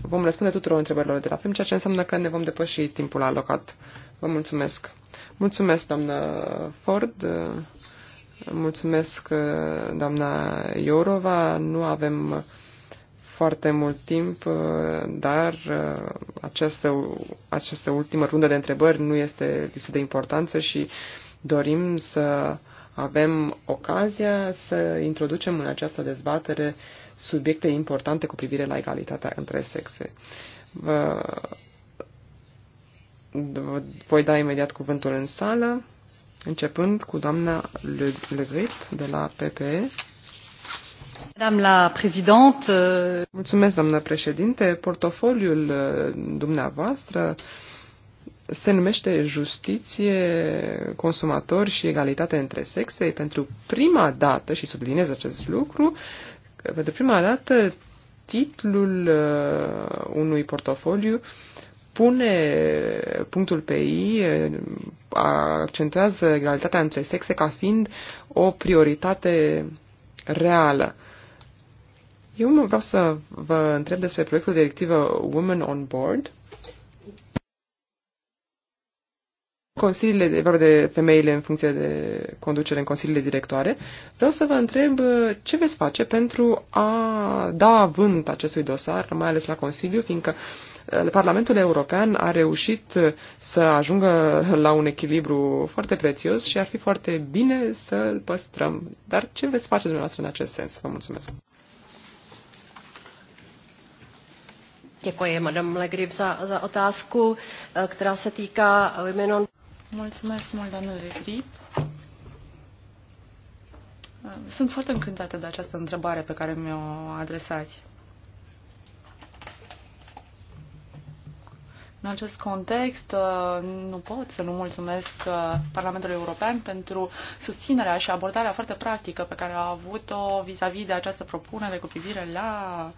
vom răspunde tuturor întrebărilor de la FEM, ceea ce înseamnă că ne vom depăși timpul alocat. Vă mulțumesc. Mulțumesc, doamnă Ford. Mulțumesc, uh, doamna Iorova. Nu avem uh, foarte mult timp, uh, dar această, această ultimă rundă de întrebări nu este lipsă de importanță și dorim să avem ocazia să introducem în această dezbatere subiecte importante cu privire la egalitatea între sexe. Vă voi da imediat cuvântul în sală începând cu doamna Le, Le Grip de la PPE. Madame la Présidente. Euh, Mulțumesc, doamna președinte. Portofoliul uh, dumneavoastră se numește Justiție, Consumatori și Egalitate între Sexe. Pentru prima dată, și subliniez acest lucru, pentru prima dată titlul uh, unui portofoliu pune punctul pe I, accentuează egalitatea între sexe ca fiind o prioritate reală. Eu vreau să vă întreb despre proiectul directivă Women on Board, consiliile, de, vorba de femeile în funcție de conducere în consiliile directoare, vreau să vă întreb uh, ce veți face pentru a da avânt acestui dosar, mai ales la Consiliu, fiindcă uh, Parlamentul European a reușit uh, să ajungă la un echilibru foarte prețios și ar fi foarte bine să îl păstrăm. Dar ce veți face dumneavoastră în acest sens? Vă mulțumesc! Děkuji, madam Legrib, za, za otázku, eh, která se týká jmenu... Mulțumesc mult, domnule Grip. Sunt foarte încântată de această întrebare pe care mi-o adresați. În acest context, nu pot să nu mulțumesc Parlamentului European pentru susținerea și abordarea foarte practică pe care a avut-o vis-a-vis de această propunere cu privire la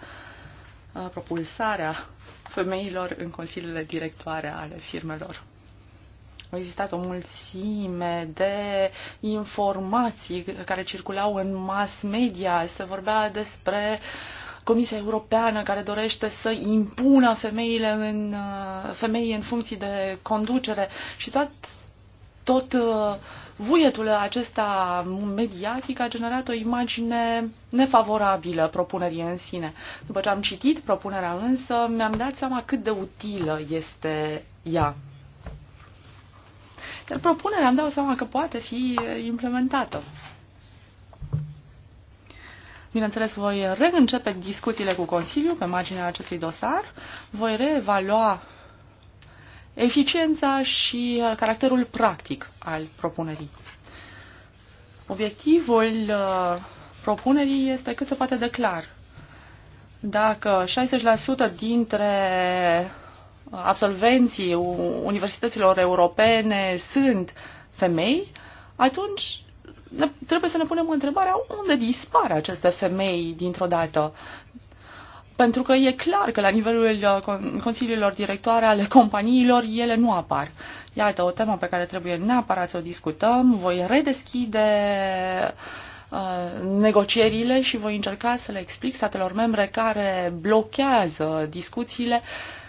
uh, propulsarea femeilor în consiliile directoare ale firmelor. Au existat o mulțime de informații care circulau în mass media. Se vorbea despre Comisia Europeană care dorește să impună femeile în, uh, femei în funcții de conducere și tot, tot uh, vuietul acesta mediatic a generat o imagine nefavorabilă propunerii în sine. După ce am citit propunerea însă, mi-am dat seama cât de utilă este ea. Dar propunerea îmi dau seama că poate fi eh, implementată. Bineînțeles, voi reîncepe discuțiile cu Consiliul pe marginea acestui dosar, voi reevalua eficiența și eh, caracterul practic al propunerii. Obiectivul eh, propunerii este cât se poate de clar. Dacă 60% dintre absolvenții universităților europene sunt femei, atunci ne, trebuie să ne punem întrebarea unde dispare aceste femei dintr-o dată. Pentru că e clar că la nivelul uh, consiliilor directoare ale companiilor ele nu apar. Iată o temă pe care trebuie neapărat să o discutăm. Voi redeschide uh, negocierile și voi încerca să le explic statelor membre care blochează discuțiile uh,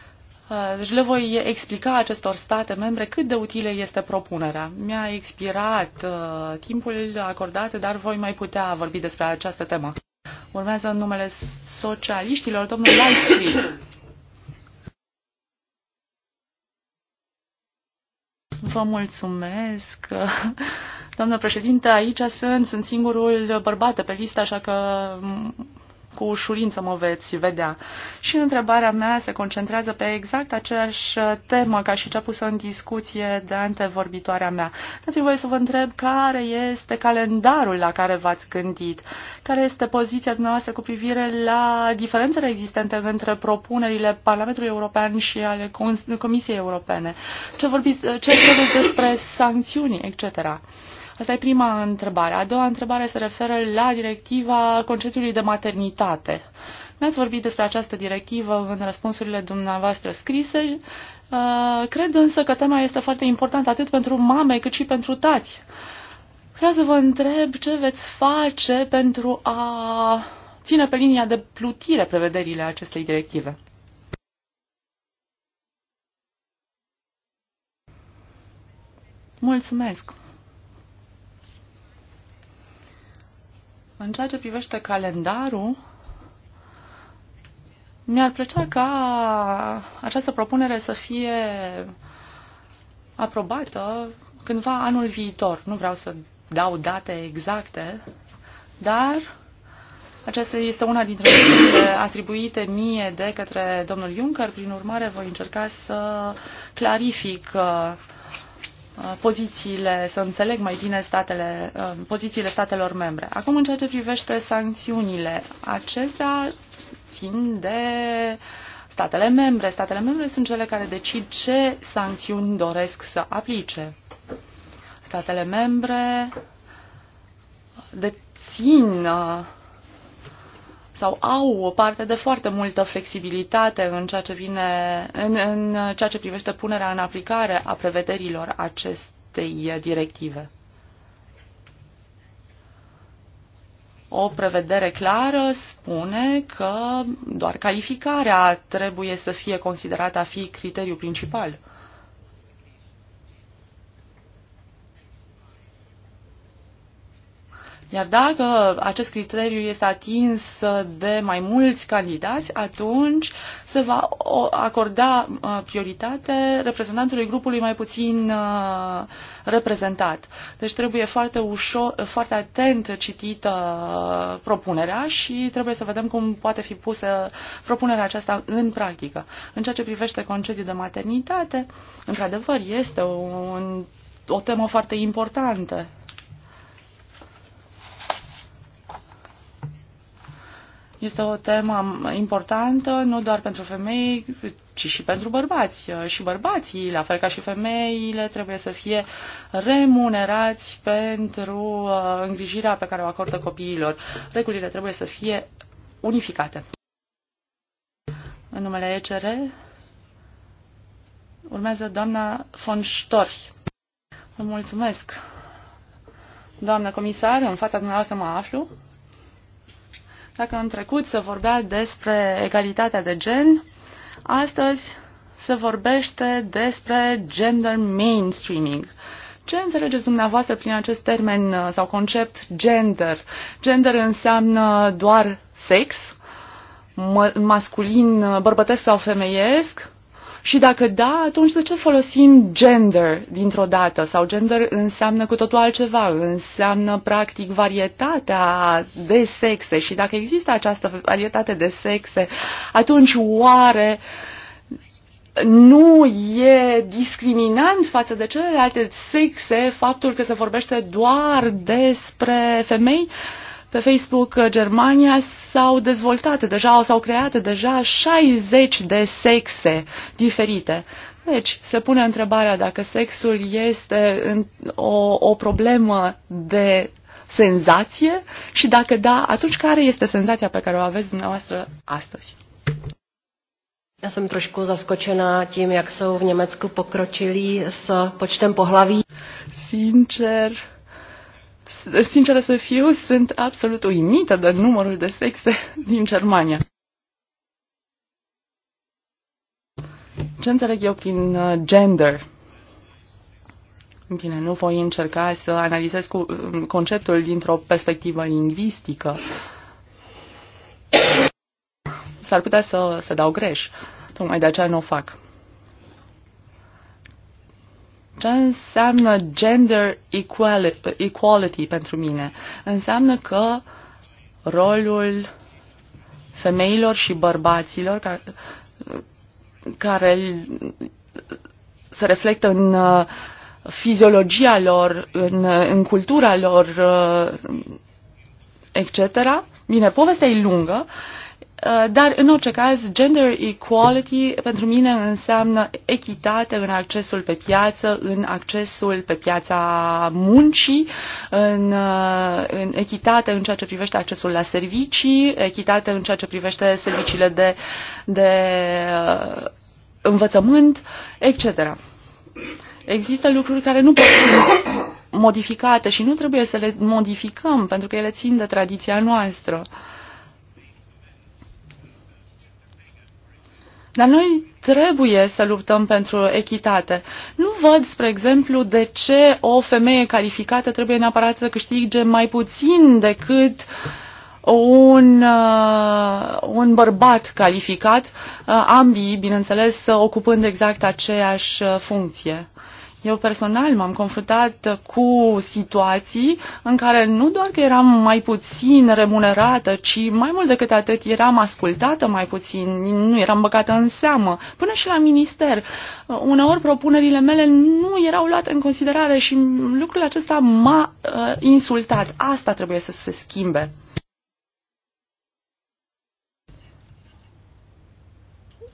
Uh, deci le voi explica acestor state membre cât de utile este propunerea. Mi-a expirat uh, timpul acordat, dar voi mai putea vorbi despre această temă. Urmează în numele socialiștilor domnul Lightfield. Vă mulțumesc. Doamnă președinte, aici sunt, sunt singurul bărbat pe listă, așa că cu ușurință mă veți vedea. Și întrebarea mea se concentrează pe exact aceeași temă ca și cea pusă în discuție de antevorbitoarea mea. Dați-mi voie să vă întreb care este calendarul la care v-ați gândit, care este poziția noastră cu privire la diferențele existente între propunerile Parlamentului European și ale Comisiei Europene, ce, vorbiți, ce credeți despre sancțiuni, etc. Asta e prima întrebare. A doua întrebare se referă la directiva concediului de maternitate. Ne-ați vorbit despre această directivă în răspunsurile dumneavoastră scrise. Uh, cred însă că tema este foarte importantă atât pentru mame cât și pentru tați. Vreau să vă întreb ce veți face pentru a ține pe linia de plutire prevederile acestei directive. Mulțumesc! În ceea ce privește calendarul, mi-ar plăcea ca această propunere să fie aprobată cândva anul viitor. Nu vreau să dau date exacte, dar aceasta este una dintre lucrurile atribuite mie de către domnul Juncker. Prin urmare, voi încerca să clarific uh, Uh, pozițiile, să înțeleg mai bine statele, uh, pozițiile statelor membre. Acum, în ceea ce privește sancțiunile, acestea țin de statele membre. Statele membre sunt cele care decid ce sancțiuni doresc să aplice. Statele membre dețin uh, sau au o parte de foarte multă flexibilitate în ceea ce, vine, în, în ceea ce privește punerea în aplicare a prevederilor acestei directive. O prevedere clară spune că doar calificarea trebuie să fie considerată a fi criteriul principal. Iar dacă acest criteriu este atins de mai mulți candidați, atunci se va acorda uh, prioritate reprezentantului grupului mai puțin uh, reprezentat. Deci trebuie foarte ușor, foarte atent citită uh, propunerea și trebuie să vedem cum poate fi pusă propunerea aceasta în practică. În ceea ce privește concediul de maternitate, într-adevăr, este un, o temă foarte importantă Este o temă importantă nu doar pentru femei, ci și pentru bărbați. Și bărbații, la fel ca și femeile, trebuie să fie remunerați pentru uh, îngrijirea pe care o acordă copiilor. Regulile trebuie să fie unificate. În numele ECR urmează doamna von Storch. Vă mulțumesc. Doamnă comisar, în fața dumneavoastră mă aflu. Dacă în trecut se vorbea despre egalitatea de gen, astăzi se vorbește despre gender mainstreaming. Ce înțelegeți dumneavoastră prin acest termen uh, sau concept gender? Gender înseamnă doar sex, masculin, uh, bărbătesc sau femeiesc, și dacă da, atunci de ce folosim gender dintr-o dată? Sau gender înseamnă cu totul altceva, înseamnă practic varietatea de sexe și dacă există această varietate de sexe, atunci oare nu e discriminant față de celelalte sexe faptul că se vorbește doar despre femei? Uh, pe Facebook uh, Germania s-au dezvoltat deja, s-au creat deja 60 de sexe diferite. Deci, se pune întrebarea dacă sexul este o, o problemă de senzație și dacă da, atunci care este senzația pe care o aveți dumneavoastră astăzi? Já jsem trošku zaskočená tím, jak jsou v Německu pokročilí s počtem pohlaví. Sincer, Sincer să fiu, sunt absolut uimită de numărul de sexe din Germania. Ce înțeleg eu prin uh, gender? Bine, nu voi încerca să analizez cu, um, conceptul dintr-o perspectivă lingvistică. S-ar putea să, să dau greș. Tocmai de aceea nu o fac. Ce înseamnă gender equality pentru mine? Înseamnă că rolul femeilor și bărbaților care, care se reflectă în uh, fiziologia lor, în, uh, în cultura lor, uh, etc. Bine, povestea e lungă. Uh, dar în orice caz, gender equality pentru mine înseamnă echitate în accesul pe piață, în accesul pe piața muncii, în, uh, în echitate în ceea ce privește accesul la servicii, echitate în ceea ce privește serviciile de, de uh, învățământ, etc. Există lucruri care nu pot fi modificate și nu trebuie să le modificăm pentru că ele țin de tradiția noastră. Uh, Dar noi trebuie să luptăm pentru echitate. Nu văd, spre exemplu, de ce o femeie calificată trebuie neapărat să câștige mai puțin decât un, uh, un bărbat calificat, uh, ambii, bineînțeles, ocupând exact aceeași uh, funcție. Uh, eu personal m-am confruntat cu situații în care nu doar că eram mai puțin remunerată, ci mai mult decât atât eram ascultată mai puțin, nu eram băgată în seamă, până și la minister. Uneori propunerile mele nu erau luate în considerare și lucrul acesta m-a uh, insultat. Asta trebuie să se schimbe.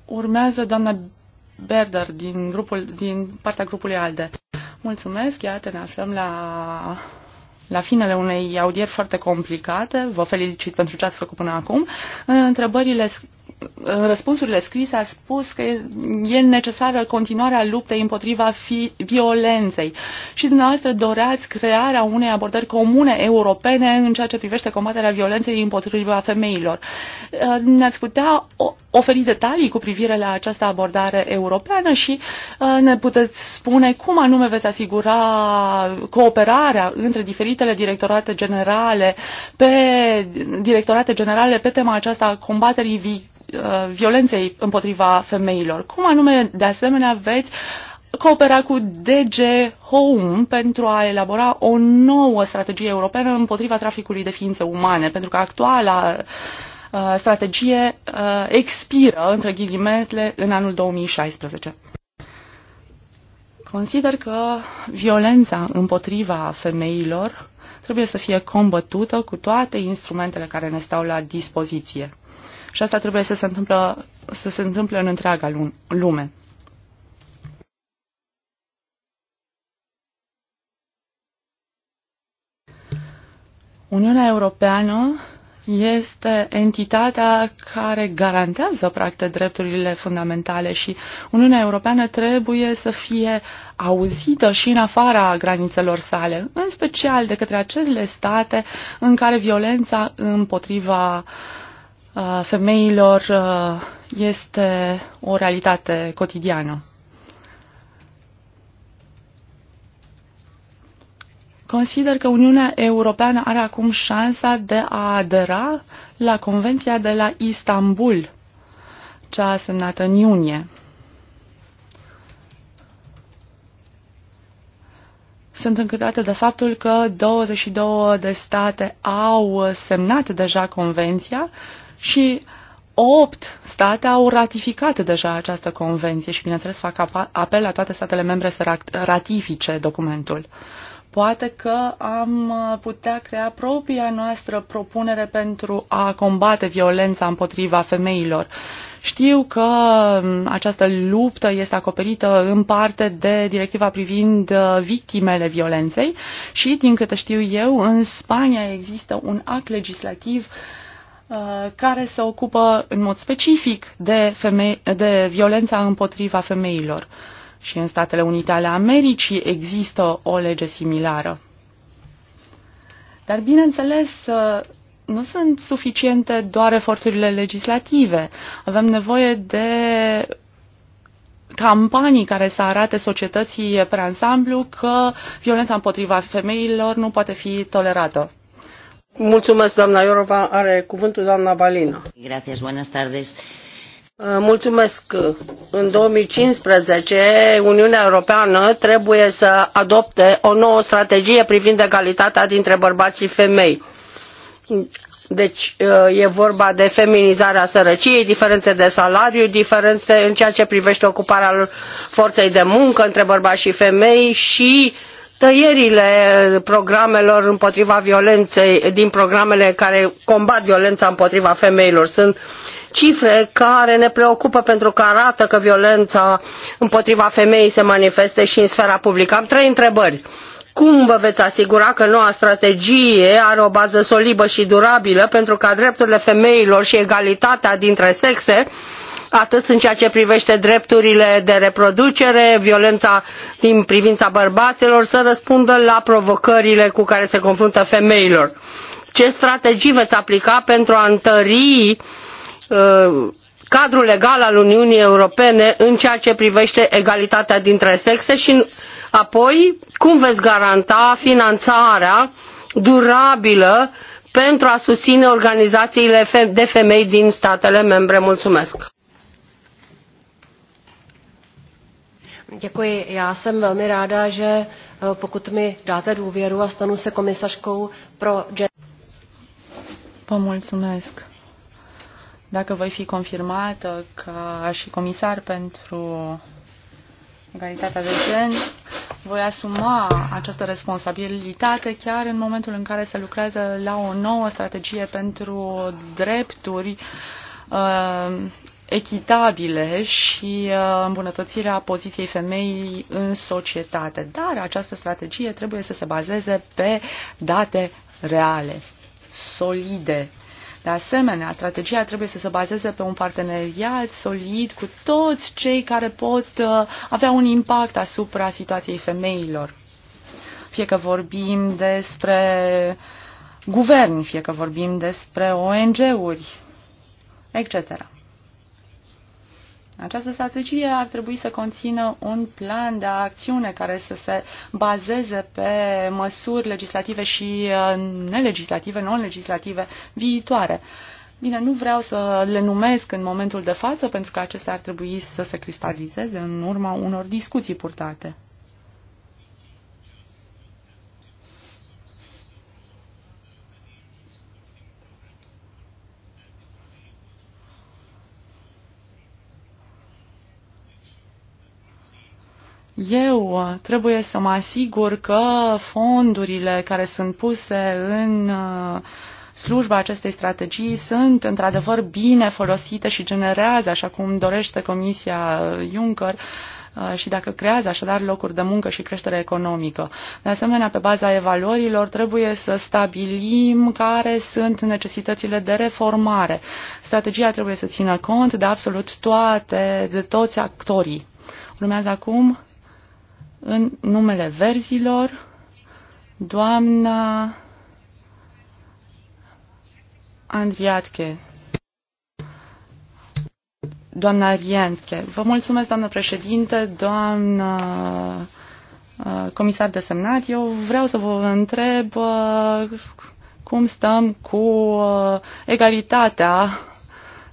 Urmează doamna Berder din, grupul, din partea grupului ALDE. Mulțumesc, iată, ne aflăm la la finele unei audieri foarte complicate. Vă felicit pentru ce ați făcut până acum. Întrebările în răspunsurile scrise a spus că e necesară continuarea luptei împotriva fi, violenței și dumneavoastră doreați crearea unei abordări comune europene în ceea ce privește combaterea violenței împotriva femeilor. Uh, ne-ați putea oferi detalii cu privire la această abordare europeană și uh, ne puteți spune cum anume veți asigura cooperarea între diferitele directorate generale pe directorate generale pe tema aceasta a combaterii vi- Uh, violenței împotriva femeilor. Cum anume, de asemenea, veți coopera cu DG Home pentru a elabora o nouă strategie europeană împotriva traficului de ființe umane, pentru că actuala uh, strategie uh, expiră, între ghilimele, în anul 2016. Consider că violența împotriva femeilor trebuie să fie combătută cu toate instrumentele care ne stau la dispoziție. Și asta trebuie să se, întâmple, să se întâmple în întreaga lume. Uniunea Europeană este entitatea care garantează, practic, drepturile fundamentale și Uniunea Europeană trebuie să fie auzită și în afara granițelor sale, în special de către acele state în care violența împotriva uh, femeilor este o realitate cotidiană. Consider că Uniunea Europeană are acum șansa de a adera la Convenția de la Istanbul, cea semnată în iunie. Sunt încântată de faptul că 22 de state au semnat deja Convenția, și opt state au ratificat deja această convenție și, bineînțeles, fac apel la toate statele membre să ratifice documentul. Poate că am putea crea propria noastră propunere pentru a combate violența împotriva femeilor. Știu că această luptă este acoperită în parte de directiva privind uh, victimele violenței și, din câte știu eu, în Spania există un act legislativ uh, Uh, care se ocupă în mod specific de, femei, de violența împotriva femeilor. Și în Statele Unite ale Americii există o lege similară. Dar, bineînțeles, uh, nu sunt suficiente doar eforturile legislative. Avem nevoie de campanii care să arate societății pe ansamblu că violența împotriva femeilor nu poate fi tolerată. Mulțumesc, Are cuvântul uh, Mulțumesc. În 2015, Uniunea Europeană trebuie să adopte o nouă strategie privind egalitatea dintre bărbați și femei. Deci uh, e vorba de feminizarea sărăciei, diferențe de salariu, diferențe în ceea ce privește ocuparea forței de muncă între bărbați și femei și uh, tăierile programelor împotriva violenței, din programele care combat violența împotriva femeilor. Sunt cifre care ne preocupă pentru că arată că violența împotriva femeii se manifestă și în sfera publică. Am trei întrebări. Cum vă veți asigura că noua strategie are o bază solidă și durabilă pentru ca drepturile femeilor și egalitatea dintre sexe atât în ceea ce privește drepturile de reproducere, violența din privința bărbaților, să răspundă la provocările cu care se confruntă femeilor. Ce strategii veți aplica pentru a întări uh, cadrul legal al Uniunii Europene în ceea ce privește egalitatea dintre sexe și apoi cum veți garanta finanțarea durabilă pentru a susține organizațiile de femei din statele membre. Mulțumesc! Děkuji. Já jsem velmi ráda, že eh, pokud mi dáte důvěru a stanu se komisařkou pro gender... Dacă voi fi confirmată eh, ca și comisar pentru egalitatea de gen, voi asuma această responsabilitate chiar în momentul în care se lucrează la o nouă strategie pentru drepturi eh, echitabile și uh, îmbunătățirea poziției femeii în societate. Dar această strategie trebuie să se bazeze pe date reale, solide. De asemenea, strategia trebuie să se bazeze pe un parteneriat solid cu toți cei care pot uh, avea un impact asupra situației femeilor. Fie că vorbim despre guvern, fie că vorbim despre ONG-uri, etc. Această strategie ar trebui să conțină un plan de acțiune care să se bazeze pe măsuri legislative și uh, nelegislative, non-legislative viitoare. Bine, nu vreau să le numesc în momentul de față, pentru că acestea ar trebui să se cristalizeze în urma unor discuții purtate. Eu uh, trebuie să mă asigur că fondurile care sunt puse în uh, slujba acestei strategii sunt într-adevăr bine folosite și generează, așa cum dorește Comisia uh, Juncker, și dacă creează așadar locuri de muncă și creștere economică. De asemenea, pe baza evaluărilor trebuie să stabilim care sunt necesitățile de reformare. Strategia trebuie să țină cont de absolut toate, de toți actorii. Urmează acum în numele verzilor, doamna Andriatche. Doamna Rientke. Vă mulțumesc, doamnă președinte, doamnă uh, comisar desemnat. Eu vreau să vă întreb uh, cum stăm cu uh, egalitatea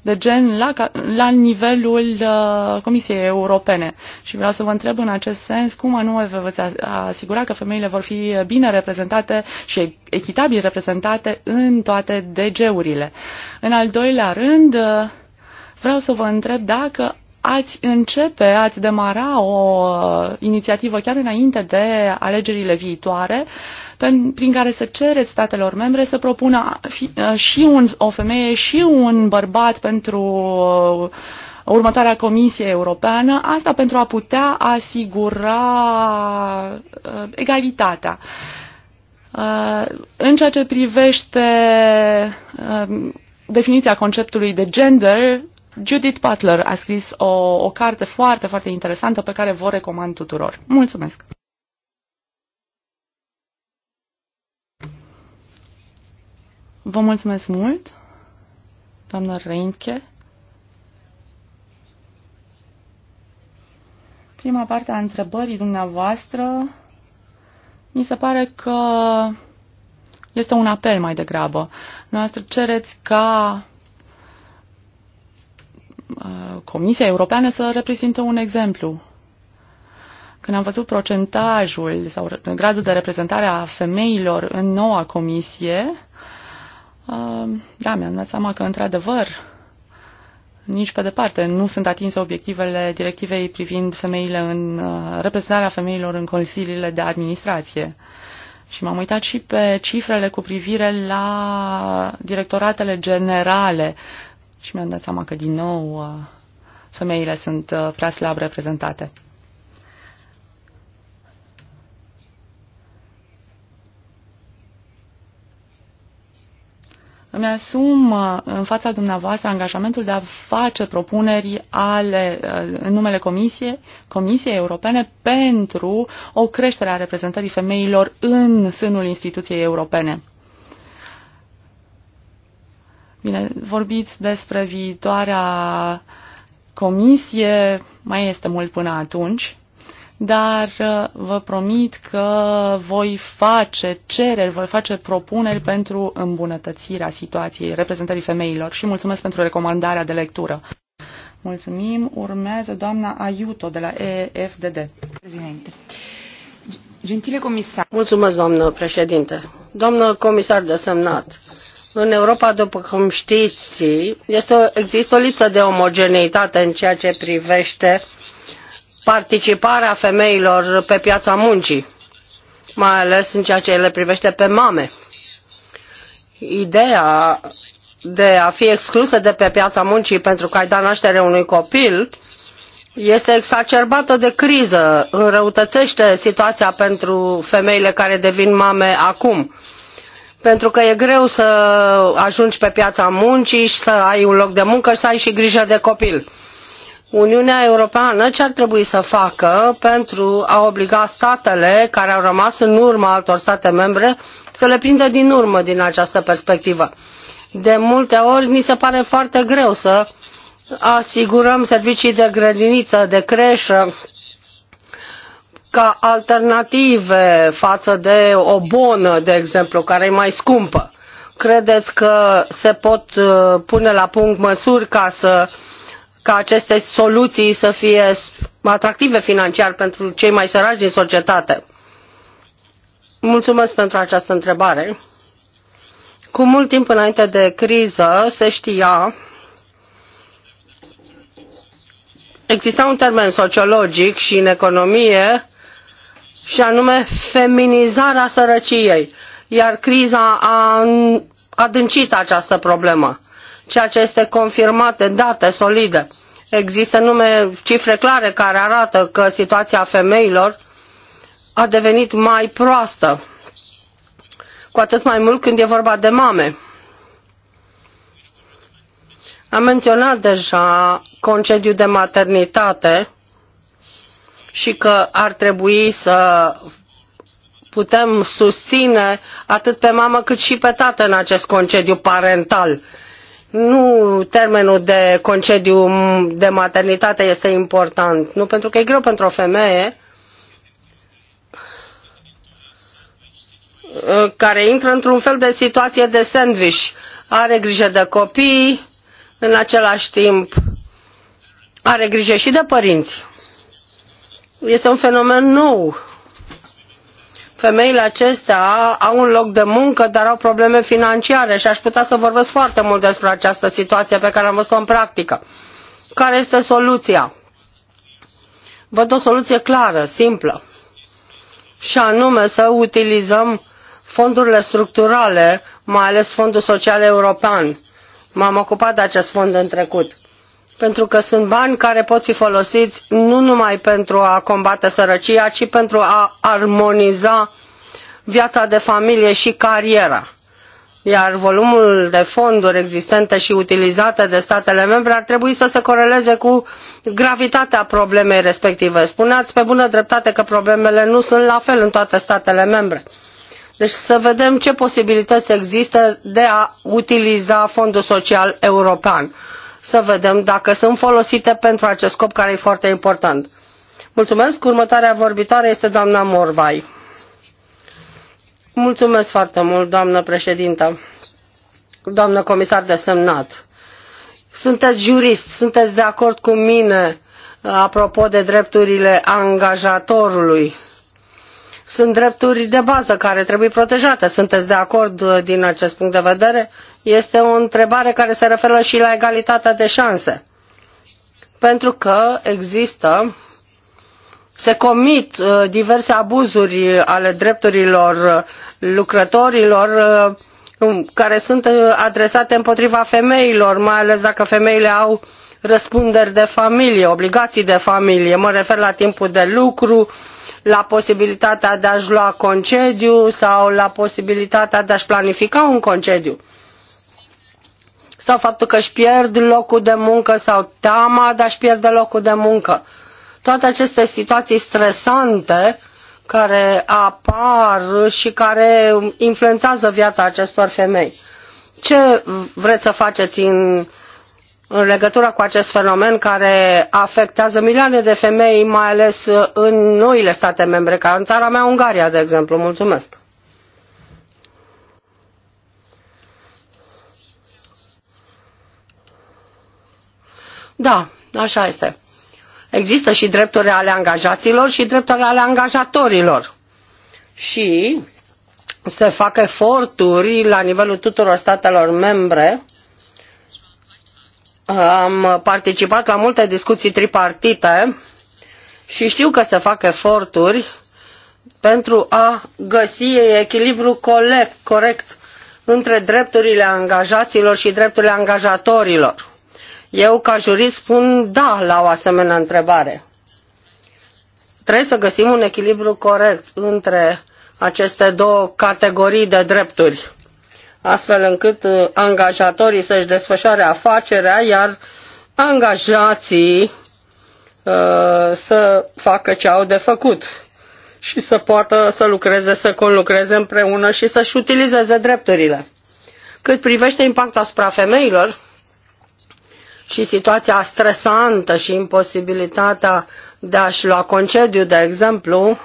de gen la, la nivelul uh, Comisiei Europene. Și vreau să vă întreb în acest sens cum anume vă veți asigura că femeile vor fi bine reprezentate și echitabil reprezentate în toate DG-urile. În al doilea rând, uh, vreau să vă întreb dacă ați începe, ați demara o uh, inițiativă chiar înainte de alegerile viitoare, prin care să cereți statelor membre să propună uh, și un, o femeie și un bărbat pentru uh, următoarea Comisie Europeană, asta pentru a putea asigura egalitatea. În ceea ce privește definiția conceptului de gender, Judith Butler a scris o, o carte foarte, foarte interesantă pe care vă recomand tuturor. Mulțumesc! Vă mulțumesc mult, doamnă Reinke. Prima parte a întrebării dumneavoastră mi se pare că este un apel mai degrabă. Noastră cereți ca Uh, Comisia Europeană să reprezinte un exemplu. Când am văzut procentajul sau gradul de reprezentare a femeilor în noua comisie, uh, da, mi-am dat seama că, într-adevăr, nici pe departe nu sunt atinse obiectivele directivei privind femeile în uh, reprezentarea femeilor în consiliile de administrație. Și m-am uitat și pe cifrele cu privire la directoratele generale și mi-am dat seama că, din nou, uh, femeile sunt uh, prea slab reprezentate. Îmi asum uh, în fața dumneavoastră angajamentul de a face propuneri ale, în numele Comisiei, Comisiei Europene pentru o creștere a reprezentării femeilor în sânul instituției europene. Bine, vorbiți despre viitoarea comisie, mai este mult până atunci, dar uh, vă promit că voi face cereri, voi face propuneri pentru îmbunătățirea situației reprezentării femeilor și mulțumesc pentru recomandarea de lectură. Mulțumim. Urmează doamna Aiuto de la EFDD. Președinte. Gentile comisar. Mulțumesc, doamnă președinte. Doamnă comisar desemnat, în Europa, după cum știți, este o, există o lipsă de omogeneitate în ceea ce privește participarea femeilor pe piața muncii, mai ales în ceea ce le privește pe mame. Ideea de a fi exclusă de pe piața muncii pentru că ai dat naștere unui copil este exacerbată de criză, înrăutățește situația pentru femeile care devin mame acum pentru că e greu să ajungi pe piața muncii și să ai un loc de muncă și să ai și grijă de copil. Uniunea Europeană ce ar trebui să facă pentru a obliga statele care au rămas în urma altor state membre să le prindă din urmă din această perspectivă? De multe ori ni se pare foarte greu să asigurăm servicii de grădiniță, de creșă, ca alternative față de o bonă, de exemplu, care e mai scumpă? Credeți că se pot uh, pune la punct măsuri ca să ca aceste soluții să fie atractive financiar pentru cei mai săraci din societate? Mulțumesc pentru această întrebare. Cu mult timp înainte de criză se știa exista un termen sociologic și în economie și anume feminizarea sărăciei, iar criza a adâncit această problemă, ceea ce este confirmat de date solide. Există nume, cifre clare care arată că situația femeilor a devenit mai proastă, cu atât mai mult când e vorba de mame. Am menționat deja concediu de maternitate, și că ar trebui să putem susține atât pe mamă cât și pe tată în acest concediu parental. Nu termenul de concediu de maternitate este important, nu pentru că e greu pentru o femeie care intră într-un fel de situație de sandwich. Are grijă de copii, în același timp are grijă și de părinți este un fenomen nou. Femeile acestea au un loc de muncă, dar au probleme financiare și aș putea să vorbesc foarte mult despre această situație pe care am văzut-o în practică. Care este soluția? Văd o soluție clară, simplă, și anume să utilizăm fondurile structurale, mai ales Fondul Social European. M-am ocupat de acest fond în trecut pentru că sunt bani care pot fi folosiți nu numai pentru a combate sărăcia, ci pentru a armoniza viața de familie și cariera. Iar volumul de fonduri existente și utilizate de statele membre ar trebui să se coreleze cu gravitatea problemei respective. Spuneați pe bună dreptate că problemele nu sunt la fel în toate statele membre. Deci să vedem ce posibilități există de a utiliza Fondul Social European să vedem dacă sunt folosite pentru acest scop care e foarte important. Mulțumesc. Următoarea vorbitoare este doamna Morvai. Mulțumesc foarte mult, doamnă președintă, doamnă comisar desemnat. Sunteți jurist, sunteți de acord cu mine uh, apropo de drepturile angajatorului. Sunt drepturi de bază care trebuie protejate. Sunteți de acord uh, din acest punct de vedere? este o întrebare care se referă și la egalitatea de șanse. Pentru că există, se comit uh, diverse abuzuri ale drepturilor uh, lucrătorilor uh, um, care sunt adresate împotriva femeilor, mai ales dacă femeile au răspunderi de familie, obligații de familie. Mă refer la timpul de lucru, la posibilitatea de a-și lua concediu sau la posibilitatea de a-și planifica un concediu sau faptul că își pierd locul de muncă sau teama de a-și pierde locul de muncă. Toate aceste situații stresante care apar și care influențează viața acestor femei. Ce vreți să faceți în, în legătură cu acest fenomen care afectează milioane de femei, mai ales în noile state membre, ca în țara mea, Ungaria, de exemplu? Mulțumesc! Da, așa este. Există și drepturi ale angajaților și drepturi ale angajatorilor. Și se fac eforturi la nivelul tuturor statelor membre. Am participat la multe discuții tripartite și știu că se fac eforturi pentru a găsi echilibru corect între drepturile angajaților și drepturile angajatorilor eu, ca jurist, spun da la o asemenea întrebare. Trebuie să găsim un echilibru corect între aceste două categorii de drepturi, astfel încât uh, angajatorii să-și desfășoare afacerea, iar angajații uh, să facă ce au de făcut și să poată să lucreze, să conlucreze împreună și să-și utilizeze drepturile. Cât privește impactul asupra femeilor, și situația stresantă și imposibilitatea de a-și lua concediu, de exemplu,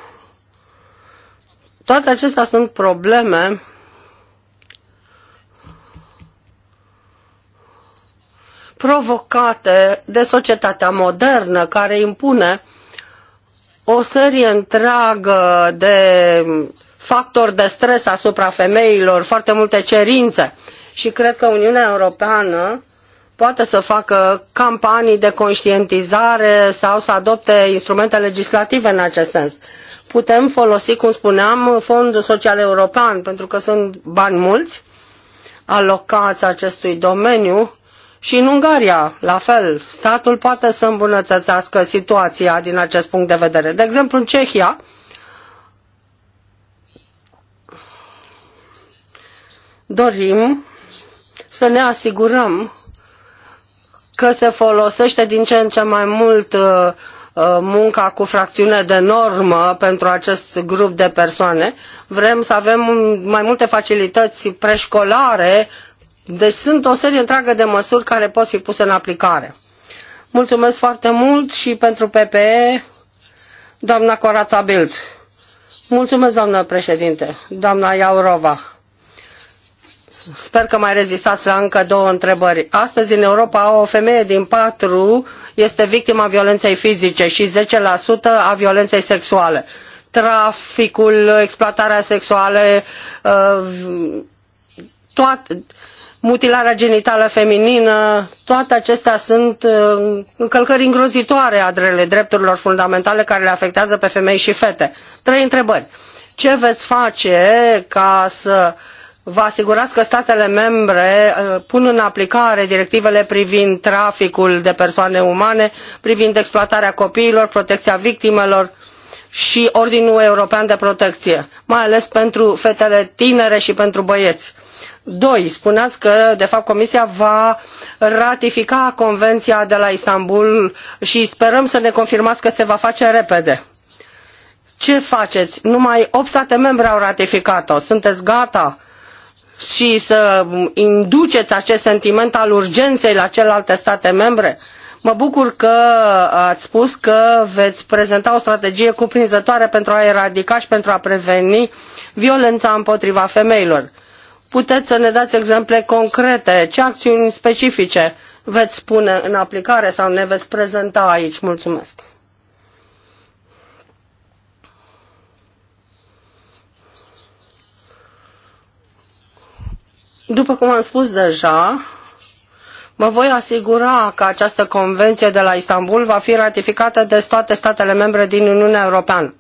toate acestea sunt probleme provocate de societatea modernă care impune o serie întreagă de factori de stres asupra femeilor, foarte multe cerințe. Și cred că Uniunea Europeană Poate să facă campanii de conștientizare sau să adopte instrumente legislative în acest sens. Putem folosi, cum spuneam, Fondul Social European, pentru că sunt bani mulți alocați acestui domeniu și în Ungaria, la fel, statul poate să îmbunătățească situația din acest punct de vedere. De exemplu, în Cehia, dorim să ne asigurăm că se folosește din ce în ce mai mult uh, uh, munca cu fracțiune de normă pentru acest grup de persoane. Vrem să avem mai multe facilități preșcolare, deci sunt o serie întreagă de măsuri care pot fi puse în aplicare. Mulțumesc foarte mult și pentru PPE, doamna Corața Bild. Mulțumesc, doamnă președinte, doamna Iaurova. Sper că mai rezistați la încă două întrebări. Astăzi, în Europa, o femeie din patru este victima violenței fizice și 10% a violenței sexuale. Traficul, exploatarea sexuală, uh, toată mutilarea genitală feminină, toate acestea sunt uh, încălcări îngrozitoare adrele drepturilor fundamentale care le afectează pe femei și fete. Trei întrebări. Ce veți face ca să uh, vă asigurați că statele membre uh, pun în aplicare directivele privind traficul de persoane umane, privind exploatarea copiilor, protecția victimelor și Ordinul European de Protecție, mai ales pentru fetele tinere și pentru băieți. Doi, spuneați că, de fapt, Comisia va ratifica Convenția de la Istanbul și sperăm să ne confirmați că se va face repede. Ce faceți? Numai opt state membre au ratificat-o. Sunteți gata și să induceți acest sentiment al urgenței la celelalte state membre? Mă bucur că ați spus că veți prezenta o strategie cuprinzătoare pentru a eradica și pentru a preveni violența împotriva femeilor. Puteți să ne dați exemple concrete? Ce acțiuni specifice veți pune în aplicare sau ne veți prezenta aici? Mulțumesc! După cum am spus deja, mă voi asigura că această convenție de la Istanbul va fi ratificată de toate statele membre din Uniunea Europeană.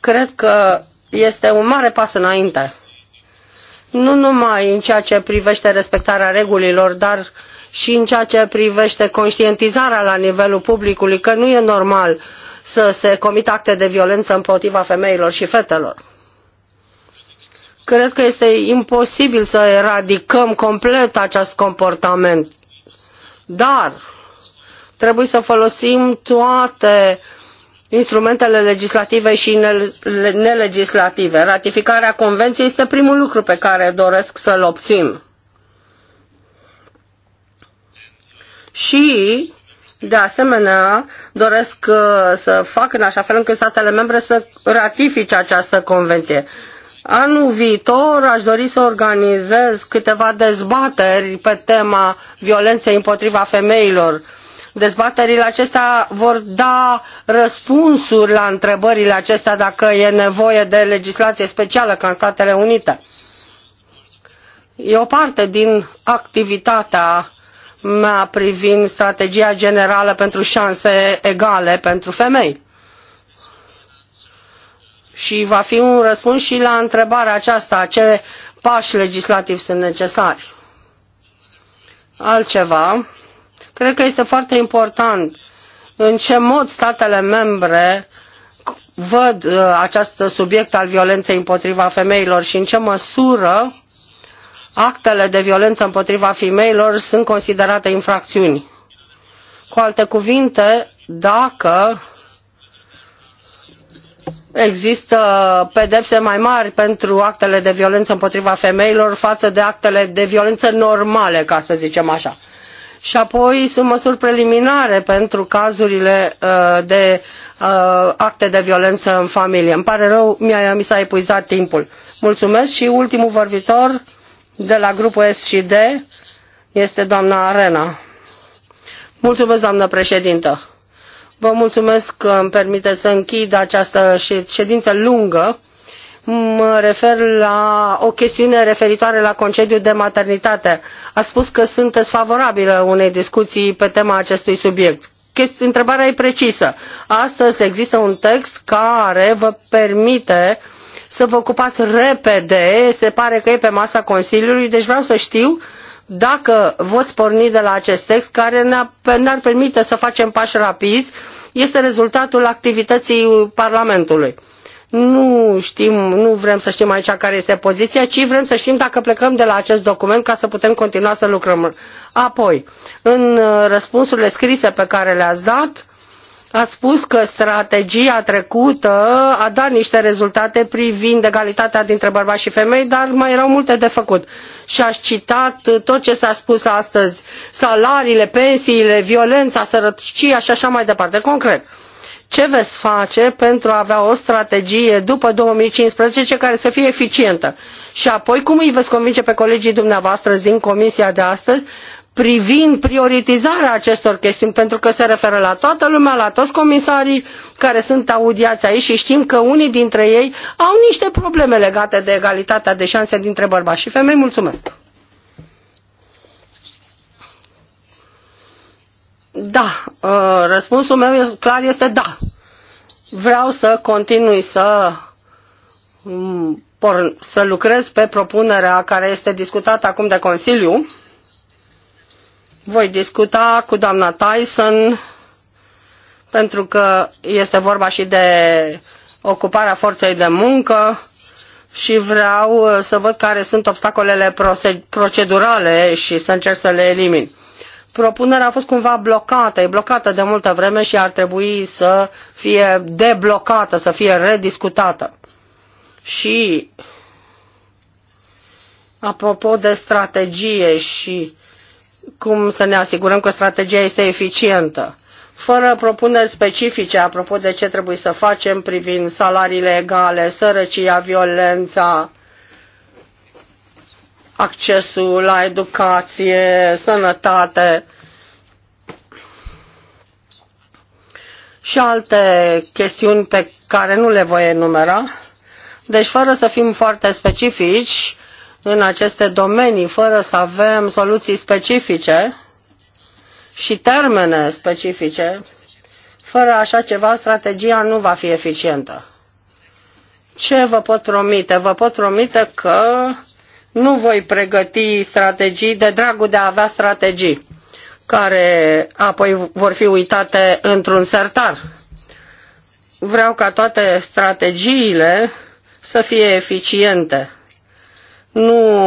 Cred că este un mare pas înainte. Nu numai în ceea ce privește respectarea regulilor, dar și în ceea ce privește conștientizarea la nivelul publicului că nu e normal să se comită acte de violență împotriva femeilor și fetelor. Cred că este imposibil să eradicăm complet acest comportament. Dar trebuie să folosim toate instrumentele legislative și nelegislative. Ratificarea convenției este primul lucru pe care doresc să-l obțin. Și, de asemenea, doresc uh, să fac în așa fel încât statele membre să ratifice această convenție. Anul viitor aș dori să organizez câteva dezbateri pe tema violenței împotriva femeilor. Dezbaterile acestea vor da răspunsuri la întrebările acestea dacă e nevoie de legislație specială ca în Statele Unite. E o parte din activitatea mea privind strategia generală pentru șanse egale pentru femei și va fi un răspuns și la întrebarea aceasta, ce pași legislativi sunt necesari. Altceva, cred că este foarte important în ce mod statele membre văd uh, acest subiect al violenței împotriva femeilor și în ce măsură actele de violență împotriva femeilor sunt considerate infracțiuni. Cu alte cuvinte, dacă există pedepse mai mari pentru actele de violență împotriva femeilor față de actele de violență normale, ca să zicem așa. Și apoi sunt măsuri preliminare pentru cazurile uh, de uh, acte de violență în familie. Îmi pare rău, mi s-a epuizat timpul. Mulțumesc și ultimul vorbitor de la grupul S și D este doamna Arena. Mulțumesc, doamnă președintă Vă mulțumesc că îmi permite să închid această ședință lungă. Mă refer la o chestiune referitoare la concediu de maternitate. A spus că sunteți favorabilă unei discuții pe tema acestui subiect. Întrebarea e precisă. Astăzi există un text care vă permite să vă ocupați repede, se pare că e pe masa Consiliului, deci vreau să știu dacă voți porni de la acest text care ne-ar permite să facem pași rapizi, este rezultatul activității Parlamentului. Nu știm, nu vrem să știm aici care este poziția, ci vrem să știm dacă plecăm de la acest document ca să putem continua să lucrăm. Apoi, în uh, răspunsurile scrise pe care le-ați dat, Ați spus că strategia trecută a dat niște rezultate privind egalitatea dintre bărbați și femei, dar mai erau multe de făcut. Și ați citat tot ce s-a spus astăzi, salariile, pensiile, violența, sărăcia și așa mai departe. Concret, ce veți face pentru a avea o strategie după 2015 care să fie eficientă? Și apoi, cum îi veți convinge pe colegii dumneavoastră din comisia de astăzi privind prioritizarea acestor chestiuni, pentru că se referă la toată lumea, la toți comisarii care sunt audiați aici și știm că unii dintre ei au niște probleme legate de egalitatea de șanse dintre bărbați și femei. Mulțumesc! Da, uh, răspunsul meu clar este da. Vreau să continui să mm, să lucrez pe propunerea care este discutată acum de Consiliu voi discuta cu doamna Tyson pentru că este vorba și de ocuparea forței de muncă și vreau uh, să văd care sunt obstacolele procedurale și să încerc să le elimin. Propunerea a fost cumva blocată, e blocată de multă vreme și ar trebui să fie deblocată, să fie rediscutată. Și apropo de strategie și cum să ne asigurăm că strategia este eficientă. Fără propuneri specifice apropo de ce trebuie să facem privind salariile egale, sărăcia, violența, accesul la educație, sănătate și alte chestiuni pe care nu le voi enumera. Deci, fără să fim foarte specifici, în aceste domenii fără să avem soluții specifice și termene specifice, fără așa ceva, strategia nu va fi eficientă. Ce vă pot promite? Vă pot promite că nu voi pregăti strategii de dragul de a avea strategii, care apoi vor fi uitate într-un sertar. Vreau ca toate strategiile să fie eficiente nu